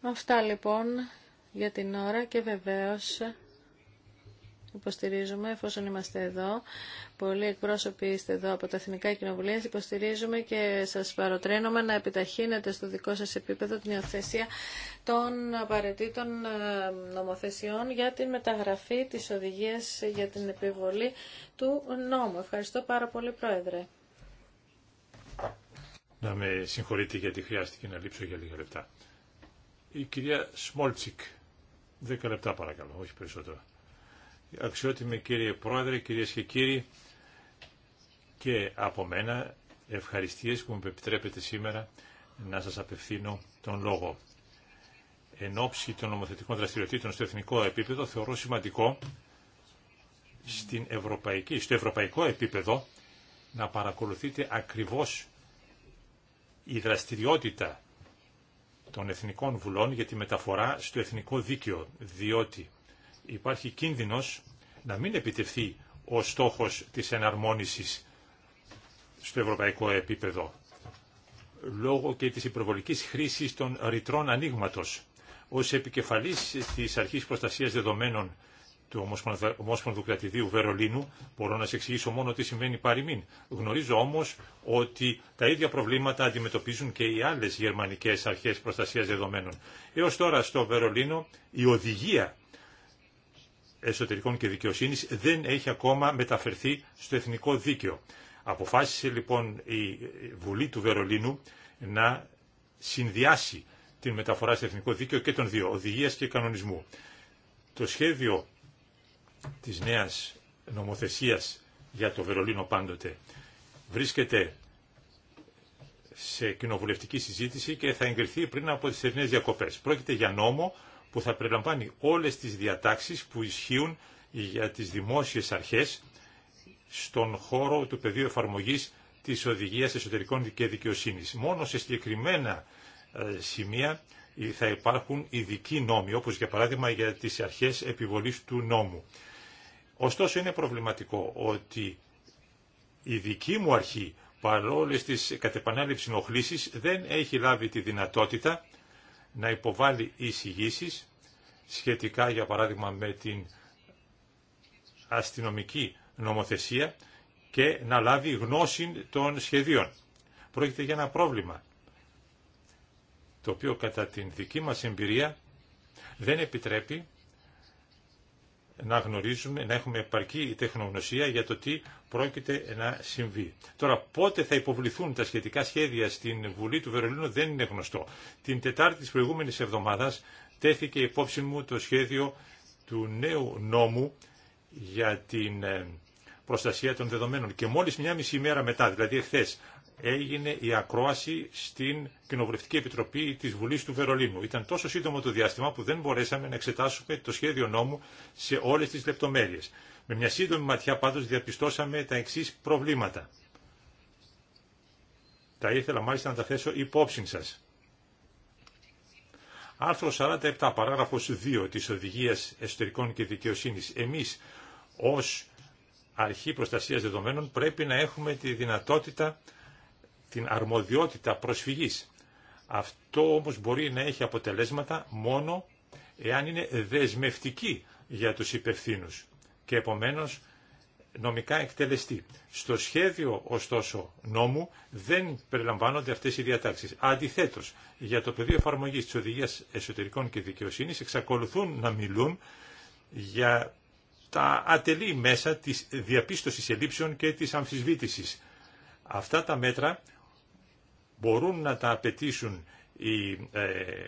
Αυτά λοιπόν για την ώρα και βεβαίως υποστηρίζουμε, εφόσον είμαστε εδώ, πολλοί εκπρόσωποι είστε εδώ από τα Εθνικά Κοινοβουλία, υποστηρίζουμε και σας παροτρένουμε να επιταχύνετε στο δικό σας επίπεδο την υιοθεσία των απαραίτητων ε, νομοθεσιών για την μεταγραφή της οδηγίας για την επιβολή του νόμου. Ευχαριστώ πάρα πολύ, Πρόεδρε. Να με συγχωρείτε γιατί χρειάστηκε να λείψω για λίγα λεπτά. Η κυρία Σμόλτσικ. Δέκα λεπτά παρακαλώ, όχι περισσότερο. Αξιότιμε κύριε Πρόεδρε, κυρίες και κύριοι, και από μένα ευχαριστίες που μου επιτρέπετε σήμερα να σας απευθύνω τον λόγο. Εν ώψη των νομοθετικών δραστηριοτήτων στο εθνικό επίπεδο θεωρώ σημαντικό στην ευρωπαϊκή, στο ευρωπαϊκό επίπεδο να παρακολουθείτε ακριβώς η δραστηριότητα των Εθνικών Βουλών για τη μεταφορά στο Εθνικό Δίκαιο, διότι υπάρχει κίνδυνος να μην επιτευθεί ο στόχος της εναρμόνισης στο ευρωπαϊκό επίπεδο λόγω και της υπερβολικής χρήσης των ρητρών ανοίγματο. Ως επικεφαλής της Αρχής Προστασίας Δεδομένων του Ομόσπονδου Κρατηδίου Βερολίνου μπορώ να σε εξηγήσω μόνο τι συμβαίνει παροιμήν. Γνωρίζω όμως ότι τα ίδια προβλήματα αντιμετωπίζουν και οι άλλες γερμανικές αρχές προστασίας δεδομένων. Έως τώρα στο Βερολίνο η οδηγία Εσωτερικών και Δικαιοσύνης δεν έχει ακόμα μεταφερθεί στο εθνικό δίκαιο. Αποφάσισε λοιπόν η Βουλή του Βερολίνου να συνδυάσει την μεταφορά στο εθνικό δίκαιο και των δύο, οδηγίας και κανονισμού. Το σχέδιο της νέας νομοθεσίας για το Βερολίνο πάντοτε βρίσκεται σε κοινοβουλευτική συζήτηση και θα εγκριθεί πριν από τις θερινές διακοπές. Πρόκειται για νόμο που θα περιλαμβάνει όλες τις διατάξεις που ισχύουν για τις δημόσιες αρχές στον χώρο του πεδίου εφαρμογής της Οδηγίας Εσωτερικών και Δικαιοσύνης. Μόνο σε συγκεκριμένα ε, σημεία ε, θα υπάρχουν ειδικοί νόμοι, όπως για παράδειγμα για τις αρχές επιβολής του νόμου. Ωστόσο είναι προβληματικό ότι η δική μου αρχή παρόλες τις κατ' επανάληψη δεν έχει λάβει τη δυνατότητα να υποβάλει εισηγήσει σχετικά για παράδειγμα με την αστυνομική νομοθεσία και να λάβει γνώση των σχεδίων. Πρόκειται για ένα πρόβλημα το οποίο κατά την δική μας εμπειρία δεν επιτρέπει να γνωρίζουμε, να έχουμε επαρκή τεχνογνωσία για το τι πρόκειται να συμβεί. Τώρα, πότε θα υποβληθούν τα σχετικά σχέδια στην Βουλή του Βερολίνου δεν είναι γνωστό. Την Τετάρτη της προηγούμενης εβδομάδας τέθηκε υπόψη μου το σχέδιο του νέου νόμου για την ε, προστασία των δεδομένων. Και μόλις μια μισή μέρα μετά, δηλαδή εχθές, έγινε η ακρόαση στην Κοινοβουλευτική Επιτροπή της Βουλής του Βερολίνου. Ήταν τόσο σύντομο το διάστημα που δεν μπορέσαμε να εξετάσουμε το σχέδιο νόμου σε όλες τις λεπτομέρειες. Με μια σύντομη ματιά πάντως διαπιστώσαμε τα εξή προβλήματα. Τα ήθελα μάλιστα να τα θέσω υπόψη σας. Άρθρο 47, παράγραφος 2 της Οδηγίας Εσωτερικών και Δικαιοσύνης. Εμείς ως Αρχή Προστασίας Δεδομένων πρέπει να έχουμε τη δυνατότητα την αρμοδιότητα προσφυγής. Αυτό όμως μπορεί να έχει αποτελέσματα μόνο εάν είναι δεσμευτική για τους υπευθύνου και επομένως νομικά εκτελεστή. Στο σχέδιο ωστόσο νόμου δεν περιλαμβάνονται αυτές οι διατάξεις. Αντιθέτως, για το πεδίο εφαρμογή της Οδηγίας Εσωτερικών και Δικαιοσύνης εξακολουθούν να μιλούν για τα ατελή μέσα της διαπίστωσης ελλείψεων και της αμφισβήτησης. Αυτά τα μέτρα μπορούν να τα απαιτήσουν οι ε,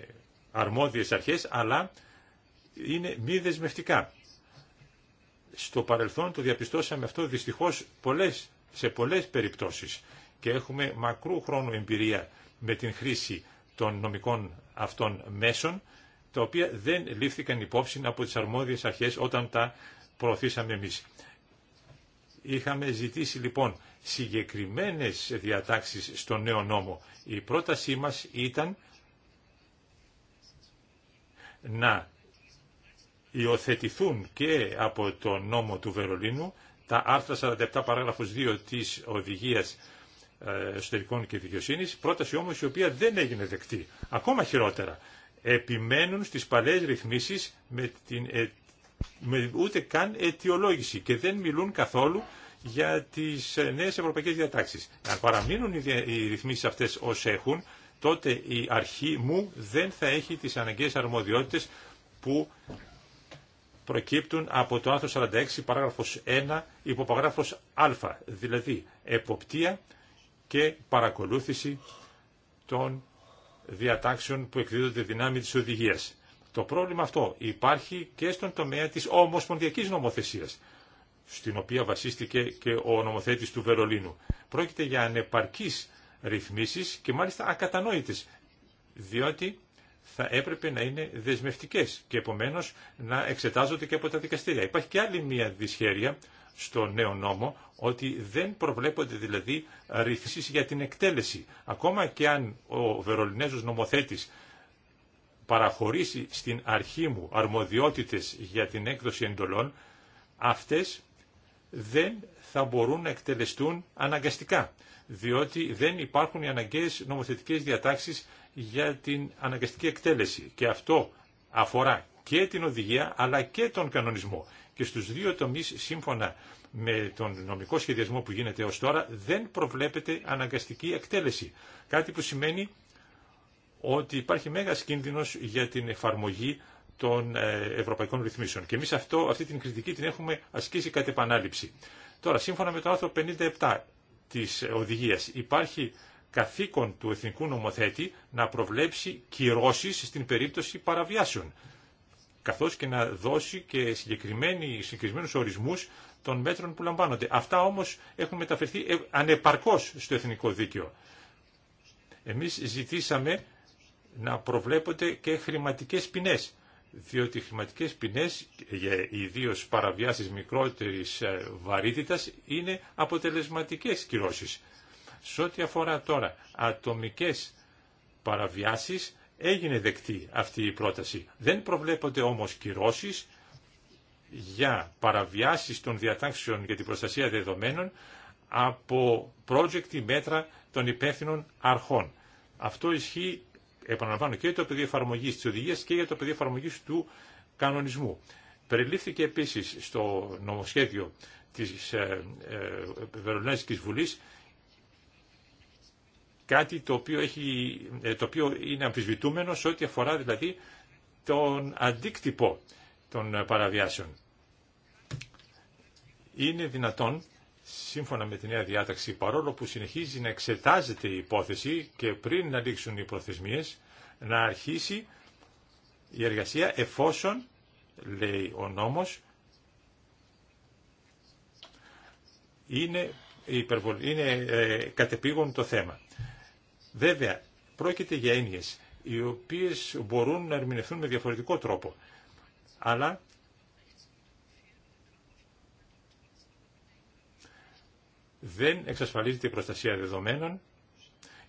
αρμόδιες αρχές, αλλά είναι μη δεσμευτικά. Στο παρελθόν το διαπιστώσαμε αυτό δυστυχώς πολλές, σε πολλές περιπτώσεις και έχουμε μακρού χρόνου εμπειρία με την χρήση των νομικών αυτών μέσων, τα οποία δεν λήφθηκαν υπόψη από τις αρμόδιες αρχές όταν τα προωθήσαμε εμείς. Είχαμε ζητήσει λοιπόν συγκεκριμένες διατάξεις στο νέο νόμο. Η πρότασή μας ήταν να υιοθετηθούν και από το νόμο του Βερολίνου τα άρθρα 47 παράγραφος 2 της Οδηγίας ε, Εσωτερικών και Δικαιοσύνης, πρόταση όμως η οποία δεν έγινε δεκτή. Ακόμα χειρότερα, επιμένουν στις παλές ρυθμίσεις με, την, ε, με ούτε καν αιτιολόγηση και δεν μιλούν καθόλου για τις ε, νέες ευρωπαϊκές διατάξεις. Αν παραμείνουν οι ρυθμίσεις αυτές ως έχουν, τότε η αρχή μου δεν θα έχει τις αναγκαίες αρμοδιότητες που προκύπτουν από το άρθρο 46 παράγραφος 1 υποπαράγραφος α, δηλαδή εποπτεία και παρακολούθηση των διατάξεων που εκδίδονται δυνάμει της οδηγίας. Το πρόβλημα αυτό υπάρχει και στον τομέα της ομοσπονδιακής νομοθεσίας στην οποία βασίστηκε και ο νομοθέτης του Βερολίνου. Πρόκειται για ανεπαρκείς ρυθμίσεις και μάλιστα ακατανόητες, διότι θα έπρεπε να είναι δεσμευτικές και επομένως να εξετάζονται και από τα δικαστήρια. Υπάρχει και άλλη μια δυσχέρεια στο νέο νόμο, ότι δεν προβλέπονται δηλαδή ρυθμίσεις για την εκτέλεση. Ακόμα και αν ο Βερολινέζος νομοθέτης παραχωρήσει στην αρχή μου αρμοδιότητες για την έκδοση εντολών, αυτές δεν θα μπορούν να εκτελεστούν αναγκαστικά, διότι δεν υπάρχουν οι αναγκαίες νομοθετικές διατάξεις για την αναγκαστική εκτέλεση. Και αυτό αφορά και την οδηγία αλλά και τον κανονισμό. Και στους δύο τομείς, σύμφωνα με τον νομικό σχεδιασμό που γίνεται έως τώρα, δεν προβλέπεται αναγκαστική εκτέλεση. Κάτι που σημαίνει ότι υπάρχει μέγας κίνδυνος για την εφαρμογή των ε, ευρωπαϊκών ρυθμίσεων. Και εμεί αυτή την κριτική την έχουμε ασκήσει κατ' επανάληψη. Τώρα, σύμφωνα με το άρθρο 57 της οδηγίας, υπάρχει καθήκον του εθνικού νομοθέτη να προβλέψει κυρώσει στην περίπτωση παραβιάσεων, καθώς και να δώσει και συγκεκριμένους ορισμούς των μέτρων που λαμβάνονται. Αυτά όμως έχουν μεταφερθεί ε, ανεπαρκώς στο εθνικό δίκαιο. Εμείς ζητήσαμε να προβλέπονται και χρηματικές ποινές διότι οι χρηματικές ποινές ιδίω ιδίως παραβιάσεις μικρότερης ε, βαρύτητας είναι αποτελεσματικές κυρώσεις. Σε ό,τι αφορά τώρα ατομικές παραβιάσεις έγινε δεκτή αυτή η πρόταση. Δεν προβλέπονται όμως κυρώσεις για παραβιάσεις των διατάξεων για την προστασία δεδομένων από project μέτρα των υπεύθυνων αρχών. Αυτό ισχύει επαναλαμβάνω, και για το πεδίο εφαρμογή τη οδηγία και για το πεδίο εφαρμογή του κανονισμού. Περιλήφθηκε επίση στο νομοσχέδιο τη ε, ε, Βερολινέζικη Βουλή κάτι το οποίο, έχει, ε, το οποίο είναι αμφισβητούμενο σε ό,τι αφορά δηλαδή τον αντίκτυπο των παραβιάσεων. Είναι δυνατόν σύμφωνα με τη νέα διάταξη, παρόλο που συνεχίζει να εξετάζεται η υπόθεση και πριν να λήξουν οι προθεσμίες, να αρχίσει η εργασία εφόσον, λέει ο νόμος, είναι, είναι ε, κατεπήγον το θέμα. Βέβαια, πρόκειται για έννοιες οι οποίες μπορούν να ερμηνευθούν με διαφορετικό τρόπο. Αλλά δεν εξασφαλίζεται η προστασία δεδομένων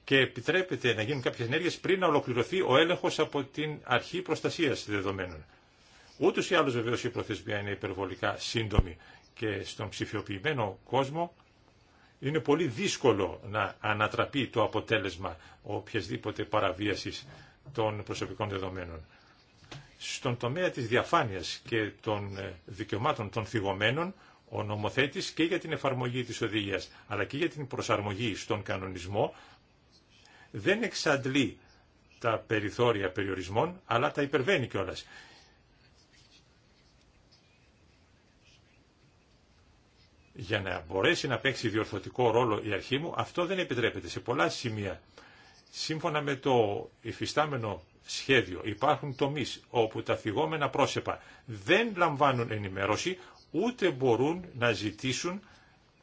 και επιτρέπεται να γίνουν κάποιες ενέργειες πριν να ολοκληρωθεί ο έλεγχος από την αρχή προστασίας δεδομένων. Ούτως ή άλλως βεβαίως η προθεσμία είναι υπερβολικά σύντομη και στον ψηφιοποιημένο κόσμο είναι πολύ δύσκολο να ανατραπεί το αποτέλεσμα οποιασδήποτε παραβίασης των προσωπικών δεδομένων. Στον τομέα της διαφάνειας και των ε, δικαιωμάτων των θυγωμένων, ο νομοθέτης και για την εφαρμογή της οδηγίας, αλλά και για την προσαρμογή στον κανονισμό, δεν εξαντλεί τα περιθώρια περιορισμών, αλλά τα υπερβαίνει κιόλας. για να μπορέσει να παίξει διορθωτικό ρόλο η αρχή μου, αυτό δεν επιτρέπεται σε πολλά σημεία. Σύμφωνα με το υφιστάμενο σχέδιο υπάρχουν τομείς όπου τα φυγόμενα πρόσεπα... δεν λαμβάνουν ενημέρωση, ούτε μπορούν να ζητήσουν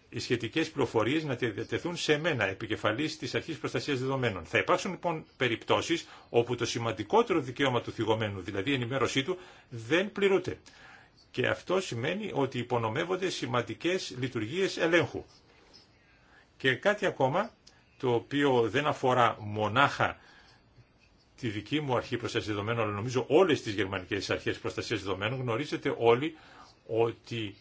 οι σχετικέ πληροφορίε να διατεθούν σε μένα, επικεφαλή τη Αρχή Προστασία Δεδομένων. Θα υπάρξουν λοιπόν περιπτώσει όπου το σημαντικότερο δικαίωμα του θυγωμένου, δηλαδή η ενημέρωσή του, δεν πληρούνται. Και αυτό σημαίνει ότι υπονομεύονται σημαντικέ λειτουργίε ελέγχου. Και κάτι ακόμα, το οποίο δεν αφορά μονάχα τη δική μου αρχή προστασία δεδομένων, αλλά νομίζω όλε τι γερμανικέ αρχέ προστασία δεδομένων, γνωρίζετε όλοι ότι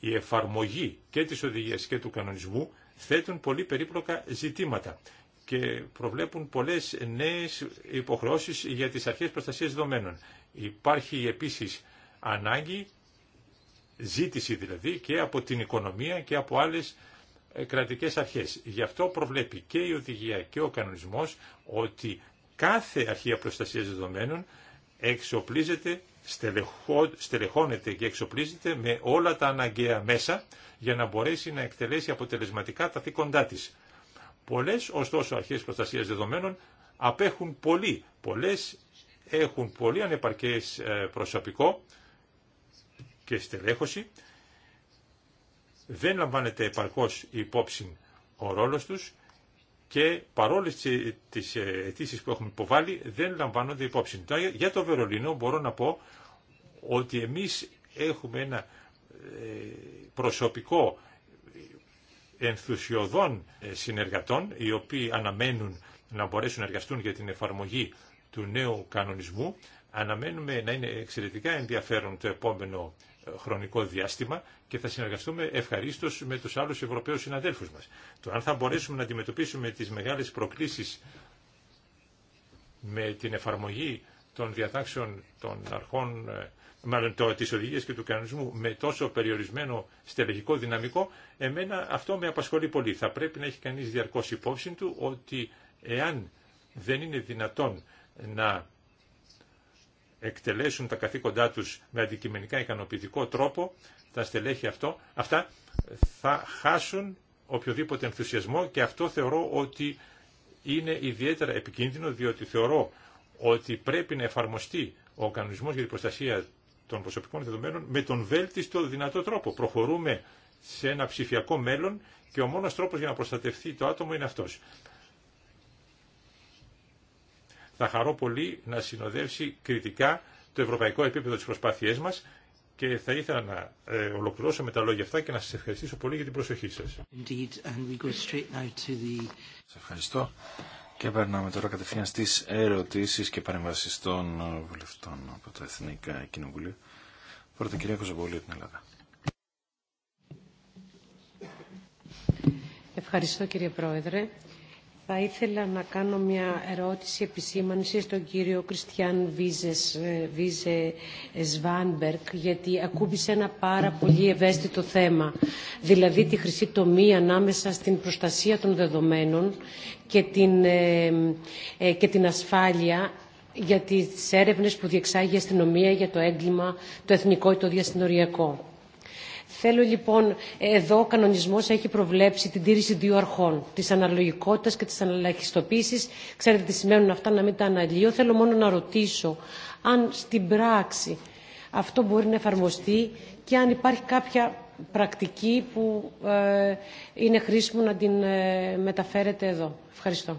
η εφαρμογή και της οδηγίας και του κανονισμού θέτουν πολύ περίπλοκα ζητήματα και προβλέπουν πολλές νέες υποχρεώσεις για τις αρχές προστασίας δεδομένων. Υπάρχει επίσης ανάγκη, ζήτηση δηλαδή, και από την οικονομία και από άλλες ε, κρατικές αρχές. Γι' αυτό προβλέπει και η οδηγία και ο κανονισμός ότι κάθε αρχή προστασίας δεδομένων εξοπλίζεται στελεχώνεται και εξοπλίζεται με όλα τα αναγκαία μέσα για να μπορέσει να εκτελέσει αποτελεσματικά τα θήκοντά της. Πολλές, ωστόσο, αρχές προστασίας δεδομένων απέχουν πολύ. Πολλές έχουν πολύ ανεπαρκές ε, προσωπικό και στελέχωση. Δεν λαμβάνεται επαρκώς υπόψη ο ρόλος τους και παρόλες τις ε, αιτήσει που έχουμε υποβάλει δεν λαμβάνονται υπόψη. για το Βερολίνο μπορώ να πω ότι εμείς έχουμε ένα ε, προσωπικό ενθουσιωδών ε, συνεργατών οι οποίοι αναμένουν να μπορέσουν να εργαστούν για την εφαρμογή του νέου κανονισμού. Αναμένουμε να είναι εξαιρετικά ενδιαφέρον το επόμενο ε, χρονικό διάστημα και θα συνεργαστούμε ευχαρίστως με τους άλλους Ευρωπαίους συναδέλφους μας. Το αν θα μπορέσουμε να αντιμετωπίσουμε τις μεγάλες προκλήσεις με την εφαρμογή των διατάξεων των αρχών μάλλον το, τις οδηγίες και του κανονισμού με τόσο περιορισμένο στελεχικό δυναμικό, εμένα αυτό με απασχολεί πολύ. Θα πρέπει να έχει κανείς διαρκώς υπόψη του ότι εάν δεν είναι δυνατόν να εκτελέσουν τα καθήκοντά τους με αντικειμενικά ικανοποιητικό τρόπο, τα στελέχη αυτό, αυτά θα χάσουν οποιοδήποτε ενθουσιασμό και αυτό θεωρώ ότι είναι ιδιαίτερα επικίνδυνο διότι θεωρώ ότι πρέπει να εφαρμοστεί ο κανονισμός για την προστασία των προσωπικών δεδομένων με τον βέλτιστο δυνατό τρόπο. Προχωρούμε σε ένα ψηφιακό μέλλον και ο μόνος τρόπος για να προστατευτεί το άτομο είναι αυτός. Θα χαρώ πολύ να συνοδεύσει κριτικά το ευρωπαϊκό επίπεδο της προσπάθειές μας και θα ήθελα να ε, ολοκληρώσω με τα λόγια αυτά και να σας ευχαριστήσω πολύ για την προσοχή σας. Και περνάμε τώρα κατευθείαν στι ερωτήσεις και παρεμβάσεις βουλευτών από τα Εθνικά Κοινοβούλιο. Πρώτα κυρία Κοζοπολίου την Ελλάδα. Ευχαριστώ κύριε Πρόεδρε. Θα ήθελα να κάνω μια ερώτηση επισήμανση στον κύριο Κριστιαν Βίζε ε, ε, Σβάνμπερκ, γιατί ακούμπησε ένα πάρα πολύ ευαίσθητο θέμα, δηλαδή τη χρυσή τομή ανάμεσα στην προστασία των δεδομένων και την, ε, και την ασφάλεια για τις έρευνες που διεξάγει η αστυνομία για το έγκλημα το εθνικό ή το διασυνοριακό Θέλω λοιπόν, εδώ ο κανονισμό έχει προβλέψει την τήρηση δύο αρχών, τη αναλογικότητα και τη αναλαχιστοποίηση. Ξέρετε τι σημαίνουν αυτά, να μην τα αναλύω. Θέλω μόνο να ρωτήσω αν στην πράξη αυτό μπορεί να εφαρμοστεί και αν υπάρχει κάποια πρακτική που ε, είναι χρήσιμο να την ε, μεταφέρετε εδώ. Ευχαριστώ.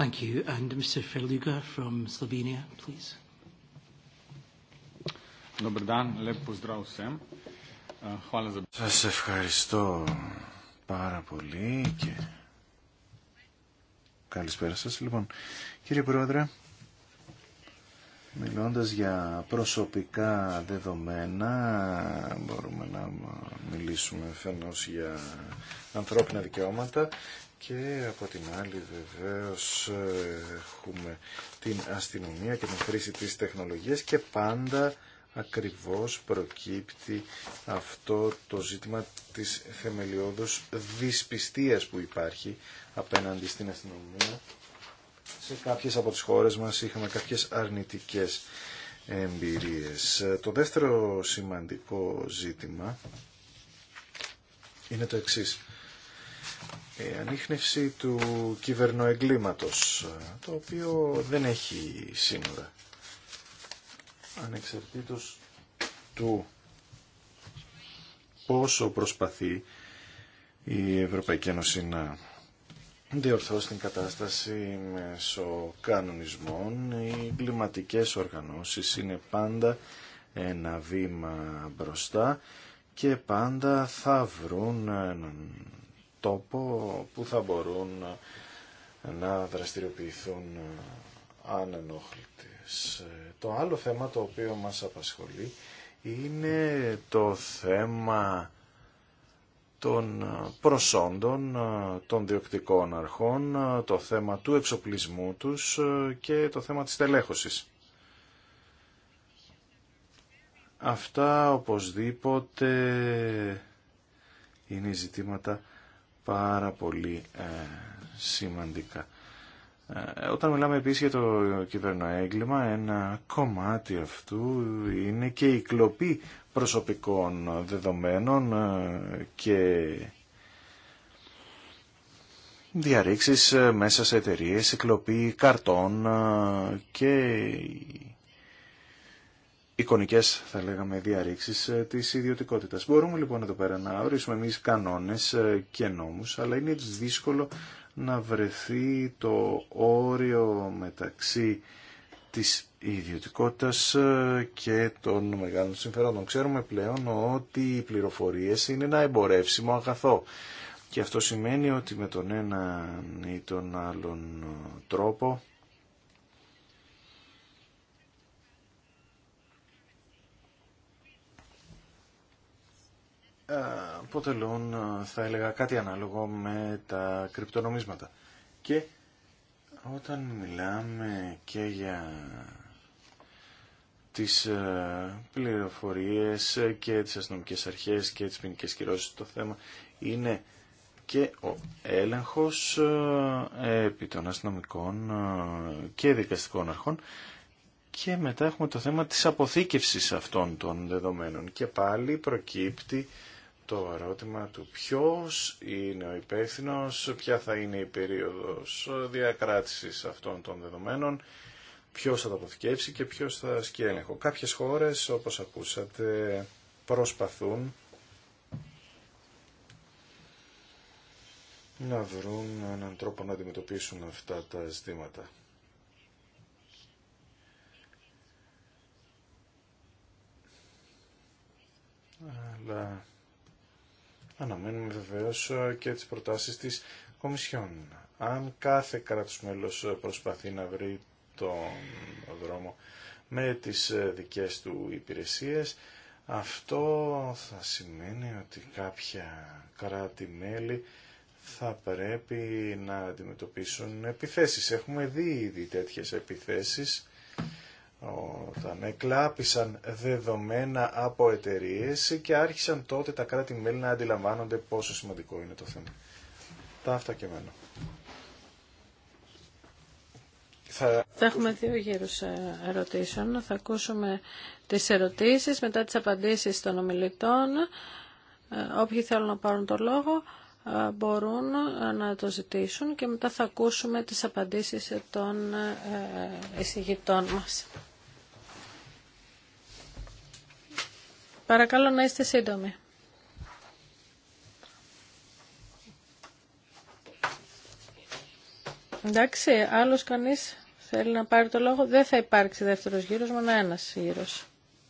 Thank Σας ευχαριστώ πάρα πολύ και καλησπέρα σας. Λοιπόν, κύριε Πρόεδρε, μιλώντας για προσωπικά δεδομένα, μπορούμε να μιλήσουμε φαινός για ανθρώπινα δικαιώματα και από την άλλη βεβαίως έχουμε την αστυνομία και την χρήση της τεχνολογίας και πάντα ακριβώς προκύπτει αυτό το ζήτημα της θεμελιώδους δυσπιστίας που υπάρχει απέναντι στην αστυνομία. Σε κάποιες από τις χώρες μας είχαμε κάποιες αρνητικές εμπειρίες. Το δεύτερο σημαντικό ζήτημα είναι το εξής η ε, ανείχνευση του κυβερνοεγκλήματος, ε, το οποίο δεν έχει σύνορα. Ανεξαρτήτως του πόσο προσπαθεί η Ευρωπαϊκή Ένωση να διορθώσει την κατάσταση μέσω κανονισμών, οι κλιματικές οργανώσεις είναι πάντα ένα βήμα μπροστά και πάντα θα βρουν έναν τόπο που θα μπορούν να δραστηριοποιηθούν ανενόχλητες. Το άλλο θέμα το οποίο μας απασχολεί είναι το θέμα των προσόντων των διοκτικών αρχών, το θέμα του εξοπλισμού τους και το θέμα της τελέχωσης. Αυτά οπωσδήποτε είναι ζητήματα πάρα πολύ ε, σημαντικά. Ε, όταν μιλάμε επίσης για το κυβερνοέγκλημα, ένα κομμάτι αυτού είναι και η κλοπή προσωπικών δεδομένων ε, και διαρρήξεις μέσα σε η κλοπή καρτών και εικονικές θα λέγαμε διαρρήξεις ε, της ιδιωτικότητας. Μπορούμε λοιπόν εδώ πέρα να ορίσουμε εμείς κανόνες ε, και νόμους, αλλά είναι δύσκολο να βρεθεί το όριο μεταξύ της ιδιωτικότητας ε, και των μεγάλων συμφερόντων. Ξέρουμε πλέον ότι οι πληροφορίες είναι ένα εμπορεύσιμο αγαθό. Και αυτό σημαίνει ότι με τον έναν ή τον άλλον τρόπο Ε, αποτελούν, ε, θα έλεγα, κάτι ανάλογο με τα κρυπτονομίσματα. Και όταν μιλάμε και για τις ε, πληροφορίες και τις αστυνομικές αρχές και τις ποινικέ κυρώσεις, το θέμα είναι και ο έλεγχος επί των αστυνομικών και δικαστικών αρχών και μετά έχουμε το θέμα της αποθήκευσης αυτών των δεδομένων και πάλι προκύπτει το ερώτημα του ποιος είναι ο υπεύθυνος, ποια θα είναι η περίοδος διακράτησης αυτών των δεδομένων, ποιος θα τα αποθηκεύσει και ποιος θα ασκεί έλεγχο. Κάποιες χώρες, όπως ακούσατε, προσπαθούν να βρουν έναν τρόπο να αντιμετωπίσουν αυτά τα ζητήματα. Αλλά Αναμένουμε βεβαίω ε, και τις προτάσεις της Κομισιόν. Αν κάθε κράτο μέλο ε, προσπαθεί να βρει τον δρόμο με τις ε, δικές του υπηρεσίες, αυτό θα σημαίνει ότι κάποια κράτη-μέλη θα πρέπει να αντιμετωπίσουν επιθέσεις. Έχουμε δει ήδη τέτοιες επιθέσεις όταν εκλάπησαν δεδομένα από εταιρείε και άρχισαν τότε τα κράτη-μέλη να αντιλαμβάνονται πόσο σημαντικό είναι το θέμα. Τα αυτά και εμένα. Θα... έχουμε δύο γύρους ε, ερωτήσεων. Θα ακούσουμε τις ερωτήσεις, μετά τις απαντήσεις των ομιλητών. Ε, όποιοι θέλουν να πάρουν το λόγο ε, μπορούν να το ζητήσουν και μετά θα ακούσουμε τις απαντήσεις των εισηγητών μας. Παρακαλώ να είστε σύντομοι. Εντάξει, άλλος κανείς θέλει να πάρει το λόγο. Δεν θα υπάρξει δεύτερος γύρος, μόνο ένας γύρος.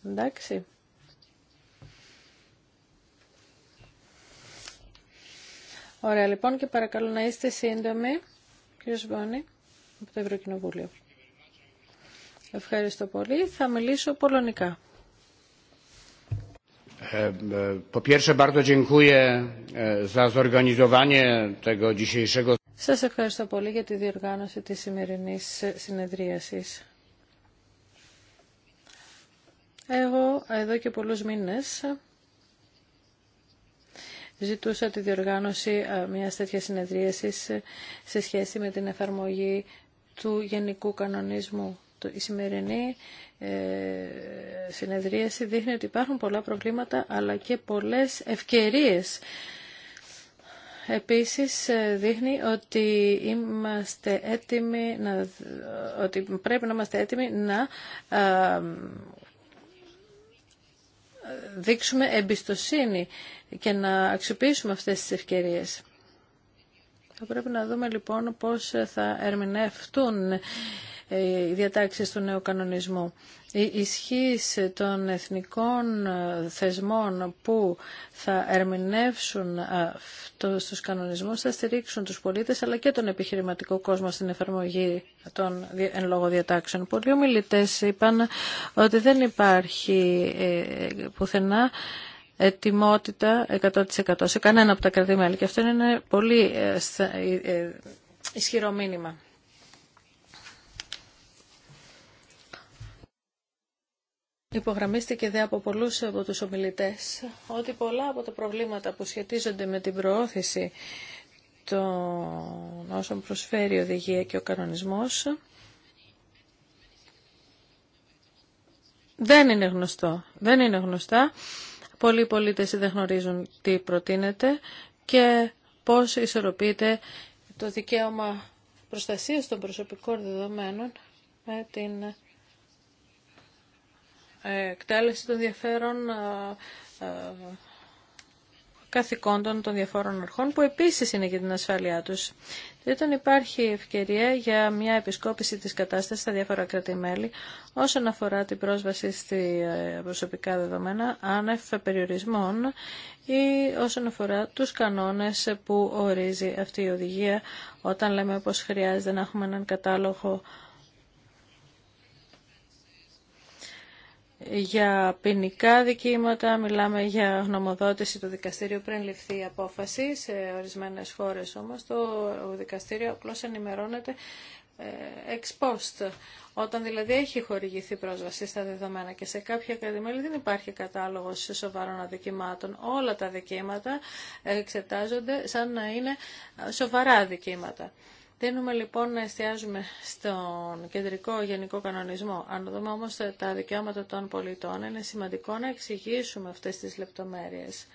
Εντάξει. Ωραία, λοιπόν, και παρακαλώ να είστε σύντομοι. Κύριος Σβόνη, από το Ευρωκοινοβούλιο. Ευχαριστώ πολύ. Θα μιλήσω πολωνικά. Po Σας ευχαριστώ πολύ για τη διοργάνωση της σημερινής συνεδρίασης. Εγώ εδώ και πολλούς μήνες ζητούσα τη διοργάνωση ε, μιας τέτοιας συνεδρίασης ε, σε σχέση με την εφαρμογή του Γενικού Κανονισμού. Η σημερινή ε, συνεδρίαση δείχνει ότι υπάρχουν πολλά προβλήματα αλλά και πολλές ευκαιρίες. Επίσης ε, δείχνει ότι είμαστε έτοιμοι να, ότι πρέπει να είμαστε έτοιμοι να δείξουμε εμπιστοσύνη και να αξιοποιήσουμε αυτές τις ευκαιρίες. Θα πρέπει να δούμε λοιπόν πώς θα ερμηνευτούν ε, οι διατάξεις του νέου κανονισμού. Η ισχύς των εθνικών ε, θεσμών που θα ερμηνεύσουν στου ε, στους κανονισμούς θα στηρίξουν τους πολίτες αλλά και τον επιχειρηματικό κόσμο στην εφαρμογή των εν λόγω διατάξεων. Πολλοί ομιλητές είπαν ότι δεν υπάρχει πουθενά ετοιμότητα 100% σε κανένα από τα κρατημέλη και αυτό είναι πολύ ισχυρό μήνυμα. Υπογραμμίστηκε δε από πολλούς από τους ομιλητές ότι πολλά από τα προβλήματα που σχετίζονται με την προώθηση των όσων προσφέρει η οδηγία και ο κανονισμός δεν είναι γνωστό. Δεν είναι γνωστά. Πολλοί πολίτες δεν γνωρίζουν τι προτείνεται και πώς ισορροπείται το δικαίωμα προστασίας των προσωπικών δεδομένων με την εκτέλεση των διαφέρων καθηκόντων των διαφόρων αρχών που επίσης είναι για την ασφάλειά τους. Δεν υπάρχει ευκαιρία για μια επισκόπηση της κατάστασης στα διάφορα κράτη-μέλη όσον αφορά την πρόσβαση στη ε, προσωπικά δεδομένα άνευ περιορισμών ή όσον αφορά τους κανόνες που ορίζει αυτή η οδηγία όταν λέμε πως χρειάζεται να έχουμε έναν κατάλογο για ποινικά δικήματα, μιλάμε για γνωμοδότηση του δικαστήριου πριν ληφθεί η απόφαση. Σε ορισμένες χώρες όμως το δικαστήριο απλώς ενημερώνεται ε, ex post, όταν δηλαδή έχει χορηγηθεί πρόσβαση στα δεδομένα και σε κάποια κατημέρια δεν υπάρχει κατάλογος σοβαρών αδικημάτων. Όλα τα δικήματα εξετάζονται σαν να είναι σοβαρά δικήματα. Τίνουμε λοιπόν να εστιάζουμε στον κεντρικό γενικό κανονισμό. Αν δούμε όμως τα δικαιώματα των πολιτών, είναι σημαντικό να εξηγήσουμε αυτές τις λεπτομέρειες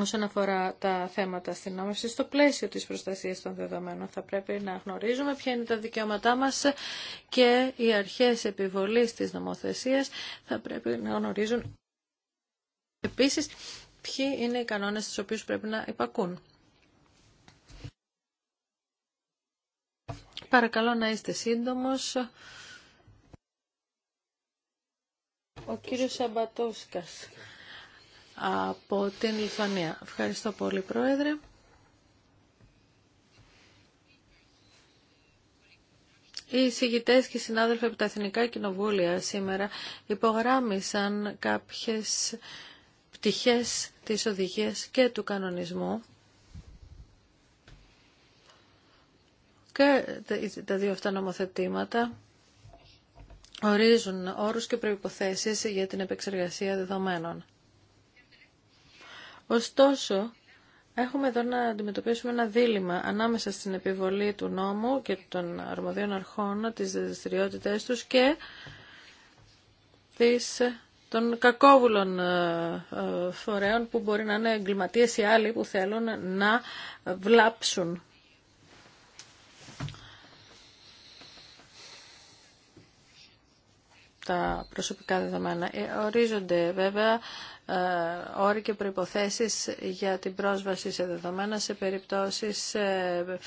όσον αφορά τα θέματα αστυνόμευση, στο πλαίσιο της προστασίας των δεδομένων θα πρέπει να γνωρίζουμε ποια είναι τα δικαιώματά μας και οι αρχές επιβολής της νομοθεσίας θα πρέπει να γνωρίζουν επίσης ποιοι είναι οι κανόνες στους οποίους πρέπει να υπακούν. Παρακαλώ να είστε σύντομος. Ο κύριος Σαμπατόσκας από την Λιθουανία. Ευχαριστώ πολύ, Πρόεδρε. Οι συγητέ και οι συνάδελφοι από τα Εθνικά Κοινοβούλια σήμερα υπογράμμισαν κάποιες πτυχές της οδηγίας και του κανονισμού τα δύο αυτά νομοθετήματα ορίζουν όρους και προϋποθέσεις για την επεξεργασία δεδομένων. Ωστόσο, έχουμε εδώ να αντιμετωπίσουμε ένα δίλημα ανάμεσα στην επιβολή του νόμου και των αρμοδίων αρχών, τις δραστηριότητε τους και τις, των κακόβουλων ε, ε, φορέων που μπορεί να είναι εγκληματίες ή άλλοι που θέλουν να βλάψουν τα προσωπικά δεδομένα. Ε, ορίζονται βέβαια ε, όροι και προϋποθέσεις για την πρόσβαση σε δεδομένα σε περιπτώσεις ε,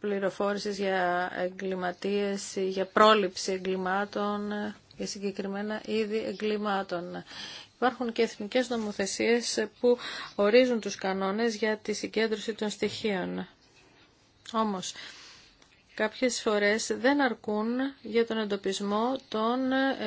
πληροφόρησης για εγκληματίες, για πρόληψη εγκλημάτων, για συγκεκριμένα είδη εγκλημάτων. Υπάρχουν και εθνικές νομοθεσίες που ορίζουν τους κανόνες για τη συγκέντρωση των στοιχείων. Όμως, κάποιες φορές δεν αρκούν για τον εντοπισμό των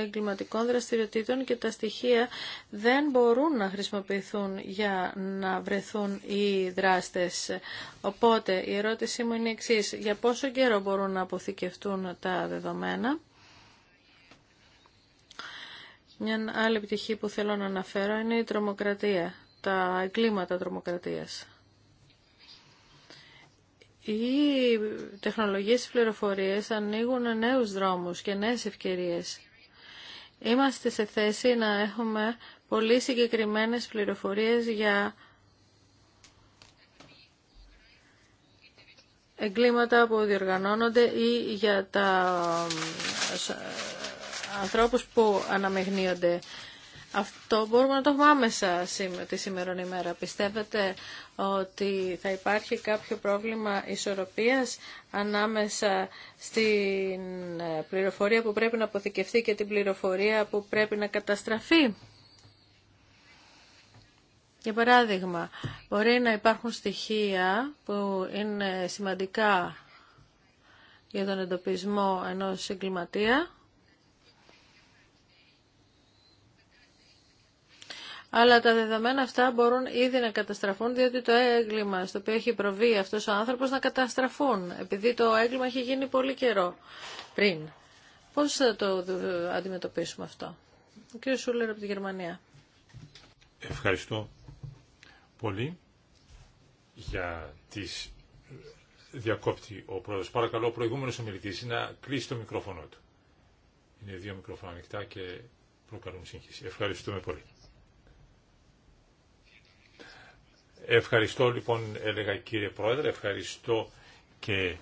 εγκληματικών δραστηριοτήτων και τα στοιχεία δεν μπορούν να χρησιμοποιηθούν για να βρεθούν οι δράστες. Οπότε η ερώτησή μου είναι η Για πόσο καιρό μπορούν να αποθηκευτούν τα δεδομένα. Μια άλλη πτυχή που θέλω να αναφέρω είναι η τρομοκρατία, τα εγκλήματα τρομοκρατίας. Οι τεχνολογίες της ανοίγουν νέους δρόμους και νέες ευκαιρίες. Είμαστε σε θέση να έχουμε πολύ συγκεκριμένες πληροφορίες για εγκλήματα που διοργανώνονται ή για τα ε, ε, ανθρώπους που αναμεγνύονται. Αυτό μπορούμε να το έχουμε άμεσα τη σημερινή ημέρα. Πιστεύετε ότι θα υπάρχει κάποιο πρόβλημα ισορροπίας ανάμεσα στην ε, πληροφορία που πρέπει να αποθηκευτεί και την πληροφορία που πρέπει να καταστραφεί. Για παράδειγμα, μπορεί να υπάρχουν στοιχεία που είναι σημαντικά για τον εντοπισμό ενός εγκληματία αλλά τα δεδομένα αυτά μπορούν ήδη να καταστραφούν διότι το έγκλημα στο οποίο έχει προβεί αυτός ο άνθρωπος να καταστραφούν επειδή το έγκλημα έχει γίνει πολύ καιρό πριν. Πώς θα το αντιμετωπίσουμε αυτό. Ο κ. Σούλερ από τη Γερμανία. Ευχαριστώ πολύ για τις ε, διακόπτη ο πρόεδρος. Παρακαλώ ο προηγούμενος ομιλητής να κλείσει το μικρόφωνο του. Είναι δύο μικρόφωνα ανοιχτά και προκαλούν σύγχυση. Ευχαριστούμε πολύ. Ευχαριστώ λοιπόν, έλεγα κύριε Πρόεδρε, ευχαριστώ και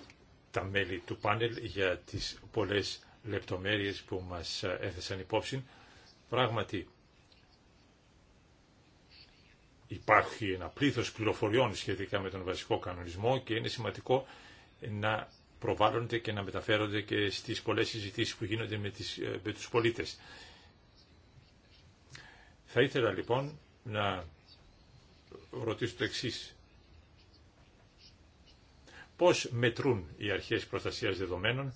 τα μέλη του πάνελ για τις πολλές λεπτομέρειες που μας έθεσαν υπόψη. Πράγματι, υπάρχει ένα πλήθος πληροφοριών σχετικά με τον βασικό κανονισμό και είναι σημαντικό να προβάλλονται και να μεταφέρονται και στις πολλές συζητήσεις που γίνονται με, τις, ε, τους πολίτες. Θα ήθελα λοιπόν να ρωτήσω το εξή. Πώς μετρούν οι αρχές προστασίας δεδομένων,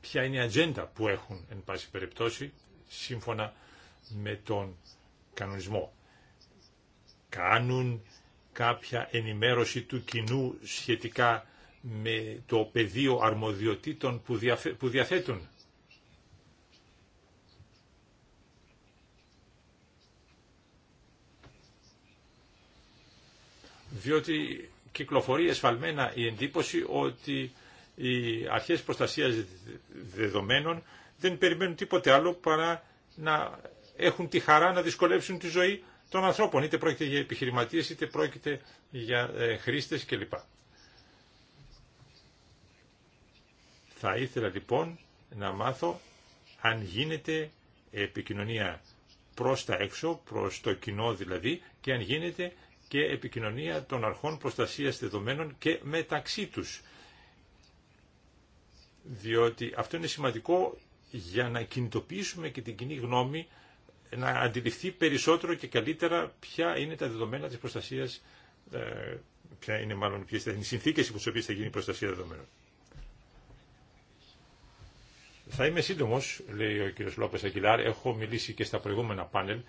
ποια είναι η ατζέντα που έχουν, εν πάση περιπτώσει, σύμφωνα με τον κανονισμό. Κάνουν κάποια ενημέρωση του κοινού σχετικά με το πεδίο αρμοδιοτήτων που διαθέτουν. διότι κυκλοφορεί εσφαλμένα η εντύπωση ότι οι αρχές προστασίας δεδομένων δεν περιμένουν τίποτε άλλο παρά να έχουν τη χαρά να δυσκολεύσουν τη ζωή των ανθρώπων, είτε πρόκειται για επιχειρηματίες, είτε πρόκειται για ε, χρήστες κλπ. Θα ήθελα λοιπόν να μάθω αν γίνεται επικοινωνία προς τα έξω, προς το κοινό δηλαδή, και αν γίνεται και επικοινωνία των αρχών προστασίας δεδομένων και μεταξύ τους. Διότι αυτό είναι σημαντικό για να κινητοποιήσουμε και την κοινή γνώμη να αντιληφθεί περισσότερο και καλύτερα ποια είναι τα δεδομένα της προστασίας, ε, ποια είναι μάλλον ποιες είναι οι συνθήκες υπό τις οποίες θα γίνει η προστασία δεδομένων. Θα είμαι σύντομο, λέει ο κ. Λόπε Αγγιλάρ. Έχω μιλήσει και στα προηγούμενα πάνελ.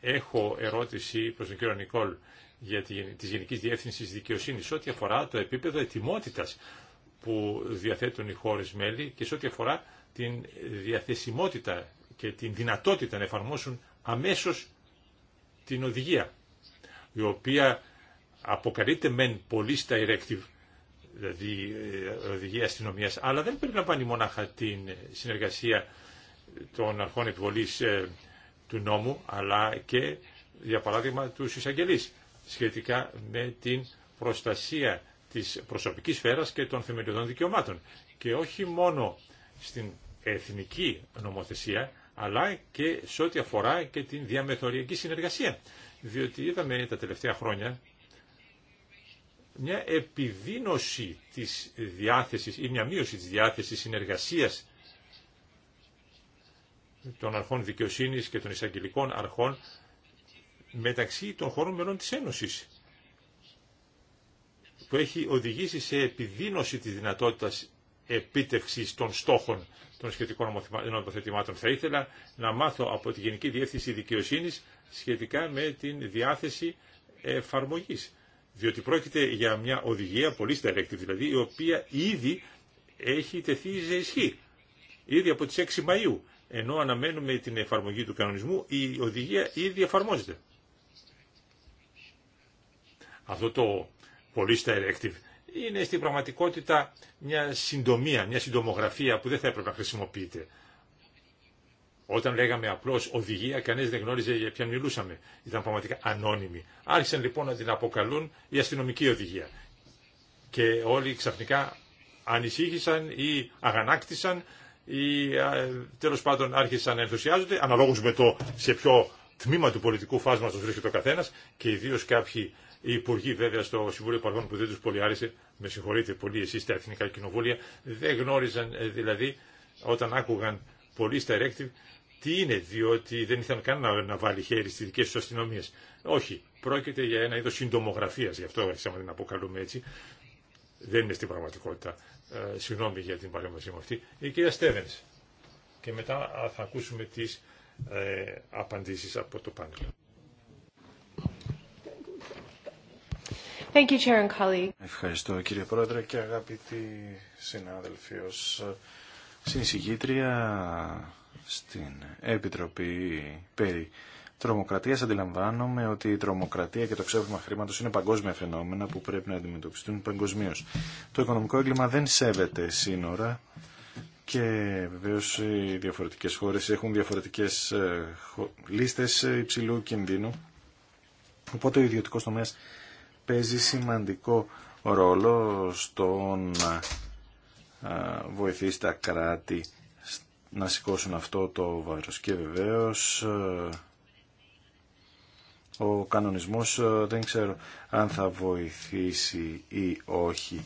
Έχω ερώτηση προς τον κύριο Νικόλ για τη, της Γενικής δικαιοσύνη, Δικαιοσύνης ό,τι αφορά το επίπεδο ετοιμότητα που διαθέτουν οι χώρε μέλη και σε ό,τι αφορά την διαθεσιμότητα και την δυνατότητα να εφαρμόσουν αμέσως την οδηγία η οποία αποκαλείται μεν πολύ directive δηλαδή ε, οδηγία αστυνομία, αλλά δεν περιλαμβάνει μονάχα την συνεργασία των αρχών επιβολής ε, του νόμου αλλά και για παράδειγμα του εισαγγελείς σχετικά με την προστασία της προσωπικής σφαίρας και των θεμελιωδών δικαιωμάτων και όχι μόνο στην εθνική νομοθεσία αλλά και σε ό,τι αφορά και την διαμεθοριακή συνεργασία διότι είδαμε τα τελευταία χρόνια μια επιδίνωση της διάθεσης ή μια μείωση της διάθεσης συνεργασίας των αρχών δικαιοσύνης και των εισαγγελικών αρχών μεταξύ των χωρών μελών της Ένωσης που έχει οδηγήσει σε επιδίνωση της δυνατότητας επίτευξης των στόχων των σχετικών νομοθετημάτων. Θα ήθελα να μάθω από τη Γενική Διεύθυνση Δικαιοσύνης σχετικά με την διάθεση εφαρμογής. Διότι πρόκειται για μια οδηγία, πολύ στερεκτή δηλαδή, η οποία ήδη έχει τεθεί σε ισχύ. Ήδη από τις 6 Μαΐου ενώ αναμένουμε την εφαρμογή του κανονισμού, η οδηγία ήδη εφαρμόζεται. Αυτό το πολύ directive είναι στην πραγματικότητα μια συντομία, μια συντομογραφία που δεν θα έπρεπε να χρησιμοποιείται. Όταν λέγαμε απλώ οδηγία, κανεί δεν γνώριζε για ποια μιλούσαμε. Ήταν πραγματικά ανώνυμη. Άρχισαν λοιπόν να την αποκαλούν η αστυνομική οδηγία. Και όλοι ξαφνικά ανησύχησαν ή αγανάκτησαν ή τέλος πάντων άρχισαν να ενθουσιάζονται, αναλόγω με το σε ποιο τμήμα του πολιτικού φάσματος βρίσκεται ο καθένα, και ιδίω κάποιοι οι υπουργοί βέβαια στο Συμβούλιο Παρχών που δεν του πολύ άρεσε, με συγχωρείτε πολύ εσεί τα εθνικά κοινοβούλια, δεν γνώριζαν ε, δηλαδή όταν άκουγαν πολύ στα Ερέκτιβ τι είναι, διότι δεν ήθελαν καν να, να βάλει χέρι στι δικέ του αστυνομίε. Όχι, πρόκειται για ένα είδο συντομογραφία, γι' αυτό αρχίσαμε να την αποκαλούμε έτσι. Δεν είναι στην πραγματικότητα. Ε, συγγνώμη για την παρέμβασή μου αυτή. Η κυρία Στέβενς. Και μετά θα ακούσουμε τις ε, απαντήσεις από το πάνελ. Thank you, Ευχαριστώ κύριε Πρόεδρε και αγαπητοί συνάδελφοι ως στην Επιτροπή περί τρομοκρατίας αντιλαμβάνομαι ότι η τρομοκρατία και το ξέπλυμα χρήματο είναι παγκόσμια φαινόμενα που πρέπει να αντιμετωπιστούν παγκοσμίω. Το οικονομικό έγκλημα δεν σέβεται σύνορα και βεβαίω οι διαφορετικές χώρες έχουν διαφορετικές ε, λίστες υψηλού κινδύνου. Οπότε ο ιδιωτικό τομέα παίζει σημαντικό ρόλο στο να ε, βοηθήσει τα κράτη να σηκώσουν αυτό το βάρος. Και βεβαίως ε, ο κανονισμός ε, δεν ξέρω αν θα βοηθήσει ή όχι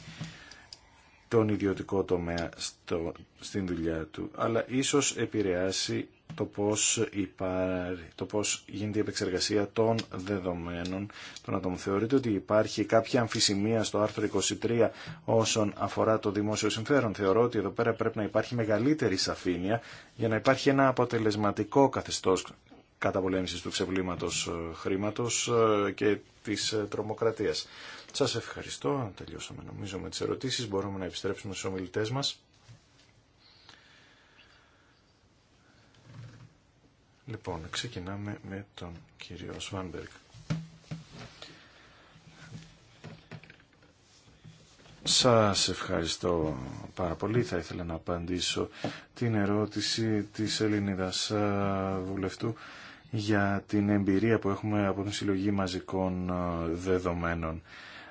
τον ιδιωτικό τομέα στο, στην δουλειά του, αλλά ίσως επηρεάσει το πώς, υπάρχει, το πώς γίνεται η επεξεργασία των δεδομένων των ατόμων. Θεωρείτε ότι υπάρχει κάποια αμφισημία στο άρθρο 23 όσον αφορά το δημόσιο συμφέρον. Θεωρώ ότι εδώ πέρα πρέπει να υπάρχει μεγαλύτερη σαφήνεια για να υπάρχει ένα αποτελεσματικό καθεστώς καταπολέμησης του ξεβλήματο ε, χρήματος ε, και της ε, τρομοκρατίας. Σας ευχαριστώ. Τελειώσαμε νομίζω με τις ερωτήσεις. Μπορούμε να επιστρέψουμε στους ομιλητές μας. Λοιπόν, ξεκινάμε με τον κύριο Σβάνμπεργκ. Σας ευχαριστώ πάρα πολύ. Θα ήθελα να απαντήσω την ερώτηση της Ελληνίδας βουλευτού για την εμπειρία που έχουμε από την συλλογή μαζικών ε, δεδομένων.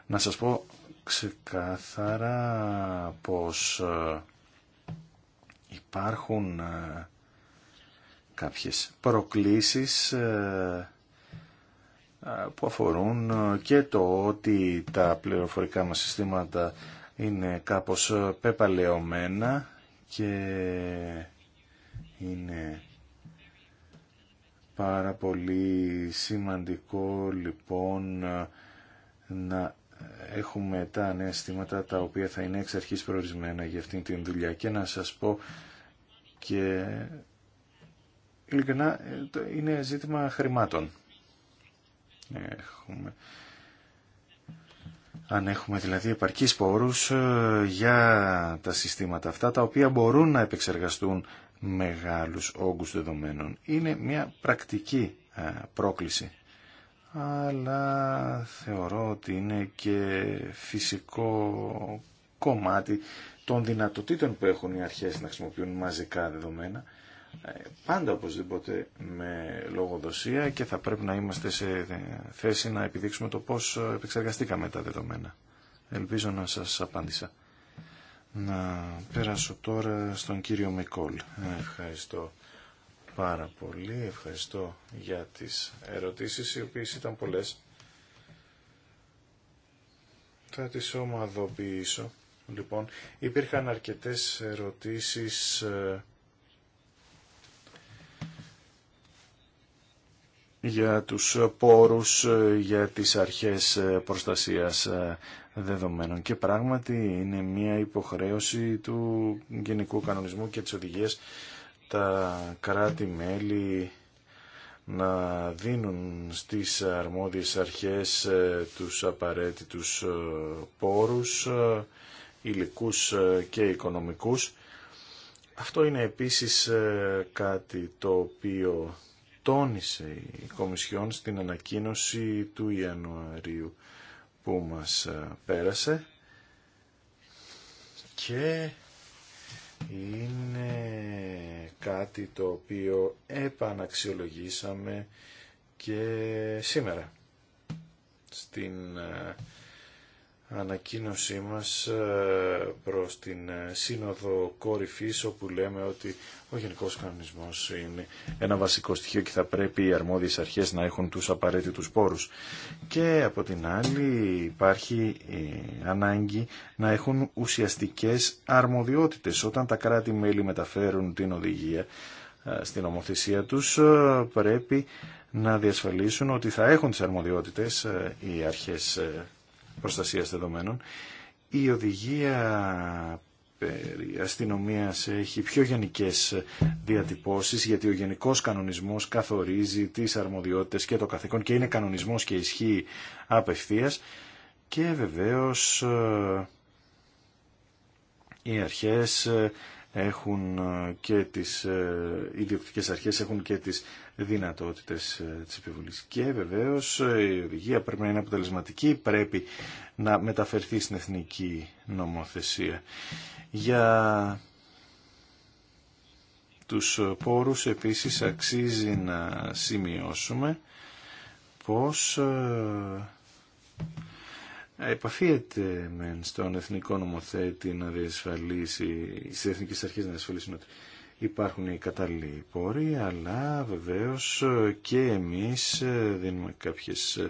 Να σας πω ξεκάθαρα πως ε, υπάρχουν ε, κάποιες προκλήσεις που αφορούν και το ότι τα πληροφορικά μας συστήματα είναι κάπως πεπαλαιωμένα και είναι πάρα πολύ σημαντικό λοιπόν να έχουμε τα ανέστηματα τα οποία θα είναι εξ αρχής προορισμένα για αυτήν την δουλειά και να σας πω και ειλικρινά είναι ζήτημα χρημάτων. Έχουμε... Αν έχουμε δηλαδή επαρκείς πόρους ε, για τα συστήματα αυτά τα οποία μπορούν να επεξεργαστούν μεγάλους όγκους δεδομένων. Είναι μια πρακτική ε, πρόκληση, αλλά θεωρώ ότι είναι και φυσικό κομμάτι των δυνατοτήτων που έχουν οι αρχές να χρησιμοποιούν μαζικά δεδομένα, ε, πάντα οπωσδήποτε με λογοδοσία και θα πρέπει να είμαστε σε θέση να επιδείξουμε το πώς επεξεργαστήκαμε τα δεδομένα. Ελπίζω να σας απάντησα. Να περάσω τώρα στον κύριο Μικόλ. Ε, ευχαριστώ πάρα πολύ. Ευχαριστώ για τις ερωτήσεις οι οποίες ήταν πολλές. Θα τις ομαδοποιήσω. Λοιπόν, υπήρχαν αρκετές ερωτήσεις ε, για τους πόρους, ε, για τις αρχές προστασίας δεδομένων και πράγματι είναι μια υποχρέωση του Γενικού Κανονισμού και της Οδηγίας τα κράτη-μέλη να δίνουν στις αρμόδιες αρχές ε, τους απαραίτητους ε, πόρους, ε, υλικούς και οικονομικούς. Αυτό είναι επίσης κάτι το οποίο τόνισε η Κομισιόν στην ανακοίνωση του Ιανουαρίου που μας ε, πέρασε και είναι κάτι το οποίο επαναξιολογήσαμε και σήμερα στην ε, ανακοίνωσή μας ε, προς την ε, Σύνοδο Κορυφής όπου λέμε ότι ο Γενικό Κανονισμός είναι ένα βασικό στοιχείο και θα πρέπει οι αρμόδιες αρχές να έχουν τους απαραίτητους πόρους. Και από την άλλη υπάρχει ε, ανάγκη να έχουν ουσιαστικές αρμοδιότητες. Όταν τα κράτη-μέλη μεταφέρουν την οδηγία στην ομοθεσία τους πρέπει να διασφαλίσουν ότι θα έχουν τις αρμοδιότητες οι αρχές προστασίας δεδομένων. Η οδηγία περί αστυνομίας έχει πιο γενικές διατυπώσεις γιατί ο γενικός κανονισμός καθορίζει τις αρμοδιότητες και το καθήκον και είναι κανονισμός και ισχύει απευθείας και βεβαίως ε, οι αρχές ε, έχουν ε, και τις ε, ιδιοκτικές αρχές, έχουν και τις δυνατότητες ε, της επιβολής. Και βεβαίως η οδηγία πρέπει να είναι αποτελεσματική, πρέπει να μεταφερθεί στην εθνική νομοθεσία. Για τους πόρους επίσης αξίζει να σημειώσουμε πως επαφίεται μεν στον εθνικό νομοθέτη να διασφαλίσει, στι εθνικές αρχές να διασφαλίσουν ότι υπάρχουν οι κατάλληλοι πόροι, αλλά βεβαίως και εμείς δίνουμε κάποιες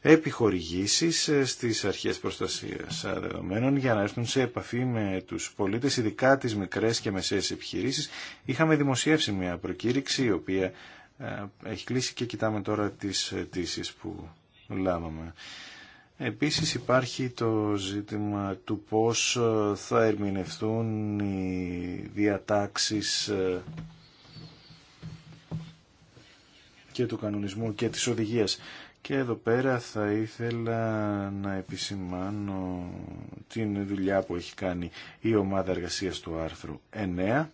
επιχορηγήσεις στις αρχές προστασίας δεδομένων για να έρθουν σε επαφή με τους πολίτες, ειδικά τις μικρές και μεσαίες επιχειρήσεις. Είχαμε δημοσιεύσει μια προκήρυξη η οποία ε, έχει κλείσει και κοιτάμε τώρα τις αιτήσει που λάβαμε. Επίσης υπάρχει το ζήτημα του πώς ε, θα ερμηνευτούν οι διατάξεις ε, και του κανονισμού και της οδηγίας. Και εδώ πέρα θα ήθελα να επισημάνω την δουλειά που έχει κάνει η ομάδα εργασίας του άρθρου 9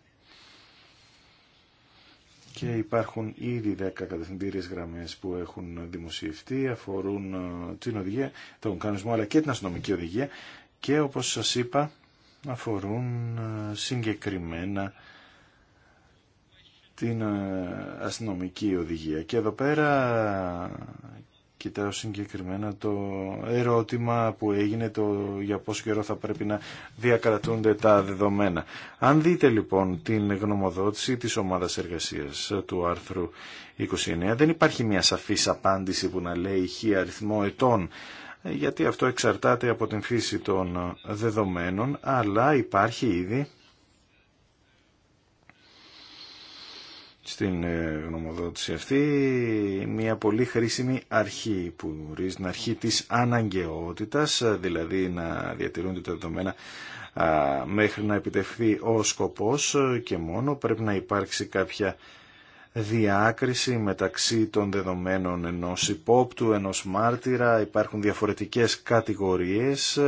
και υπάρχουν ήδη 10 κατευθυντήριες γραμμές που έχουν δημοσιευτεί, αφορούν ε, την οδηγία, τον κανονισμό αλλά και την αστυνομική οδηγία και όπως σας είπα αφορούν ε, συγκεκριμένα την ε, αστυνομική οδηγία. Και εδώ πέρα κοιτάω συγκεκριμένα το ερώτημα που έγινε το για πόσο καιρό θα πρέπει να διακρατούνται τα δεδομένα. Αν δείτε λοιπόν την γνωμοδότηση της ομάδας εργασίας του άρθρου 29 δεν υπάρχει μια σαφής απάντηση που να λέει χι αριθμό ετών γιατί αυτό εξαρτάται από την φύση των δεδομένων αλλά υπάρχει ήδη στην ε, γνωμοδότηση αυτή μια πολύ χρήσιμη αρχή που ορίζει την αρχή της αναγκαιότητας, ε, δηλαδή να διατηρούνται τα δεδομένα μέχρι να επιτευχθεί ο σκοπός ε, και μόνο πρέπει να υπάρξει κάποια διάκριση μεταξύ των δεδομένων ενός υπόπτου, ενός μάρτυρα, υπάρχουν διαφορετικές κατηγορίες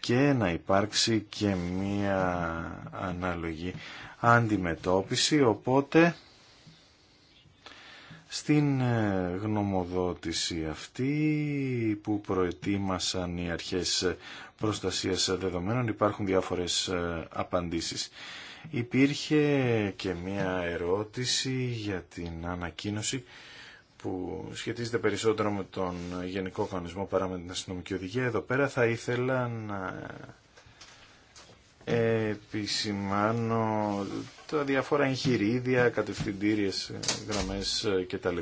και να υπάρξει και μία αναλογή αντιμετώπιση, οπότε στην ε, γνωμοδότηση αυτή που προετοίμασαν οι αρχές προστασίας δεδομένων υπάρχουν διάφορες ε, απαντήσεις. Υπήρχε και μία ερώτηση για την ανακοίνωση που σχετίζεται περισσότερο με τον γενικό κανονισμό παρά με την αστυνομική οδηγία. Εδώ πέρα θα ήθελα να επισημάνω τα διάφορα εγχειρίδια, κατευθυντήριες γραμμές ε, κτλ.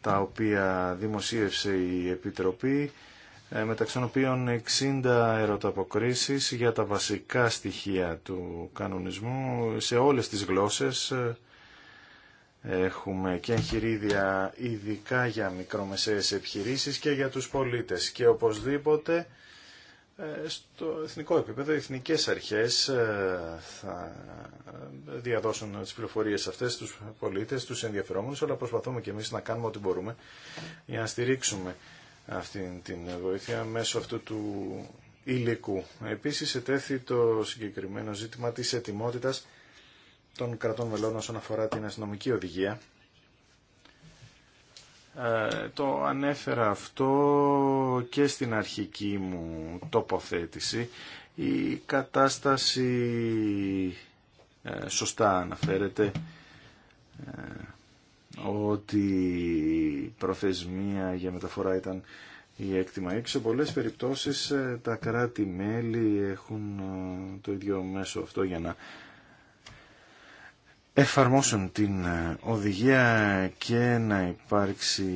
Τα οποία δημοσίευσε η Επιτροπή, ε, μεταξύ των οποίων 60 ερωταποκρίσεις για τα βασικά στοιχεία του κανονισμού σε όλες τις γλώσσες. Ε, έχουμε και εγχειρίδια ειδικά για μικρομεσαίες επιχειρήσεις και για τους πολίτες. Και οπωσδήποτε ε, στο εθνικό επίπεδο οι εθνικές αρχές ε, θα διαδώσουν τις πληροφορίες αυτές στους πολίτες, στους ενδιαφερόμενους, αλλά προσπαθούμε και εμείς να κάνουμε ό,τι μπορούμε για να στηρίξουμε αυτή την βοήθεια μέσω αυτού του υλικού. Επίσης ετέθη το συγκεκριμένο ζήτημα της ετοιμότητας των κρατών μελών όσον αφορά την αστυνομική οδηγία ε, το ανέφερα αυτό και στην αρχική μου τοποθέτηση. Η κατάσταση ε, σωστά αναφέρεται ε, ότι η προθεσμία για μεταφορά ήταν η έκτημα ή Σε πολλές περιπτώσεις τα κράτη-μέλη έχουν το ίδιο μέσο αυτό για να εφαρμόσουν την ε, οδηγία και να υπάρξει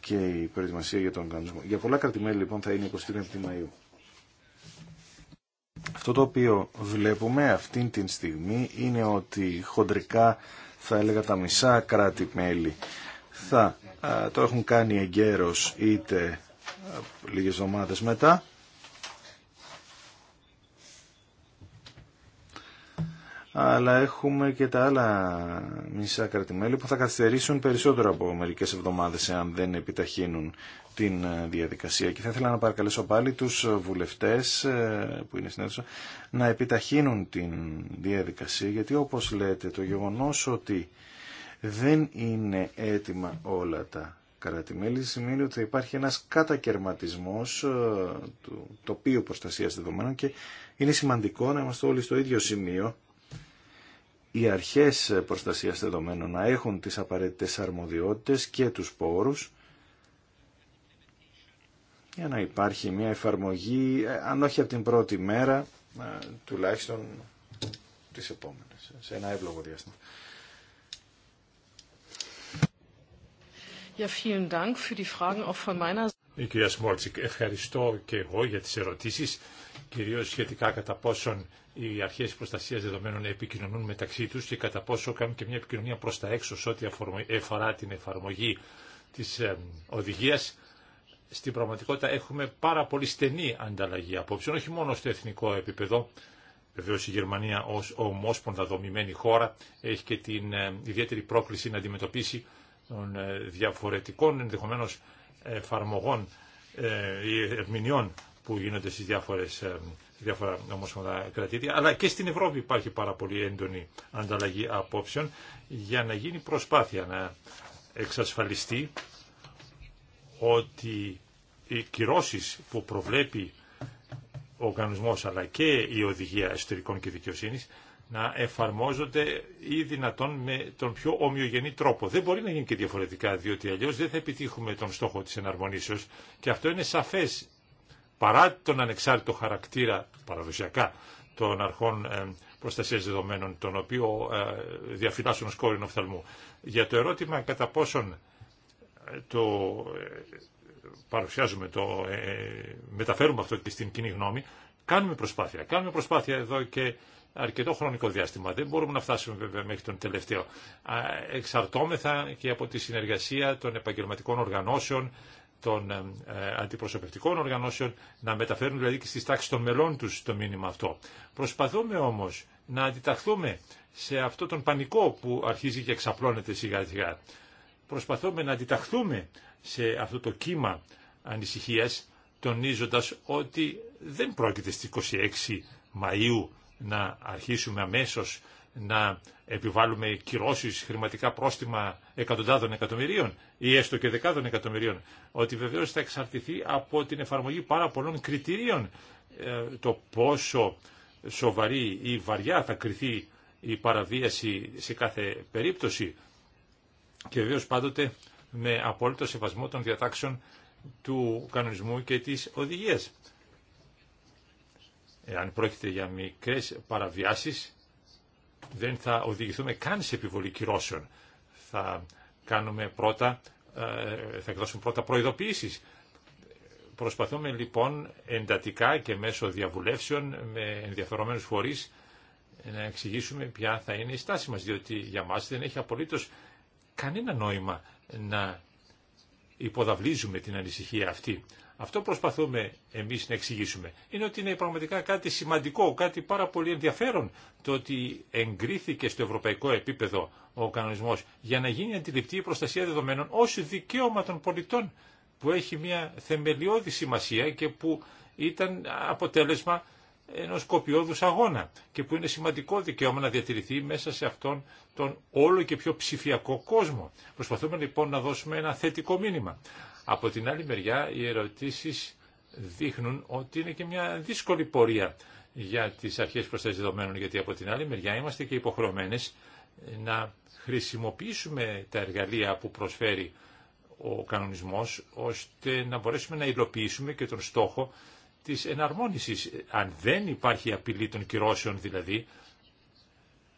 και η προετοιμασία για τον κανονισμό. Για πολλά κρατημέλη λοιπόν θα είναι 21η Μαΐου. Αυτό το οποίο βλέπουμε αυτήν την στιγμή είναι ότι χοντρικά θα έλεγα τα μισά κράτη-μέλη θα ε, το έχουν κάνει εγκαίρως είτε α, ε, λίγες εβδομάδες μετά αλλά έχουμε και τα άλλα μισά κρατημέλη που θα καθυστερήσουν περισσότερο από μερικές εβδομάδες εάν δεν επιταχύνουν την ε, διαδικασία. Και θα ήθελα να παρακαλέσω πάλι τους βουλευτές ε, που είναι στην να επιταχύνουν την διαδικασία γιατί όπως λέτε το γεγονός ότι δεν είναι έτοιμα όλα τα κρατημέλη σημαίνει ότι θα υπάρχει ένας κατακαιρματισμός ε, του τοπίου προστασίας δεδομένων και είναι σημαντικό να είμαστε όλοι στο ίδιο σημείο οι αρχές προστασίας δεδομένων να έχουν τις απαραίτητες αρμοδιότητες και τους πόρους για να υπάρχει μια εφαρμογή, ε, αν όχι από την πρώτη μέρα, ε, τουλάχιστον τις επόμενες, σε ένα εύλογο διάστημα. Η κυρία Σμόλτσικ, ευχαριστώ και εγώ για τις ερωτήσεις, κυρίως σχετικά κατά πόσον οι αρχές προστασίας δεδομένων επικοινωνούν μεταξύ τους και κατά πόσο κάνουν και μια επικοινωνία προς τα έξω σε ό,τι αφορά την εφαρμογή της ε, οδηγίας. Στην πραγματικότητα έχουμε πάρα πολύ στενή ανταλλαγή απόψεων, όχι μόνο στο εθνικό επίπεδο, Βεβαίω η Γερμανία ω ομόσπονδα δομημένη χώρα έχει και την ε, ιδιαίτερη πρόκληση να αντιμετωπίσει των ε, διαφορετικών ενδεχομένω εφαρμογών ε, ή ερμηνεών που γίνονται στις διάφορες ε, διάφορα ομοσπονδα κρατήδια, αλλά και στην Ευρώπη υπάρχει πάρα πολύ έντονη ανταλλαγή απόψεων για να γίνει προσπάθεια να εξασφαλιστεί ότι οι κυρώσεις που προβλέπει ο οργανισμός αλλά και η οδηγία εσωτερικών και δικαιοσύνης να εφαρμόζονται ή δυνατόν με τον πιο ομοιογενή τρόπο. Δεν μπορεί να γίνει και διαφορετικά, διότι αλλιώ δεν θα επιτύχουμε τον στόχο τη εναρμονίσεω και αυτό είναι σαφέ. Παρά τον ανεξάρτητο χαρακτήρα παραδοσιακά των αρχών ε, προστασία δεδομένων, τον οποίο ε, διαφυλάσσουν ω κόρηνο οφθαλμού. Για το ερώτημα κατά πόσον ε, το παρουσιάζουμε, το μεταφέρουμε αυτό και στην κοινή γνώμη, κάνουμε προσπάθεια. Κάνουμε προσπάθεια εδώ και αρκετό χρονικό διάστημα. Δεν μπορούμε να φτάσουμε βέβαια μέχρι τον τελευταίο. Εξαρτώμεθα και από τη συνεργασία των επαγγελματικών οργανώσεων, των ε, αντιπροσωπευτικών οργανώσεων, να μεταφέρουν δηλαδή και στις τάξεις των μελών τους το μήνυμα αυτό. Προσπαθούμε όμως να αντιταχθούμε σε αυτό τον πανικό που αρχίζει και εξαπλώνεται σιγά σιγά. Προσπαθούμε να αντιταχθούμε σε αυτό το κύμα ανησυχίας, τονίζοντας ότι δεν πρόκειται στις 26 Μαΐου να αρχίσουμε αμέσως να επιβάλλουμε κυρώσεις, χρηματικά πρόστιμα εκατοντάδων εκατομμυρίων ή έστω και δεκάδων εκατομμυρίων, ότι βεβαίως θα εξαρτηθεί από την εφαρμογή πάρα πολλών κριτηρίων ε, το πόσο σοβαρή ή βαριά θα κριθεί η παραβίαση σε κάθε περίπτωση και βεβαίως πάντοτε με απόλυτο σεβασμό των διατάξεων του κανονισμού και της οδηγίας εάν πρόκειται για μικρές παραβιάσεις, δεν θα οδηγηθούμε καν σε επιβολή κυρώσεων. Θα κάνουμε πρώτα, ε, θα εκδώσουμε πρώτα προειδοποιήσεις. Προσπαθούμε λοιπόν εντατικά και μέσω διαβουλεύσεων με ενδιαφερομένους φορείς να εξηγήσουμε ποια θα είναι η στάση μας, διότι για μας δεν έχει απολύτως κανένα νόημα να υποδαβλίζουμε την ανησυχία αυτή. Αυτό προσπαθούμε εμείς να εξηγήσουμε. Είναι ότι είναι πραγματικά κάτι σημαντικό, κάτι πάρα πολύ ενδιαφέρον το ότι εγκρίθηκε στο ευρωπαϊκό επίπεδο ο κανονισμός για να γίνει αντιληπτή η προστασία δεδομένων ως δικαίωμα των πολιτών που έχει μια θεμελιώδη σημασία και που ήταν αποτέλεσμα ενός κοπιώδους αγώνα και που είναι σημαντικό δικαίωμα να διατηρηθεί μέσα σε αυτόν τον όλο και πιο ψηφιακό κόσμο. Προσπαθούμε λοιπόν να δώσουμε ένα θετικό μήνυμα. Από την άλλη μεριά οι ερωτήσεις δείχνουν ότι είναι και μια δύσκολη πορεία για τις αρχές προστασίας δεδομένων, γιατί από την άλλη μεριά είμαστε και υποχρεωμένες να χρησιμοποιήσουμε τα εργαλεία που προσφέρει ο κανονισμός, ώστε να μπορέσουμε να υλοποιήσουμε και τον στόχο της εναρμόνισης. Αν δεν υπάρχει απειλή των κυρώσεων δηλαδή,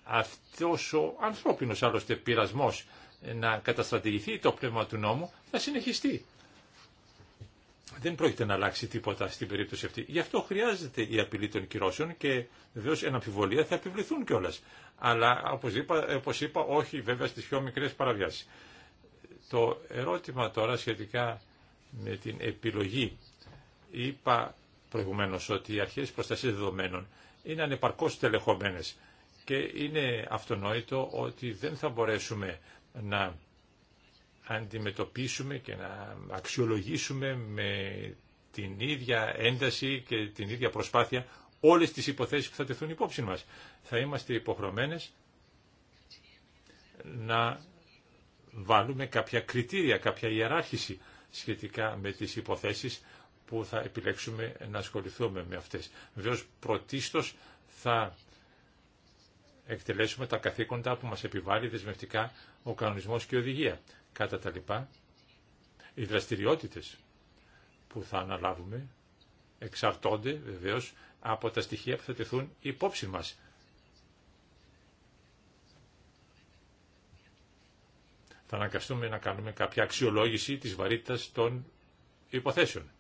αυτός ο ανθρώπινος άλλωστε πειρασμός να καταστρατηγηθεί το πνεύμα του νόμου θα συνεχιστεί δεν πρόκειται να αλλάξει τίποτα στην περίπτωση αυτή. Γι' αυτό χρειάζεται η απειλή των κυρώσεων και βεβαίω εν αμφιβολία θα επιβληθούν κιόλα. Αλλά όπω είπα, όπως είπα, όχι βέβαια στι πιο μικρέ παραβιάσει. Το ερώτημα τώρα σχετικά με την επιλογή. Είπα προηγουμένω ότι οι αρχέ προστασία δεδομένων είναι ανεπαρκώ τελεχωμένε και είναι αυτονόητο ότι δεν θα μπορέσουμε να αντιμετωπίσουμε και να αξιολογήσουμε με την ίδια ένταση και την ίδια προσπάθεια όλες τις υποθέσεις που θα τεθούν υπόψη μας. Θα είμαστε υποχρεωμένες να βάλουμε κάποια κριτήρια, κάποια ιεράρχηση σχετικά με τις υποθέσεις που θα επιλέξουμε να ασχοληθούμε με αυτές. Βεβαίω πρωτίστως θα εκτελέσουμε τα καθήκοντα που μας επιβάλλει δεσμευτικά ο κανονισμός και η οδηγία κατά τα λοιπά, οι δραστηριότητες που θα αναλάβουμε εξαρτώνται βεβαίως από τα στοιχεία που θα τεθούν υπόψη μας. Θα αναγκαστούμε να κάνουμε κάποια αξιολόγηση της βαρύτητας των υποθέσεων.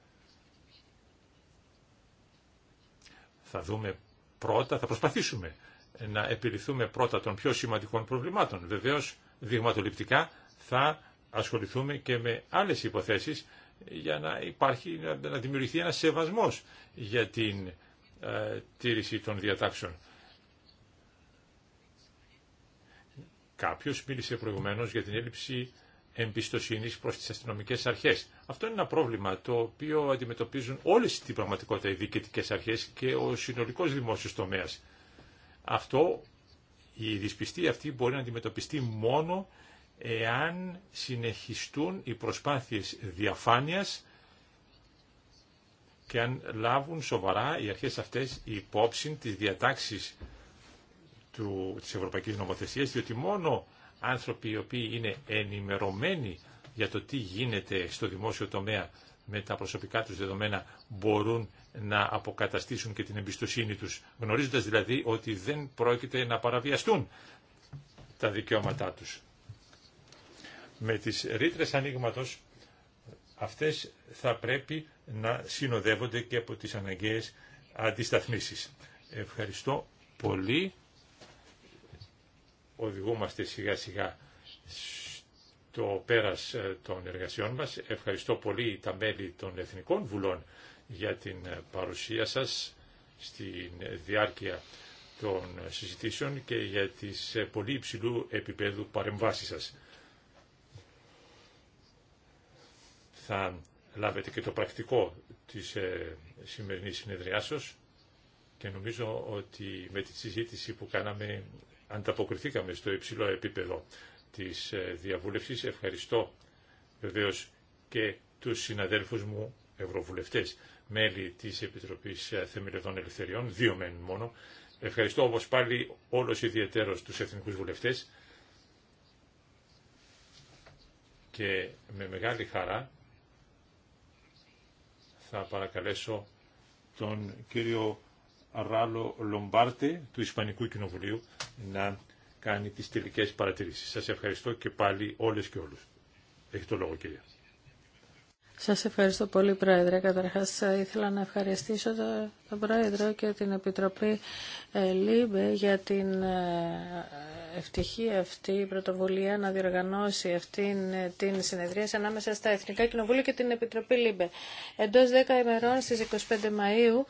Θα δούμε πρώτα, θα προσπαθήσουμε να επιληθούμε πρώτα των πιο σημαντικών προβλημάτων. Βεβαίως, δειγματοληπτικά θα ασχοληθούμε και με άλλες υποθέσεις για να υπάρχει, να δημιουργηθεί ένας σεβασμός για την ε, τήρηση των διατάξεων. Κάποιος μίλησε προηγουμένως για την έλλειψη εμπιστοσύνης προς τις αστυνομικές αρχές. Αυτό είναι ένα πρόβλημα το οποίο αντιμετωπίζουν όλες την πραγματικότητα οι διοικητικές αρχές και ο συνολικός δημόσιος τομέας. Αυτό, η δυσπιστία αυτή μπορεί να αντιμετωπιστεί μόνο εάν συνεχιστούν οι προσπάθειες διαφάνειας και αν λάβουν σοβαρά οι αρχές αυτές η υπόψη της διατάξης του, της Ευρωπαϊκής Νομοθεσίας, διότι μόνο άνθρωποι οι οποίοι είναι ενημερωμένοι για το τι γίνεται στο δημόσιο τομέα με τα προσωπικά τους δεδομένα μπορούν να αποκαταστήσουν και την εμπιστοσύνη τους, γνωρίζοντας δηλαδή ότι δεν πρόκειται να παραβιαστούν τα δικαιώματά τους. Με τις ρήτρε ανοίγματο αυτές θα πρέπει να συνοδεύονται και από τις αναγκαίες αντισταθμίσεις. Ευχαριστώ πολύ. Οδηγούμαστε σιγά σιγά στο πέρας ε, των εργασιών μας. Ευχαριστώ πολύ τα μέλη των Εθνικών Βουλών για την ε, παρουσία σας στη διάρκεια των συζητήσεων και για τις ε, πολύ υψηλού επίπεδου παρεμβάσεις σας. θα λάβετε και το πρακτικό της ε, σημερινής συνεδριάσεως και νομίζω ότι με τη συζήτηση που κάναμε ανταποκριθήκαμε στο υψηλό επίπεδο της ε, διαβούλευσης. Ευχαριστώ βεβαίως και τους συναδέλφους μου ευρωβουλευτές, μέλη της Επιτροπής ε, Θεμελιωδών Ελευθεριών, δύο μεν μόνο. Ευχαριστώ όμως πάλι όλος ιδιαίτερος τους εθνικούς βουλευτές και με μεγάλη χαρά θα παρακαλέσω τον κύριο Ράλο Λομπάρτε του Ισπανικού Κοινοβουλίου να κάνει τις τελικές παρατηρήσεις. Σας ευχαριστώ και πάλι όλες και όλους. Έχει το λόγο κύριε. Σας ευχαριστώ πολύ Πρόεδρε. Καταρχάς ήθελα να ευχαριστήσω τον Πρόεδρο και την Επιτροπή ε, ΛΥΜΠΕ για την ε, ευτυχή αυτή η πρωτοβουλία να διοργανώσει αυτήν ε, την συνεδρία ανάμεσα στα Εθνικά Κοινοβούλια και την Επιτροπή ΛΥΜΠΕ. Εντός 10 ημερών στις 25 Μαΐου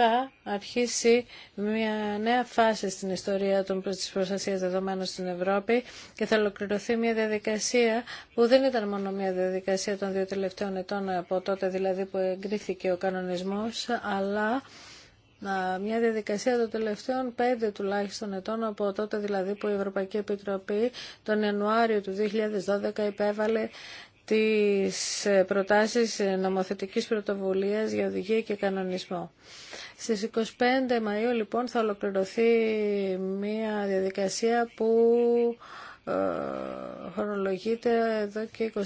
θα αρχίσει μια νέα φάση στην ιστορία των προστασία δεδομένων στην Ευρώπη και θα ολοκληρωθεί μια διαδικασία που δεν ήταν μόνο μια διαδικασία των δύο τελευταίων ετών από τότε δηλαδή που εγκρίθηκε ο κανονισμός, αλλά μια διαδικασία των τελευταίων πέντε τουλάχιστον ετών από τότε δηλαδή που η Ευρωπαϊκή Επιτροπή τον Ιανουάριο του 2012 υπέβαλε τις ε, προτάσεις ε, νομοθετικής πρωτοβουλίας για οδηγία και κανονισμό. Στις 25 Μαΐου λοιπόν θα ολοκληρωθεί μια διαδικασία που ε, χρονολογείται εδώ και 23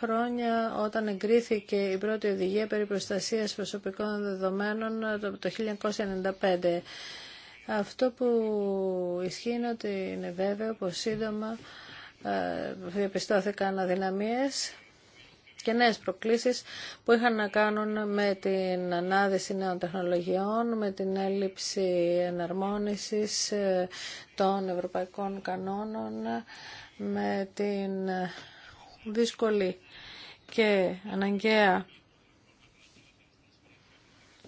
χρόνια όταν εγκρίθηκε η πρώτη οδηγία περί προστασίας προσωπικών δεδομένων το 1995. Αυτό που ισχύει είναι ότι είναι βέβαιο πως σύντομα ε, διαπιστώθηκαν αδυναμίες και νέες προκλήσεις που είχαν να κάνουν με την ανάδυση νέων τεχνολογιών, με την έλλειψη εναρμόνισης ε, των ευρωπαϊκών κανόνων, με την δύσκολη και αναγκαία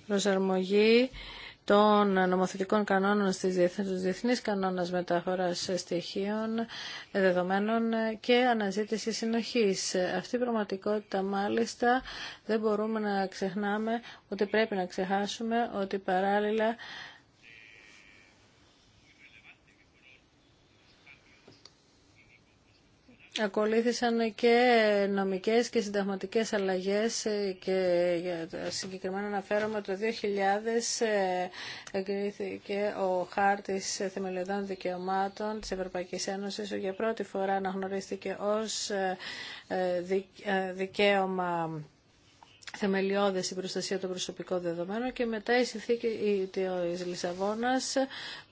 προσαρμογή των νομοθετικών κανόνων στις διεθνείς κανόνας μεταφοράς στοιχείων, δεδομένων και αναζήτηση συνοχής. Αυτή η πραγματικότητα μάλιστα δεν μπορούμε να ξεχνάμε, ότι πρέπει να ξεχάσουμε ότι παράλληλα Ακολούθησαν και νομικές και συνταγματικές αλλαγές ε, και συγκεκριμένα αναφέρομαι το 2000 ε, εγκρίθηκε ο χάρτης θεμελιωδών δικαιωμάτων της Ευρωπαϊκής Ένωσης για πρώτη φορά αναγνωρίστηκε ως ε, δικαίωμα θεμελιώδες η προστασία των προσωπικών δεδομένων και μετά η συνθήκη της Λισαβόνας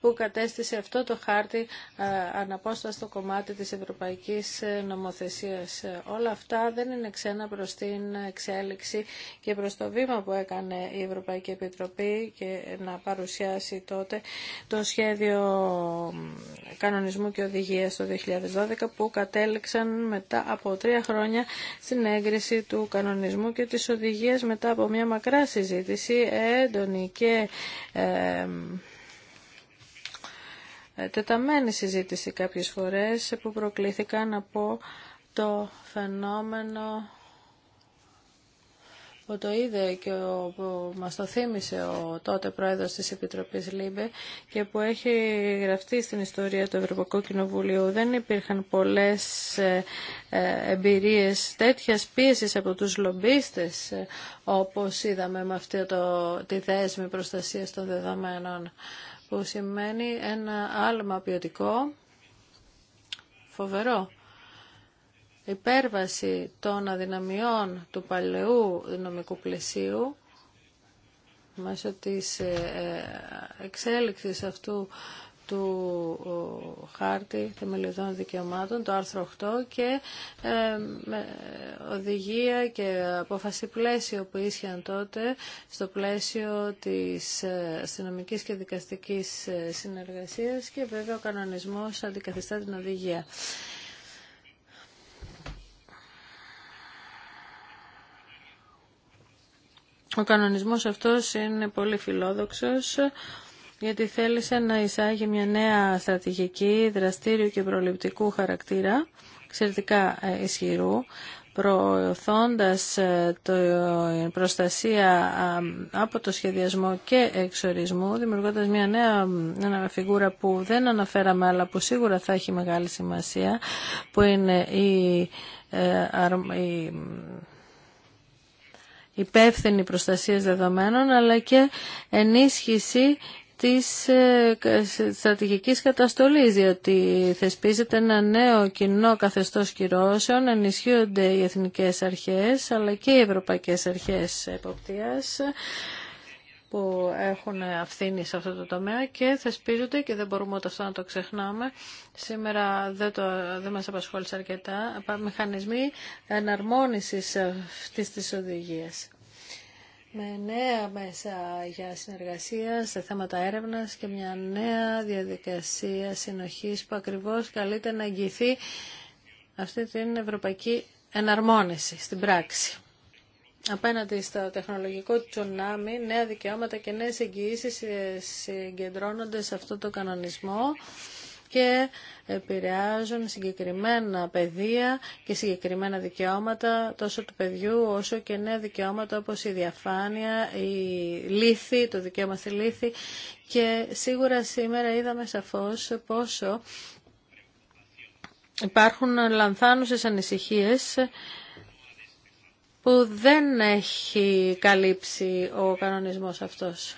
που κατέστησε αυτό το χάρτη αναπόσταστο κομμάτι της ευρωπαϊκής ε, νομοθεσίας. Όλα αυτά δεν είναι ξένα προς την εξέλιξη και προς το βήμα που έκανε η Ευρωπαϊκή Επιτροπή και να παρουσιάσει τότε το σχέδιο κανονισμού και οδηγίας το 2012 που κατέληξαν μετά από τρία χρόνια στην έγκριση του κανονισμού και της οδηγίας μετά από μια μακρά συζήτηση, έντονη και τεταμένη συζήτηση κάποιες φορές που προκλήθηκαν από το φαινόμενο που το είδε και ο, που μας το θύμισε ο τότε πρόεδρος της Επιτροπής ΛΥΜΠΕ και που έχει γραφτεί στην ιστορία του Ευρωπαϊκού Κοινοβουλίου. Δεν υπήρχαν πολλές ε, ε, εμπειρίες τέτοιας πίεσης από τους λομπίστες ε, όπως είδαμε με αυτή το, τη δέσμη προστασίας των δεδομένων που σημαίνει ένα άλμα ποιοτικό φοβερό υπέρβαση των αδυναμιών του παλαιού νομικού πλαισίου μέσω της ε, ε, εξέλιξης αυτού του χάρτη θεμελιωδών δικαιωμάτων, το άρθρο 8 και ε, οδηγία και απόφαση πλαίσιο που ίσχυαν τότε στο πλαίσιο της αστυνομικής και δικαστικής συνεργασίας και βέβαια ο κανονισμός αντικαθιστά την οδηγία. Ο κανονισμός αυτός είναι πολύ φιλόδοξος γιατί θέλησε να εισάγει μια νέα στρατηγική δραστήριου και προληπτικού χαρακτήρα, εξαιρετικά ε, ισχυρού, προωθώντας ε, το ε, προστασία από το σχεδιασμό και εξορισμού, δημιουργώντας μια νέα φιγούρα που δεν αναφέραμε αλλά που σίγουρα θα έχει μεγάλη σημασία, που είναι η υπεύθυνη προστασίας δεδομένων, αλλά και ενίσχυση της ε, στρατηγικής καταστολής, διότι θεσπίζεται ένα νέο κοινό καθεστώς κυρώσεων, ενισχύονται οι εθνικές αρχές, αλλά και οι ευρωπαϊκές αρχές εποπτείας, που έχουν αυθύνη σε αυτό το τομέα και θεσπίζονται και δεν μπορούμε αυτό να το ξεχνάμε. Σήμερα δεν, το, δεν μας απασχόλησε αρκετά μηχανισμοί εναρμόνισης αυτής της οδηγίας με νέα μέσα για συνεργασία σε θέματα έρευνας και μια νέα διαδικασία συνοχής που ακριβώς καλείται να εγγυηθεί αυτή την ευρωπαϊκή εναρμόνιση στην πράξη απέναντι στο τεχνολογικό τσουνάμι, νέα δικαιώματα και νέες εγγυήσεις ε, συγκεντρώνονται σε αυτό το κανονισμό και επηρεάζουν συγκεκριμένα παιδεία και συγκεκριμένα δικαιώματα τόσο του παιδιού όσο και νέα δικαιώματα όπως η διαφάνεια, η λύθη, το δικαίωμα στη λύθη και σίγουρα σήμερα είδαμε σαφώς πόσο υπάρχουν λανθάνουσες ανησυχίες που δεν έχει καλύψει ο κανονισμός αυτός.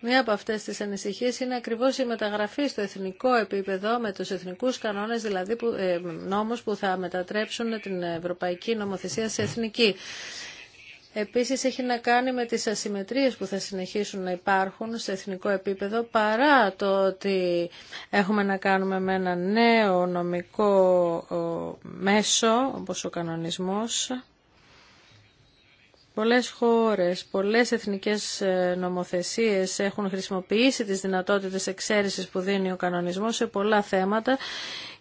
Μία από αυτές τις ανησυχίες είναι ακριβώς η μεταγραφή στο εθνικό επίπεδο με τους εθνικούς κανόνες, δηλαδή που, ε, νόμους που θα μετατρέψουν την ευρωπαϊκή νομοθεσία σε εθνική. Επίσης έχει να κάνει με τις ασυμμετρίες που θα συνεχίσουν να υπάρχουν σε εθνικό επίπεδο παρά το ότι έχουμε να κάνουμε με ένα νέο νομικό μέσο όπως ο κανονισμός Πολλές χώρες, πολλές εθνικές ε, νομοθεσίες έχουν χρησιμοποιήσει τις δυνατότητες εξαίρεσης που δίνει ο κανονισμός σε πολλά θέματα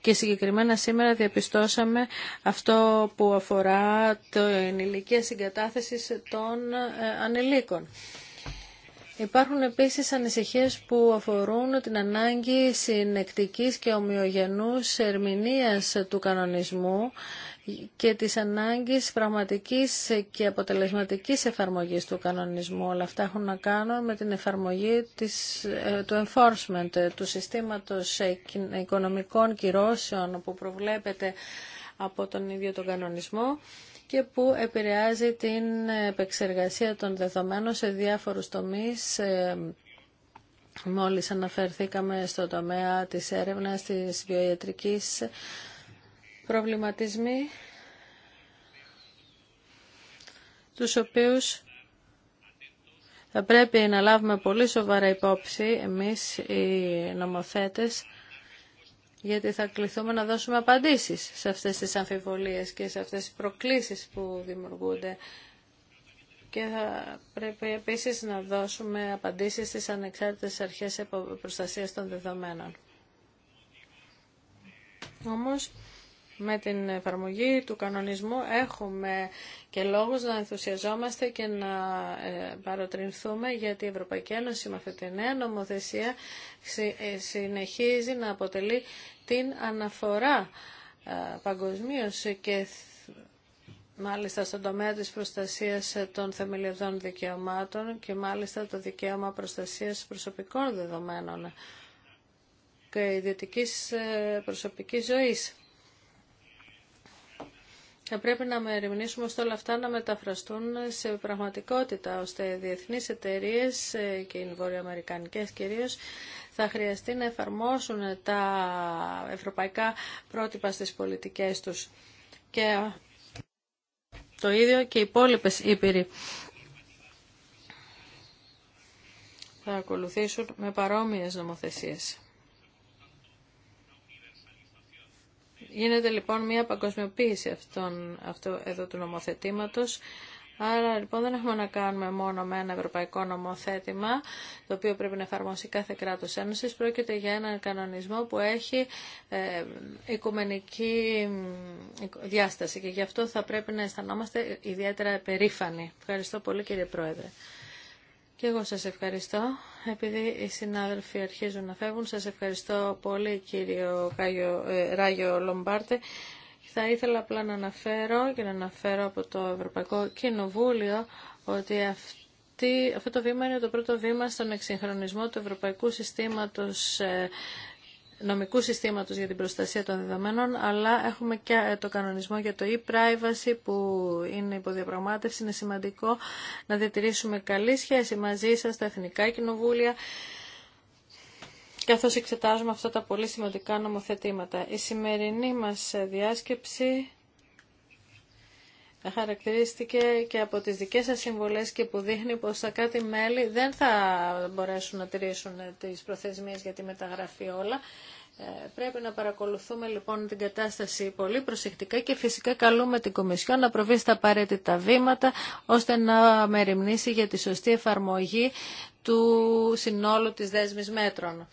και συγκεκριμένα σήμερα διαπιστώσαμε αυτό που αφορά την ηλικία συγκατάθεση των ε, ανηλίκων. Υπάρχουν επίσης ανησυχίες που αφορούν την ανάγκη συνεκτικής και ομοιογενούς ερμηνείας του κανονισμού και της ανάγκης πραγματικής και αποτελεσματικής εφαρμογής του κανονισμού. Όλα αυτά έχουν να κάνουν με την εφαρμογή της, ε, του enforcement, ε, του συστήματος ε, οικονομικών κυρώσεων που προβλέπεται από τον ίδιο τον κανονισμό και που επηρεάζει την επεξεργασία των δεδομένων σε διάφορους τομείς Μόλις αναφερθήκαμε στο τομέα της έρευνας, της βιοιατρικής προβληματισμοί τους οποίους θα πρέπει να λάβουμε πολύ σοβαρά υπόψη εμείς οι νομοθέτες γιατί θα κληθούμε να δώσουμε απαντήσεις σε αυτές τις αμφιβολίες και σε αυτές τις προκλήσεις που δημιουργούνται και θα πρέπει επίσης να δώσουμε απαντήσεις στις ανεξάρτητες αρχές προστασίας των δεδομένων. Όμως, με την εφαρμογή του κανονισμού έχουμε και λόγους να ενθουσιαζόμαστε και να ε, παροτρινθούμε γιατί η Ευρωπαϊκή Ένωση με αυτή τη νέα νομοθεσία ε, συνεχίζει να αποτελεί την αναφορά ε, παγκοσμίω και μάλιστα στον τομέα της προστασίας των θεμελιωδών δικαιωμάτων και μάλιστα το δικαίωμα προστασίας προσωπικών δεδομένων και ιδιωτικής προσωπικής ζωής θα πρέπει να μεριμνήσουμε ώστε όλα αυτά να μεταφραστούν σε πραγματικότητα, ώστε οι διεθνείς εταιρείες ε, και οι βορειοαμερικανικές κυρίως θα χρειαστεί να εφαρμόσουν τα ευρωπαϊκά πρότυπα στις πολιτικές τους. Και το ίδιο και οι υπόλοιπε ήπειροι θα ακολουθήσουν με παρόμοιες νομοθεσίες. Γίνεται λοιπόν μια παγκοσμιοποίηση αυτού εδώ του νομοθετήματος. Άρα λοιπόν δεν έχουμε να κάνουμε μόνο με ένα ευρωπαϊκό νομοθέτημα, το οποίο πρέπει να εφαρμόσει κάθε κράτος ένωσης. Πρόκειται για έναν κανονισμό που έχει ε, οικουμενική ε, διάσταση και γι' αυτό θα πρέπει να αισθανόμαστε ιδιαίτερα περήφανοι. Ευχαριστώ πολύ κύριε Πρόεδρε. Και εγώ σας ευχαριστώ. Επειδή οι συνάδελφοι αρχίζουν να φεύγουν, σας ευχαριστώ πολύ κύριο Κάγιο, ε, Ράγιο Λομπάρτε. Θα ήθελα απλά να αναφέρω και να αναφέρω από το Ευρωπαϊκό Κοινοβούλιο ότι αυτό το βήμα είναι το πρώτο βήμα στον εξυγχρονισμό του Ευρωπαϊκού Συστήματος ε, νομικού συστήματος για την προστασία των δεδομένων, αλλά έχουμε και το κανονισμό για το e-privacy που είναι υποδιαπραγμάτευση. Είναι σημαντικό να διατηρήσουμε καλή σχέση μαζί σας, τα εθνικά κοινοβούλια, καθώς εξετάζουμε αυτά τα πολύ σημαντικά νομοθετήματα. Η σημερινή μας διάσκεψη χαρακτηρίστηκε και από τις δικές σας συμβολές και που δείχνει πως τα κάτι μέλη δεν θα μπορέσουν να τηρήσουν τις προθεσμίες για τη μεταγραφή όλα. Ε, πρέπει να παρακολουθούμε λοιπόν την κατάσταση πολύ προσεκτικά και φυσικά καλούμε την Κομισιόν να προβεί στα απαραίτητα βήματα ώστε να μεριμνήσει για τη σωστή εφαρμογή του συνόλου της δέσμης μέτρων.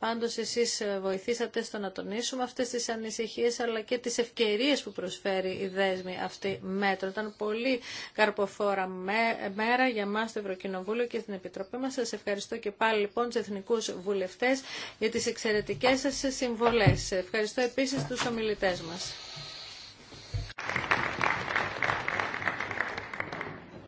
Πάντως εσείς ε, βοηθήσατε στο να τονίσουμε αυτές τις ανησυχίες αλλά και τις ευκαιρίες που προσφέρει η δέσμη αυτή μέτρο. Ήταν πολύ καρποφόρα μέρα για μας το Ευρωκοινοβούλιο και την Επιτροπή μας. Σας ευχαριστώ και πάλι λοιπόν τους εθνικούς βουλευτές για τις εξαιρετικές σας συμβολές. Ευχαριστώ επίσης τους ομιλητές μας.